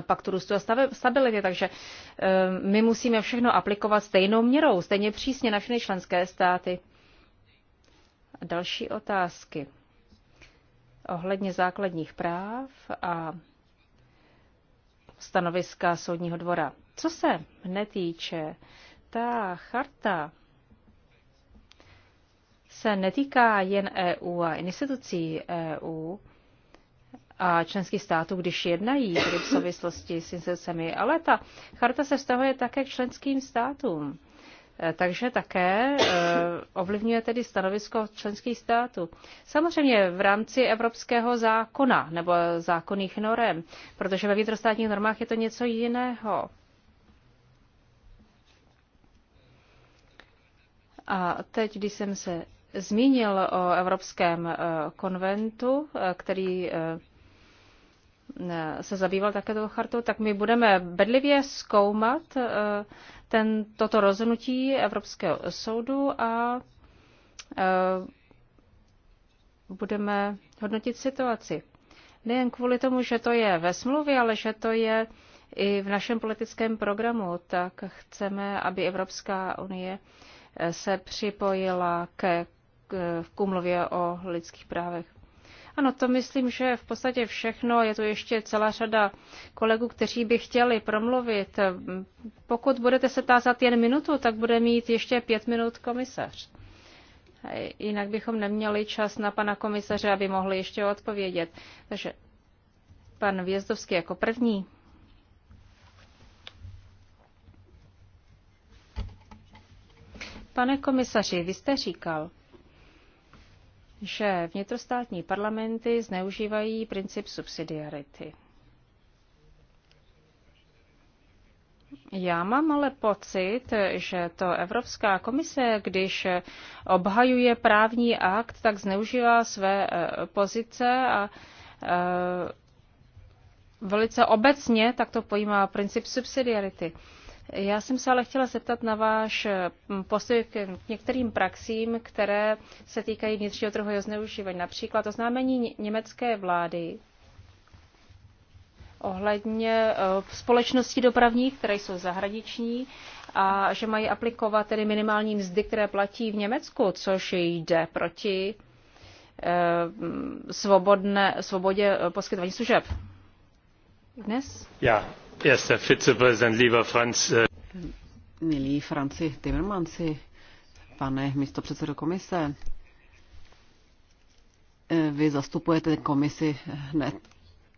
paktu růstu a stability. Takže eh, my musíme všechno aplikovat stejnou měrou, stejně přísně na všechny členské státy. Další otázky ohledně základních práv a stanoviska soudního dvora. Co se netýče, ta charta se netýká jen EU a institucí EU, a členských států, když jednají tedy v souvislosti s institucemi. Ale ta charta se vztahuje také k členským státům. Eh, takže také eh, ovlivňuje tedy stanovisko členských států. Samozřejmě v rámci evropského zákona nebo zákonných norem, protože ve vnitrostátních normách je to něco jiného. A teď, když jsem se zmínil o Evropském eh, konventu, který Eh, se zabýval také tou chartou, tak my budeme bedlivě zkoumat eh, ten, toto rozhodnutí Evropského soudu a eh, budeme hodnotit situaci. Nejen kvůli tomu, že to je ve smluvě, ale že to je i v našem politickém programu, tak chceme, aby Evropská unie se připojila ke, k, k umluvě o lidských právech. Ano, to myslím, že v podstatě všechno. Je tu ještě celá řada kolegů, kteří by chtěli promluvit. Pokud budete se tázat jen minutu, tak bude mít ještě pět minut komisař. Jinak bychom neměli čas na pana komisaře, aby mohli ještě odpovědět. Takže pan Vězdovský jako první. Pane komisaři, vy jste říkal, že vnitrostátní parlamenty zneužívají princip subsidiarity. Já mám ale pocit, že to Evropská komise, když obhajuje právní akt, tak zneužívá své eh, pozice a eh, velice obecně tak to pojímá princip subsidiarity. Já jsem se ale chtěla zeptat na váš eh, postoj k některým praxím, které se týkají vnitřního trhu jeho zneužívání. Například oznámení německé vlády ohledně eh, společností dopravních, které jsou zahraniční, a že mají aplikovat tedy minimální mzdy, které platí v Německu, což jde proti eh, svobodné, svobodě poskytování služeb. Dnes? Já. Herr Vizepräsident, lieber Franz. Äh, Milí Timmermansi, pane místopředsedo komise, eh, vy zastupujete komisi hned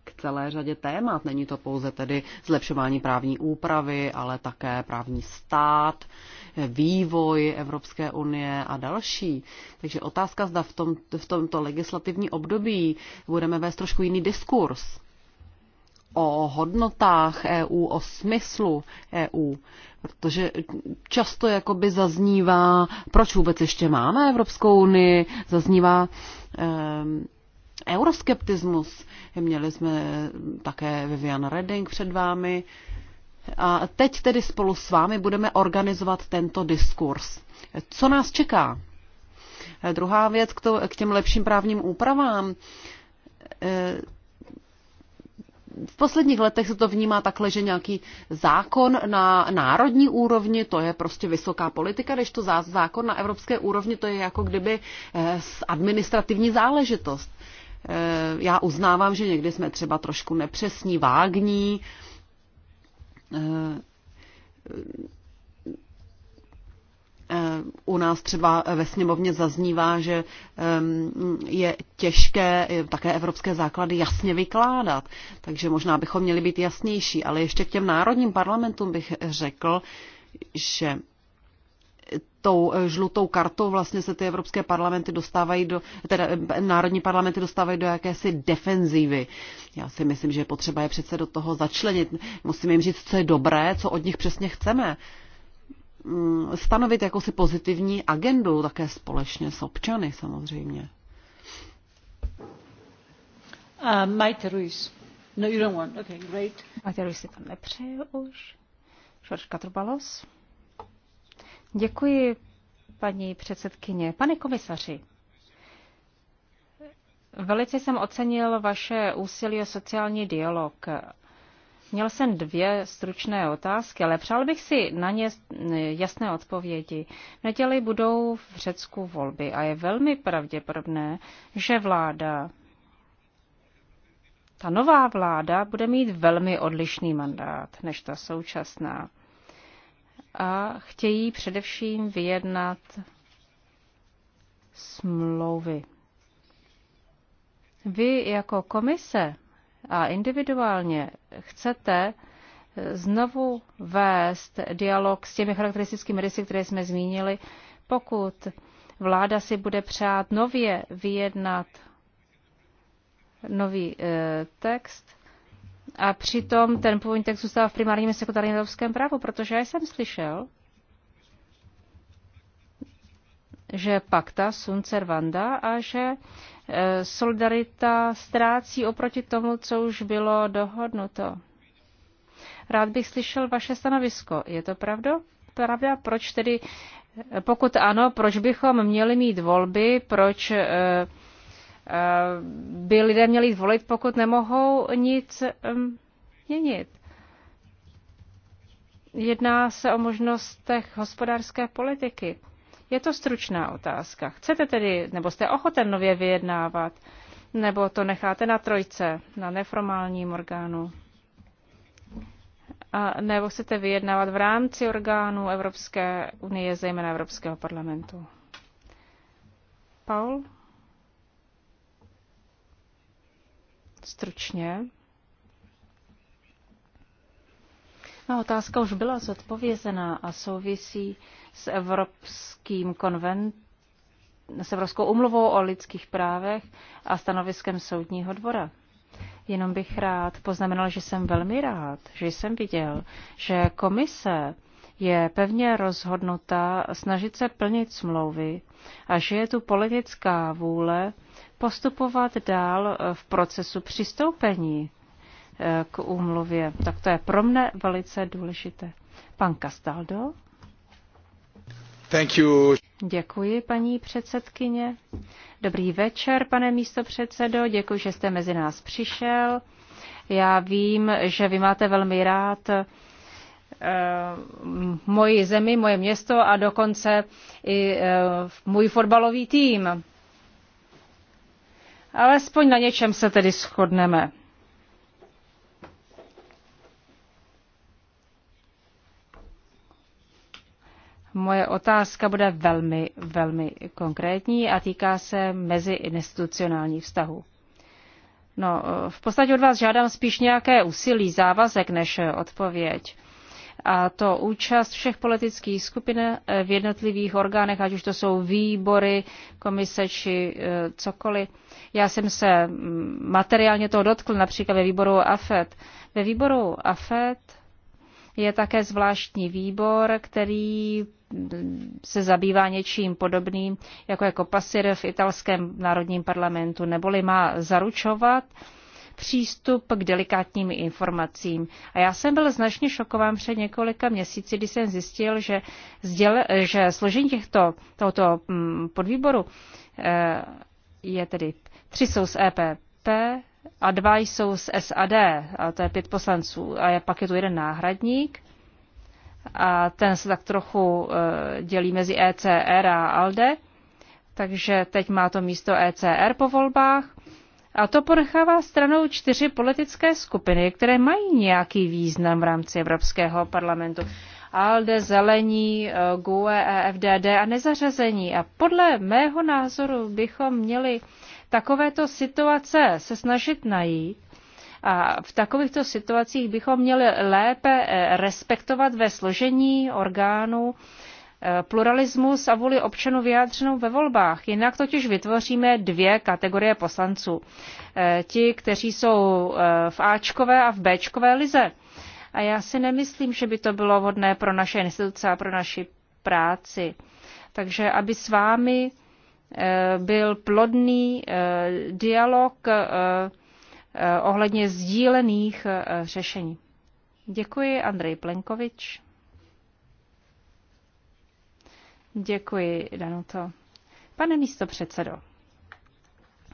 k celé řadě témat. Není to pouze tedy zlepšování právní úpravy, ale také právní stát, vývoj Evropské unie a další. Takže otázka, zda v, tom, v tomto legislativní období budeme vést trošku jiný diskurs o hodnotách EU, o smyslu EU, protože často jakoby zaznívá, proč vůbec ještě máme Evropskou unii, zaznívá um, euroskeptismus. Měli jsme také Vivian Redding před vámi. A teď tedy spolu s vámi budeme organizovat tento diskurs. Co nás čeká? Druhá věc k, to, k těm lepším právním úpravám eh, v posledních letech se to vnímá takhle, že nějaký zákon na národní úrovni, to je prostě vysoká politika, když to zákon na evropské úrovni, to je jako kdyby eh, administrativní záležitost. Eh, já uznávám, že někdy jsme třeba trošku nepřesní, vágní, eh, Eh, u nás třeba ve sněmovně zaznívá, že je těžké také evropské základy jasně vykládat, takže možná bychom měli být jasnější, ale ještě k těm národním parlamentům bych řekl, že tou eh, žlutou kartou vlastně se ty evropské parlamenty dostávají do, teda eh, národní parlamenty dostávají do jakési defenzívy. Já si myslím, že potřeba je přece do toho začlenit. Musíme jim říct, co je dobré, co od nich přesně chceme. Mm, stanovit jakousi pozitivní agendu také společně s občany samozřejmě. Uh, Majte Ruiz. No, you don't want. Okay, great. Majte Ruiz si tam nepřeje už. George Katrbalos. Děkuji, paní předsedkyně. Pane komisaři, velice jsem ocenil vaše úsilí o sociální dialog Měl jsem dvě stručné otázky, ale přál bych si na ně jasné odpovědi. V neděli budou v Řecku volby a je velmi pravděpodobné, že vláda, ta nová vláda, bude mít velmi odlišný mandát než ta současná. A chtějí především vyjednat smlouvy. Vy jako komise a individuálně chcete znovu vést dialog s těmi charakteristickými rysy, které jsme zmínili, pokud vláda si bude přát nově vyjednat nový e, text a přitom ten původní text zůstává v primárním sekundárním evropském právu, protože já jsem slyšel, že pakta sunt servanda a že solidarita ztrácí oproti tomu, co už bylo dohodnuto. Rád bych slyšel vaše stanovisko. Je to pravda? Pravda? Proč tedy, pokud ano, proč bychom měli mít volby, proč eh, eh, by lidé měli zvolit, volit, pokud nemohou nic měnit? Jedná se o možnostech hospodářské politiky. Je to stručná otázka. Chcete tedy, nebo jste ochoten nově vyjednávat, nebo to necháte na trojce, na neformálním orgánu? A nebo chcete vyjednávat v rámci orgánů Evropské unie, zejména Evropského parlamentu? Paul? Stručně. No, otázka už byla zodpovězená a souvisí s Evropským konventem s Evropskou umluvou o lidských právech a stanoviskem Soudního dvora. Jenom bych rád poznamenal, že jsem velmi rád, že jsem viděl, že komise je pevně rozhodnuta snažit se plnit smlouvy a že je tu politická vůle postupovat dál v procesu přistoupení eh, k úmluvě. Tak to je pro mne velice důležité. Pan Castaldo? Děkuji, paní předsedkyně. Dobrý večer, pane místopředsedo. Děkuji, že jste mezi nás přišel. Já vím, že vy máte velmi rád eh, moji zemi, moje město a dokonce i eh, můj fotbalový tým. Alespoň na něčem se tedy shodneme. Moje otázka bude velmi, velmi konkrétní a týká se meziinstitucionálních vztahů. No, v podstatě od vás žádám spíš nějaké úsilí, závazek než odpověď. A to účast všech politických skupin v jednotlivých orgánech, ať už to jsou výbory, komise či eh, cokoliv. Já jsem se materiálně toho dotkl například ve výboru AFET. Ve výboru AFET je také zvláštní výbor, který se zabývá něčím podobným, jako jako Kopasir v italském národním parlamentu, neboli má zaručovat přístup k delikátním informacím. A já jsem byl značně šokován před několika měsíci, kdy jsem zjistil, že, sděle, že složení těchto, tohoto mm, podvýboru eh, je tedy tři jsou z EPP a dva jsou z SAD, a to je pět poslanců, a pak je tu jeden náhradník – a ten se tak trochu e, dělí mezi ECR a ALDE, takže teď má to místo ECR po volbách. A to ponechává stranou čtyři politické skupiny, které mají nějaký význam v rámci Evropského parlamentu. ALDE, Zelení, e, GUE, EFDD a nezařazení. A podle mého názoru bychom měli takovéto situace se snažit najít a v takovýchto situacích bychom měli lépe eh, respektovat ve složení orgánů eh, pluralismus a vůli občanů vyjádřenou ve volbách. Jinak totiž vytvoříme dvě kategorie poslanců. Eh, ti, kteří jsou v Ačkové a v Bčkové lize. A já si nemyslím, že by to bylo vhodné pro naše instituce a pro naši práci. Takže aby s vámi byl plodný dialog Eh, ohledně sdílených eh, řešení. Děkuji, Andrej Plenkovič. Děkuji, Danuto. Pane místo předsedo,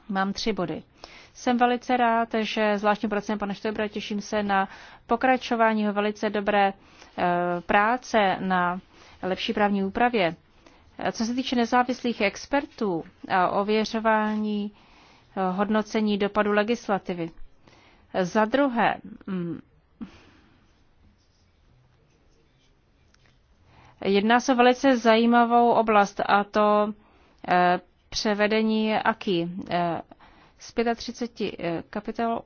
mám tři body. Jsem velice rád, že zvláštním procesem pane Štebra těším se na pokračování jeho velice dobré eh, práce na lepší právní úpravě. Co se týče nezávislých expertů a ověřování hodnocení dopadu legislativy. Za druhé, mm, jedná se velice zajímavou oblast a to eh, převedení AKI eh, z 35 eh, kapitol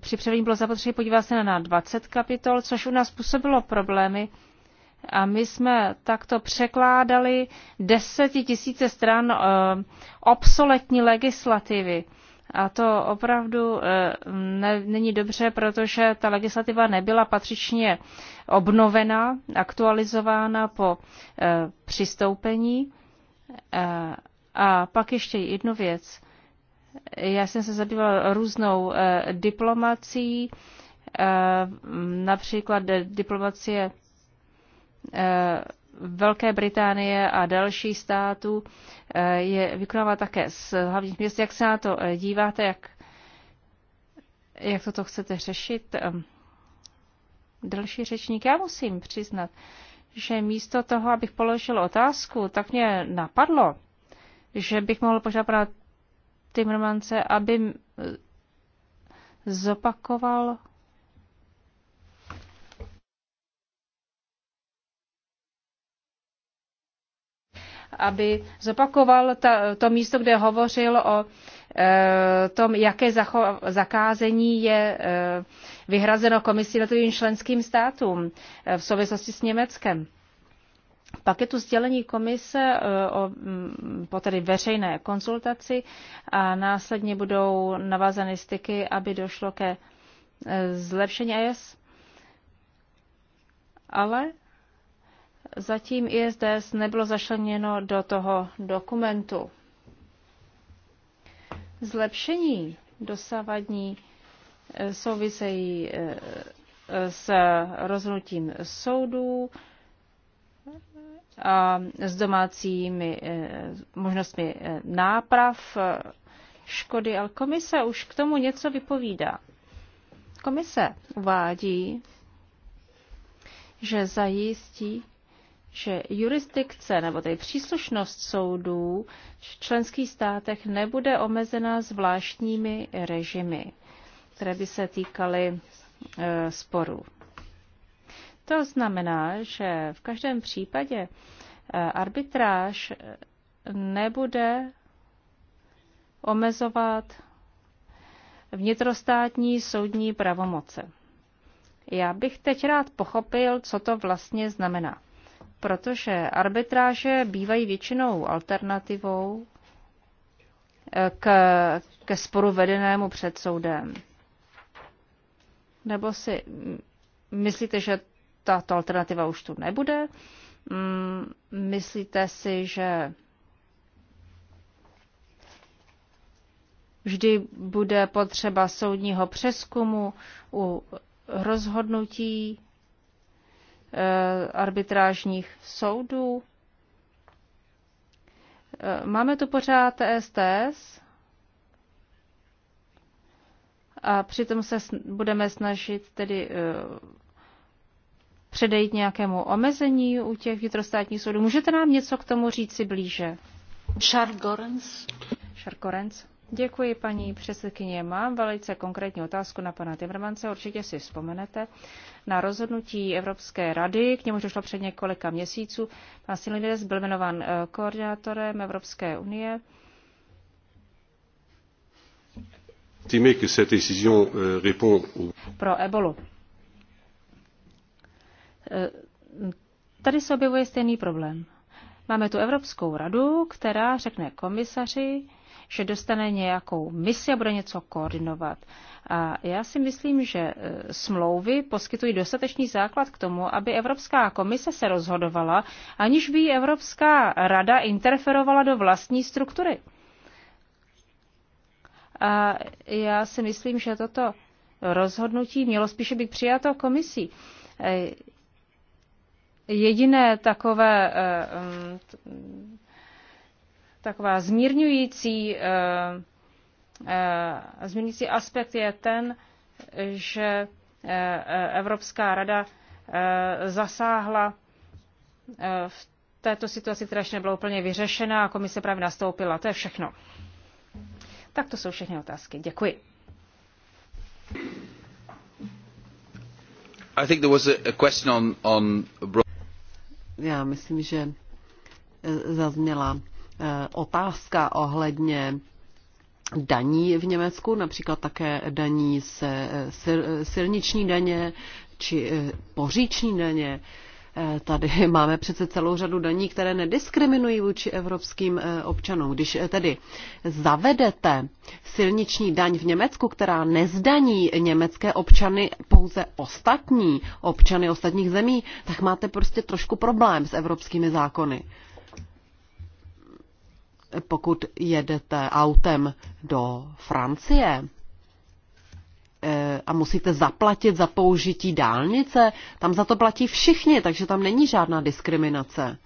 při převedení bylo zapotřebí podívat se na 20 kapitol, což u nás působilo problémy, a my jsme takto překládali desetitisíce stran eh, obsoletní legislativy. A to opravdu eh, ne, není dobře, protože ta legislativa nebyla patřičně obnovena, aktualizována po e, přistoupení. E, a pak ještě jednu věc. Já jsem se zabývala různou e, diplomací, e, například diplomacie Eh, Velké Británie a další států eh, je vykonává také z hlavních měst. Jak se na to eh, díváte, jak, jak toto chcete řešit? Další řečník, já musím přiznat, že místo toho, abych položil otázku, tak mě napadlo, že bych mohl požádat pana Timmermance, aby zopakoval aby zopakoval ta, to místo, kde hovořil o e, tom, jaké zacho- zakázení je e, vyhrazeno komisí letovým členským státům e, v souvislosti s Německem. Pak je tu sdělení komise e, o po tedy veřejné konzultaci a následně budou navázeny styky, aby došlo ke e, zlepšení AS. Ale Zatím ISDS nebylo zašleněno do toho dokumentu. Zlepšení dosavadní eh, souvisejí eh, s rozhodnutím soudů a s domácími eh, možnostmi náprav škody, ale komise už k tomu něco vypovídá. Komise uvádí, že zajistí že jurisdikce nebo tedy příslušnost soudů v členských státech nebude omezena zvláštními režimy, které by se týkaly e, sporů. To znamená, že v každém případě e, arbitráž e, nebude omezovat vnitrostátní soudní pravomoce. Já bych teď rád pochopil, co to vlastně znamená protože arbitráže bývají většinou alternativou eh, k, ke sporu vedenému před soudem. Nebo si mm, myslíte, že tato alternativa už tu nebude? Mm, myslíte si, že vždy bude potřeba soudního přeskumu u rozhodnutí Eh, arbitrážních soudů. Eh, máme tu pořád TSTS a přitom se budeme snažit tedy eh, předejít nějakému omezení u těch vnitrostátních soudů. Můžete nám něco k tomu říci blíže? Charles Gorenc. Gorenc. Děkuji, paní předsedkyně. Mám velice konkrétní otázku na pana Timmermance. Určitě si vzpomenete na rozhodnutí Evropské rady, k němu došlo před několika měsíců. Pan Silinides byl jmenován eh, koordinátorem Evropské unie. Euh, Pro ebolu. Eh, tady se objevuje stejný problém. Máme tu Evropskou radu, která řekne komisaři, že dostane nějakou misi a bude něco koordinovat. A já si myslím, že e, smlouvy poskytují dostatečný základ k tomu, aby Evropská komise se rozhodovala, aniž by Evropská rada interferovala do vlastní struktury. A já si myslím, že toto rozhodnutí mělo spíše být přijato komisí. E, jediné takové e, taková zmírňující, eh, eh, zmírňující aspekt je ten, že eh, Evropská rada zasáhla v této situaci, která ještě nebyla úplně vyřešena a komise právě nastoupila. To je všechno. Tak to jsou všechny otázky. Děkuji. I think there was a question on, on... Já myslím, že zazněla Eh, otázka ohledně daní v Německu, například také daní se eh, eh, silniční daně či poříční daně. Tady máme přece celou řadu daní, které nediskriminují vůči evropským občanům. Když tedy zavedete silniční daň v Německu, která nezdaní německé občany pouze ostatní občany ostatních zemí, tak máte prostě trošku problém s evropskými zákony pokud jedete autem do Francie eh, a musíte zaplatit za použití dálnice, tam za to platí všichni, takže tam není žádná diskriminace.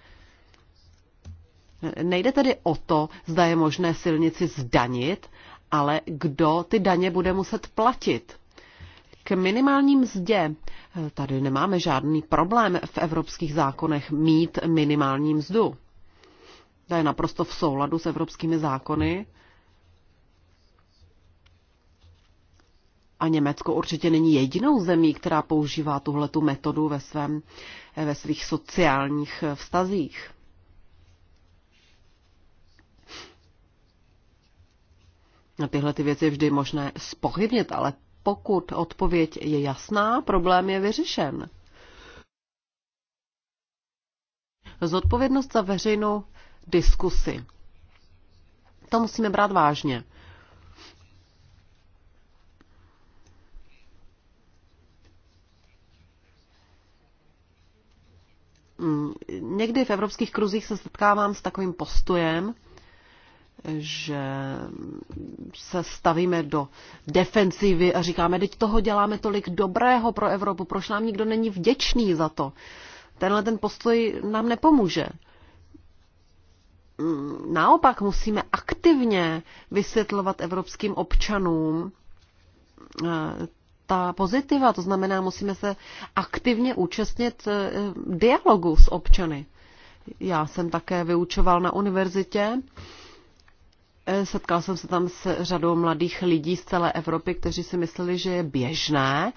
Nejde tedy o to, zda je možné silnici zdanit, ale kdo ty daně bude muset platit. K minimální mzdě. Eh, tady nemáme žádný problém v evropských zákonech mít minimální mzdu. To je naprosto v souladu s evropskými zákony. A Německo určitě není jedinou zemí, která používá tuhletu metodu ve, svém, ve svých sociálních vztazích. Na Tyhle ty věci je vždy možné spochybnit, ale pokud odpověď je jasná, problém je vyřešen. Zodpovědnost za veřejnou diskusy. To musíme brát vážně. Mm, někdy v evropských kruzích se setkávám s takovým postojem, že se stavíme do defensivy a říkáme, teď toho děláme tolik dobrého pro Evropu, proč nám nikdo není vděčný za to. Tenhle ten postoj nám nepomůže naopak musíme aktivně vysvětlovat evropským občanům eh, ta pozitiva, to znamená, musíme se aktivně účastnit eh, dialogu s občany. Já jsem také vyučoval na univerzitě, eh, setkal jsem se tam s řadou mladých lidí z celé Evropy, kteří si mysleli, že je běžné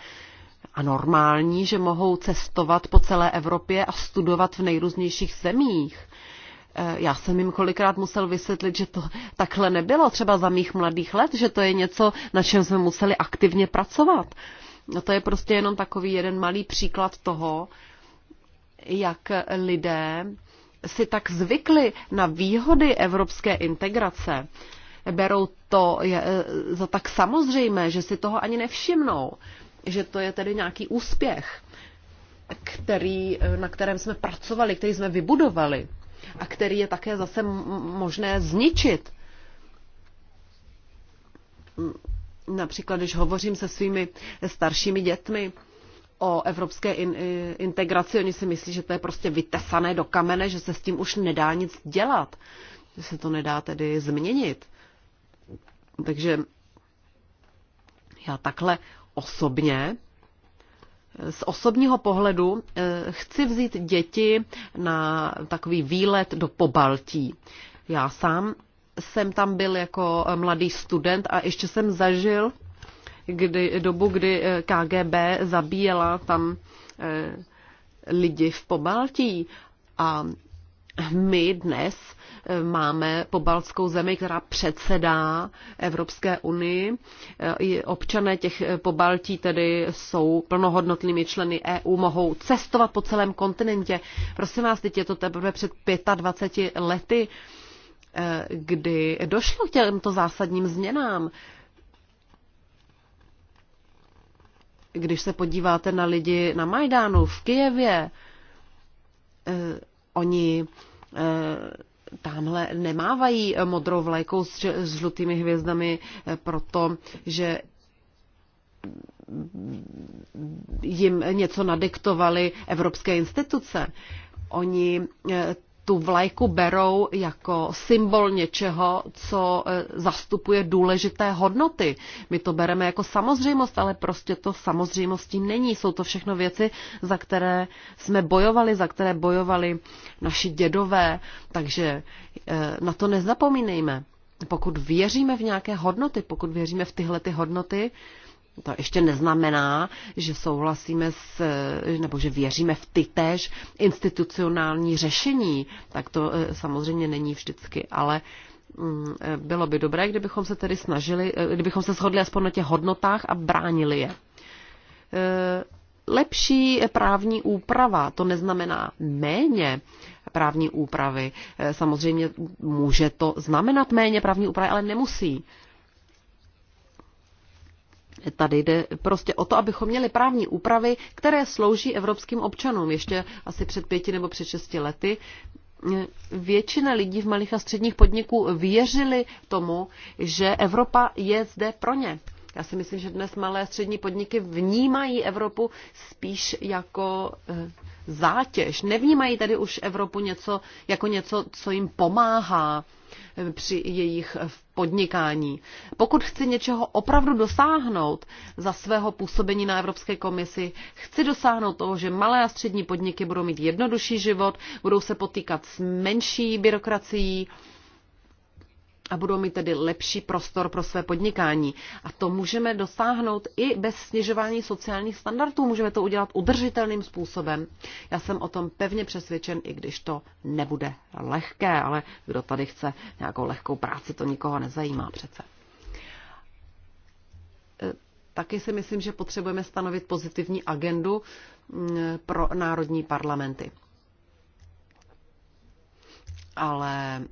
a normální, že mohou cestovat po celé Evropě a studovat v nejrůznějších zemích Eh, já jsem jim kolikrát musel vysvětlit, že to takhle nebylo třeba za mých mladých let, že to je něco, na čem jsme museli aktivně pracovat. No to je prostě jenom takový jeden malý příklad toho, jak lidé si tak zvykli na výhody evropské integrace. Berou to eh, za tak samozřejmé, že si toho ani nevšimnou, že to je tedy nějaký úspěch, který, eh, na kterém jsme pracovali, který jsme vybudovali a který je také zase možné zničit. Například, když hovořím se svými staršími dětmi o evropské in, integraci, oni si myslí, že to je prostě vytesané do kamene, že se s tím už nedá nic dělat, že se to nedá tedy změnit. Takže já takhle osobně z osobního pohledu eh, chci vzít děti na takový výlet do Pobaltí. Já sám jsem tam byl jako eh, mladý student a ještě jsem zažil kdy, dobu, kdy eh, KGB zabíjela tam lidi v Pobaltí a my dnes eh, máme balskou zemi, která předsedá Evropské unii. Eh, občané těch eh, pobaltí tedy jsou plnohodnotnými členy EU, mohou cestovat po celém kontinentě. Prosím vás, teď je to teprve před 25 lety, kdy došlo k těmto zásadním změnám. Když se podíváte na lidi na Majdánu v Kijevě, Oni eh, tamhle nemávají modrou vlajkou s, s žlutými hvězdami, eh, protože jim něco nadiktovaly evropské instituce. Oni eh, tu vlajku berou jako symbol něčeho, co e, zastupuje důležité hodnoty. My to bereme jako samozřejmost, ale prostě to samozřejmostí není. Jsou to všechno věci, za které jsme bojovali, za které bojovali naši dědové, takže e, na to nezapomínejme. Pokud věříme v nějaké hodnoty, pokud věříme v tyhle ty hodnoty, to ještě neznamená, že souhlasíme s, nebo že věříme v ty též institucionální řešení. Tak to eh, samozřejmě není vždycky, ale mm, eh, bylo by dobré, kdybychom se tedy snažili, eh, kdybychom se shodli aspoň na těch hodnotách a bránili je. Lepší právní úprava, to neznamená méně právní úpravy. Samozřejmě může to znamenat méně právní úpravy, ale nemusí. Tady jde prostě o to, abychom měli právní úpravy, které slouží evropským občanům. Ještě asi před pěti nebo před šesti lety většina lidí v malých a středních podniků věřili tomu, že Evropa je zde pro ně. Já si myslím, že dnes malé a střední podniky vnímají Evropu spíš jako eh, zátěž. Nevnímají tady už Evropu něco, jako něco, co jim pomáhá eh, při jejich eh, podnikání. Pokud chci něčeho opravdu dosáhnout za svého působení na Evropské komisi, chci dosáhnout toho, že malé a střední podniky budou mít jednodušší život, budou se potýkat s menší byrokracií, a budou mít tedy lepší prostor pro své podnikání. A to můžeme dosáhnout i bez snižování sociálních standardů. Můžeme to udělat udržitelným způsobem. Já jsem o tom pevně přesvědčen, i když to nebude lehké, ale kdo tady chce nějakou lehkou práci, to nikoho nezajímá přece. E, taky si myslím, že potřebujeme stanovit pozitivní agendu mm, pro národní parlamenty. Ale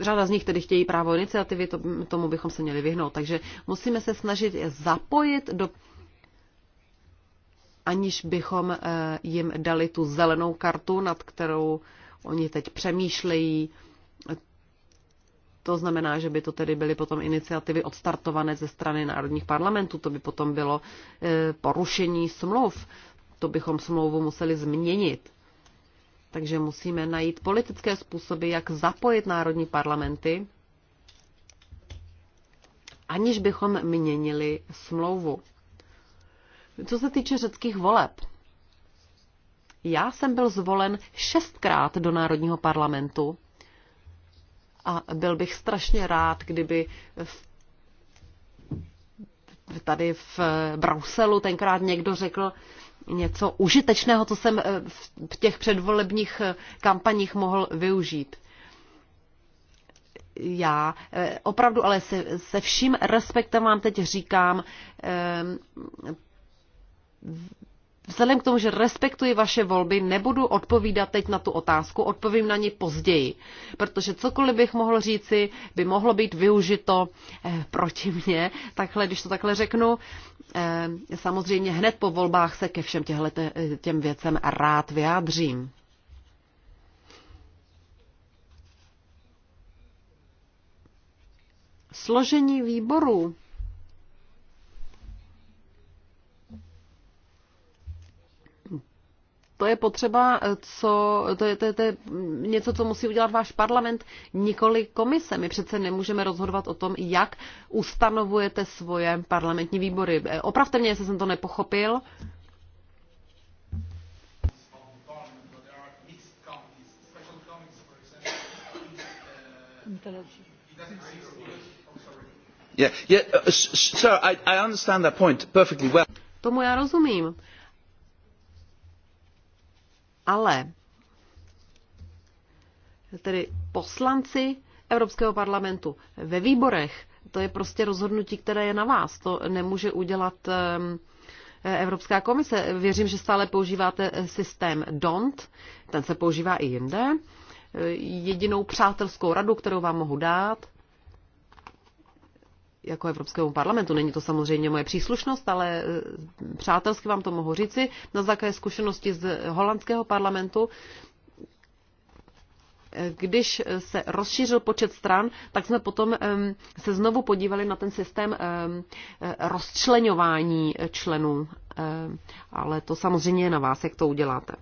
řada z nich tedy chtějí právo iniciativy, to, tomu bychom se měli vyhnout. Takže musíme se snažit je zapojit do aniž bychom eh, jim dali tu zelenou kartu, nad kterou oni teď přemýšlejí. To znamená, že by to tedy byly potom iniciativy odstartované ze strany národních parlamentů, to by potom bylo eh, porušení smluv, to bychom smlouvu museli změnit. Takže musíme najít politické způsoby, jak zapojit národní parlamenty, aniž bychom měnili smlouvu. Co se týče řeckých voleb, já jsem byl zvolen šestkrát do Národního parlamentu a byl bych strašně rád, kdyby v, tady v Bruselu tenkrát někdo řekl, něco užitečného, co jsem eh, v těch předvolebních eh, kampaních mohl využít. Já eh, opravdu ale se, se vším respektem vám teď říkám, vzhledem k tomu, že respektuji vaše volby, nebudu odpovídat teď na tu otázku, odpovím na ní později, protože cokoliv bych mohl říci, by mohlo být využito proti mně, takhle, když to takhle řeknu. Eh, samozřejmě hned po volbách se ke všem těhle, eh, těm věcem rád vyjádřím. Složení výboru to je potřeba, co, to je, to, je, to je něco, co musí udělat váš parlament, nikoli komise. My přece nemůžeme rozhodovat o tom, jak ustanovujete svoje parlamentní výbory. Opravte mě, jestli jsem to nepochopil. Yeah, yeah, uh, sir, I, I understand that point perfectly well. Tomu já rozumím ale tedy poslanci Evropského parlamentu ve výborech, to je prostě rozhodnutí, které je na vás. To nemůže udělat Evropská komise. Věřím, že stále používáte systém DONT, ten se používá i jinde. Jedinou přátelskou radu, kterou vám mohu dát, jako Evropskému parlamentu. Není to samozřejmě moje příslušnost, ale e, přátelsky vám to mohu říci. Na základě zkušenosti z holandského parlamentu, e, když se rozšířil počet stran, tak jsme potom e, se znovu podívali na ten systém rozčlenování členů. Ale to samozřejmě je na vás, jak to uděláte.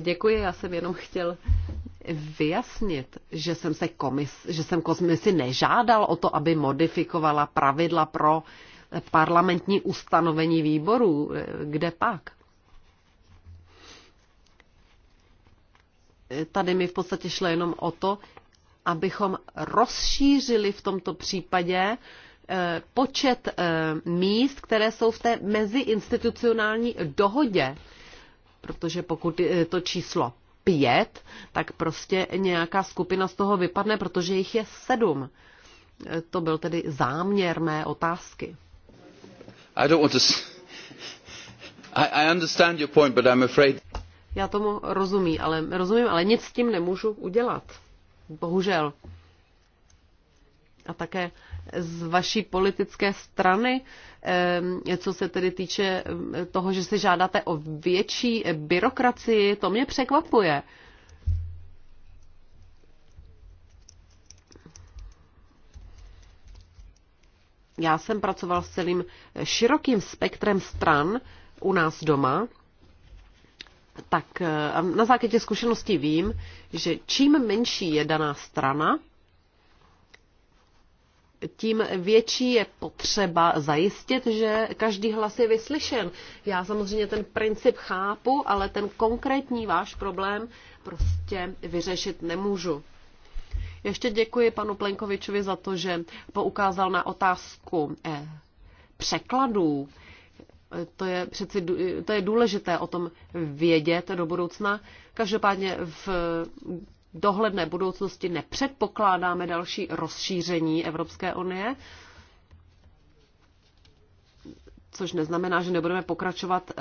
Děkuji, já jsem jenom chtěl vyjasnit, že jsem, se komis, že jsem komisi nežádal o to, aby modifikovala pravidla pro parlamentní ustanovení výborů. Kde pak? Tady mi v podstatě šlo jenom o to, abychom rozšířili v tomto případě Eh, počet eh, míst, které jsou v té meziinstitucionální dohodě, protože pokud je eh, to číslo pět, tak prostě nějaká skupina z toho vypadne, protože jich je sedm. To byl tedy záměr mé otázky. I don't want to... I, I understand your point, but I'm afraid... Já tomu rozumím, ale, rozumím, ale nic s tím nemůžu udělat. Bohužel a také z vaší politické strany, co se tedy týče toho, že se žádáte o větší byrokracii, to mě překvapuje. Já jsem pracoval s celým širokým spektrem stran u nás doma, tak na základě zkušeností vím, že čím menší je daná strana, tím větší je potřeba zajistit, že každý hlas je vyslyšen. Já samozřejmě ten princip chápu, ale ten konkrétní váš problém prostě vyřešit nemůžu. Ještě děkuji panu Plenkovičovi za to, že poukázal na otázku eh, překladů. To je přeci to je důležité o tom vědět do budoucna. Každopádně v dohledné budoucnosti nepředpokládáme další rozšíření Evropské unie, což neznamená, že nebudeme pokračovat eh,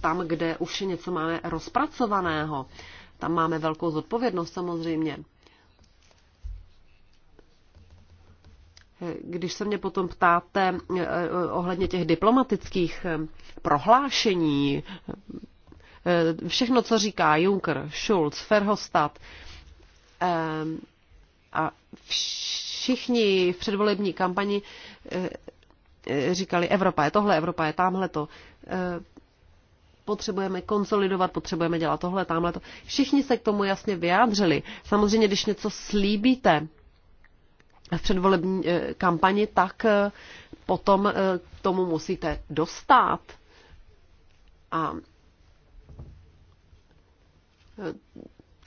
tam, kde už něco máme rozpracovaného. Tam máme velkou zodpovědnost samozřejmě. Eh, když se mě potom ptáte eh, ohledně těch diplomatických prohlášení, všechno, co říká Juncker, Schulz, Verhofstadt, Ehm, a všichni v předvolební kampani eh, eh, říkali, Evropa je tohle, Evropa je tamhle to, ehm, potřebujeme konsolidovat, potřebujeme dělat tohle, tamhle to. Všichni se k tomu jasně vyjádřili. Samozřejmě, když něco slíbíte v předvolební eh, kampani, tak potom k tomu musíte dostat. A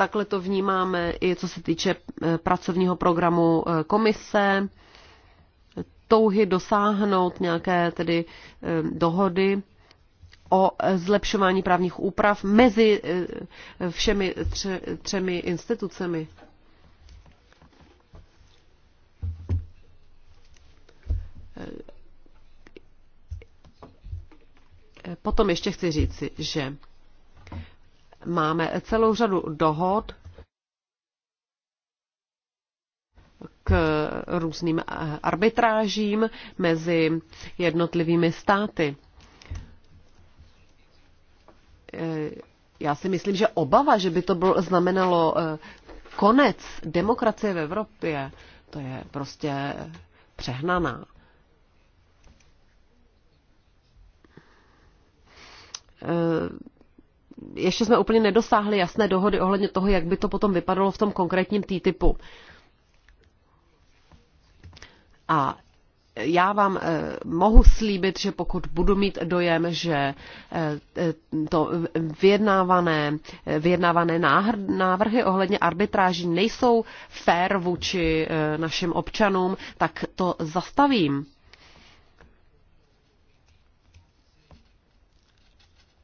Takhle to vnímáme i co se týče e, pracovního programu e, komise, touhy dosáhnout nějaké tedy e, dohody o zlepšování právních úprav mezi všemi tře, třemi institucemi. Potom ještě chci říci, že Máme celou řadu dohod k různým eh, arbitrážím mezi jednotlivými státy. Eh, já si myslím, že obava, že by to bylo, znamenalo eh, konec demokracie v Evropě, to je prostě přehnaná ještě jsme úplně nedosáhli jasné dohody ohledně toho, jak by to potom vypadalo v tom konkrétním T-typu. A já vám eh, mohu slíbit, že pokud budu mít dojem, že eh, to vyjednávané, eh, vyjednávané návrhy ohledně arbitráží nejsou fair vůči našim občanům, tak to zastavím.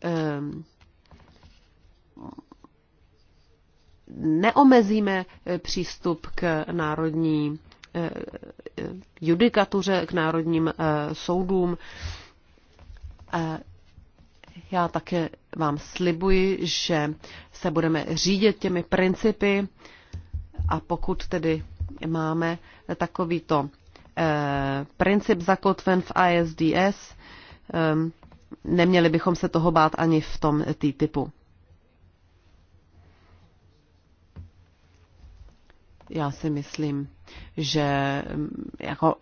Um, neomezíme eh, přístup k národní eh, eh, judikatuře, k národním soudům. Já také vám slibuji, že se budeme řídit těmi principy a pokud tedy máme takovýto princip zakotven v ISDS, neměli bychom se toho bát ani v tom T-typu. Já si myslím, že mm, jako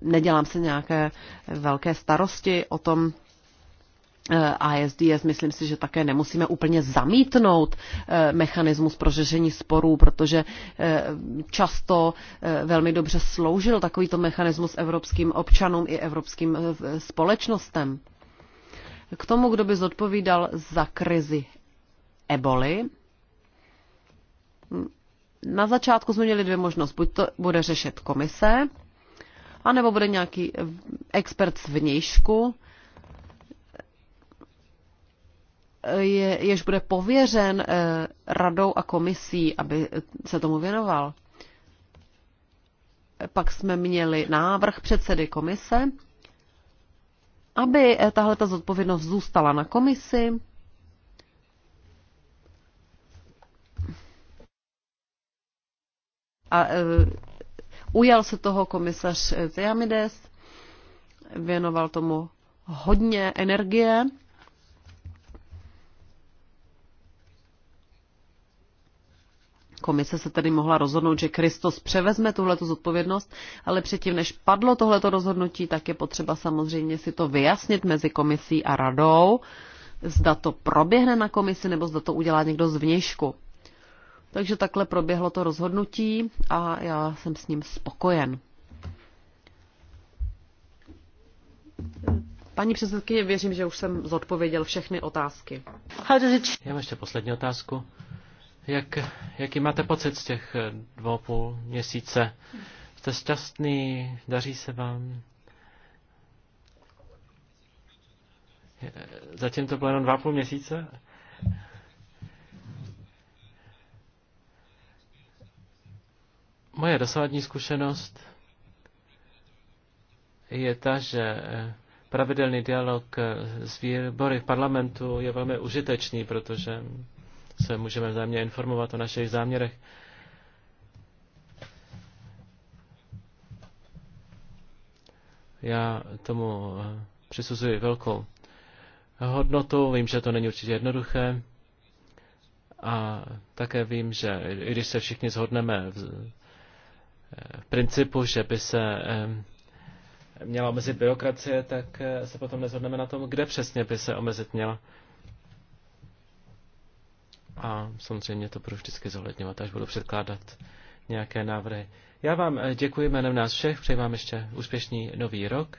nedělám se nějaké velké starosti o tom, ISDS, eh, myslím si, že také nemusíme úplně zamítnout eh, mechanismus pro řešení sporů, protože eh, často velmi dobře sloužil takovýto mechanismus evropským občanům i evropským společnostem. K tomu, kdo by zodpovídal za krizi eboli, hm, na začátku jsme měli dvě možnosti. Buď to bude řešit komise, anebo bude nějaký expert z vnějšku, je, jež bude pověřen eh, radou a komisí, aby se tomu věnoval. Pak jsme měli návrh předsedy komise, aby eh, tahle zodpovědnost zůstala na komisi, a e, ujal se toho komisař Teamides, věnoval tomu hodně energie. Komise se tedy mohla rozhodnout, že Kristos převezme tuhleto zodpovědnost, ale předtím, než padlo tohleto rozhodnutí, tak je potřeba samozřejmě si to vyjasnit mezi komisí a radou, zda to proběhne na komisi nebo zda to udělá někdo z vnějšku. Takže takhle proběhlo to rozhodnutí a já jsem s ním spokojen. Paní předsedkyně, věřím, že už jsem zodpověděl všechny otázky. Já mám ještě poslední otázku. Jak, jaký máte pocit z těch dvou půl měsíce? Jste šťastný? Daří se vám? Zatím to bylo jenom dva půl měsíce? Moje dosávadní zkušenost je ta, že eh, pravidelný dialog eh, s výbory v parlamentu je velmi užitečný, protože se můžeme vzájemně informovat o našich záměrech. Já tomu eh, přisuzuji velkou hodnotu, vím, že to není určitě jednoduché a také vím, že i když se všichni zhodneme principu, že by se měla omezit byrokracie, tak eh, se potom nezhodneme na tom, kde přesně by se omezit měla. A samozřejmě to budu vždycky zohledňovat, až budu předkládat nějaké návrhy. Já vám eh, děkuji jménem nás všech, přeji vám ještě úspěšný nový rok.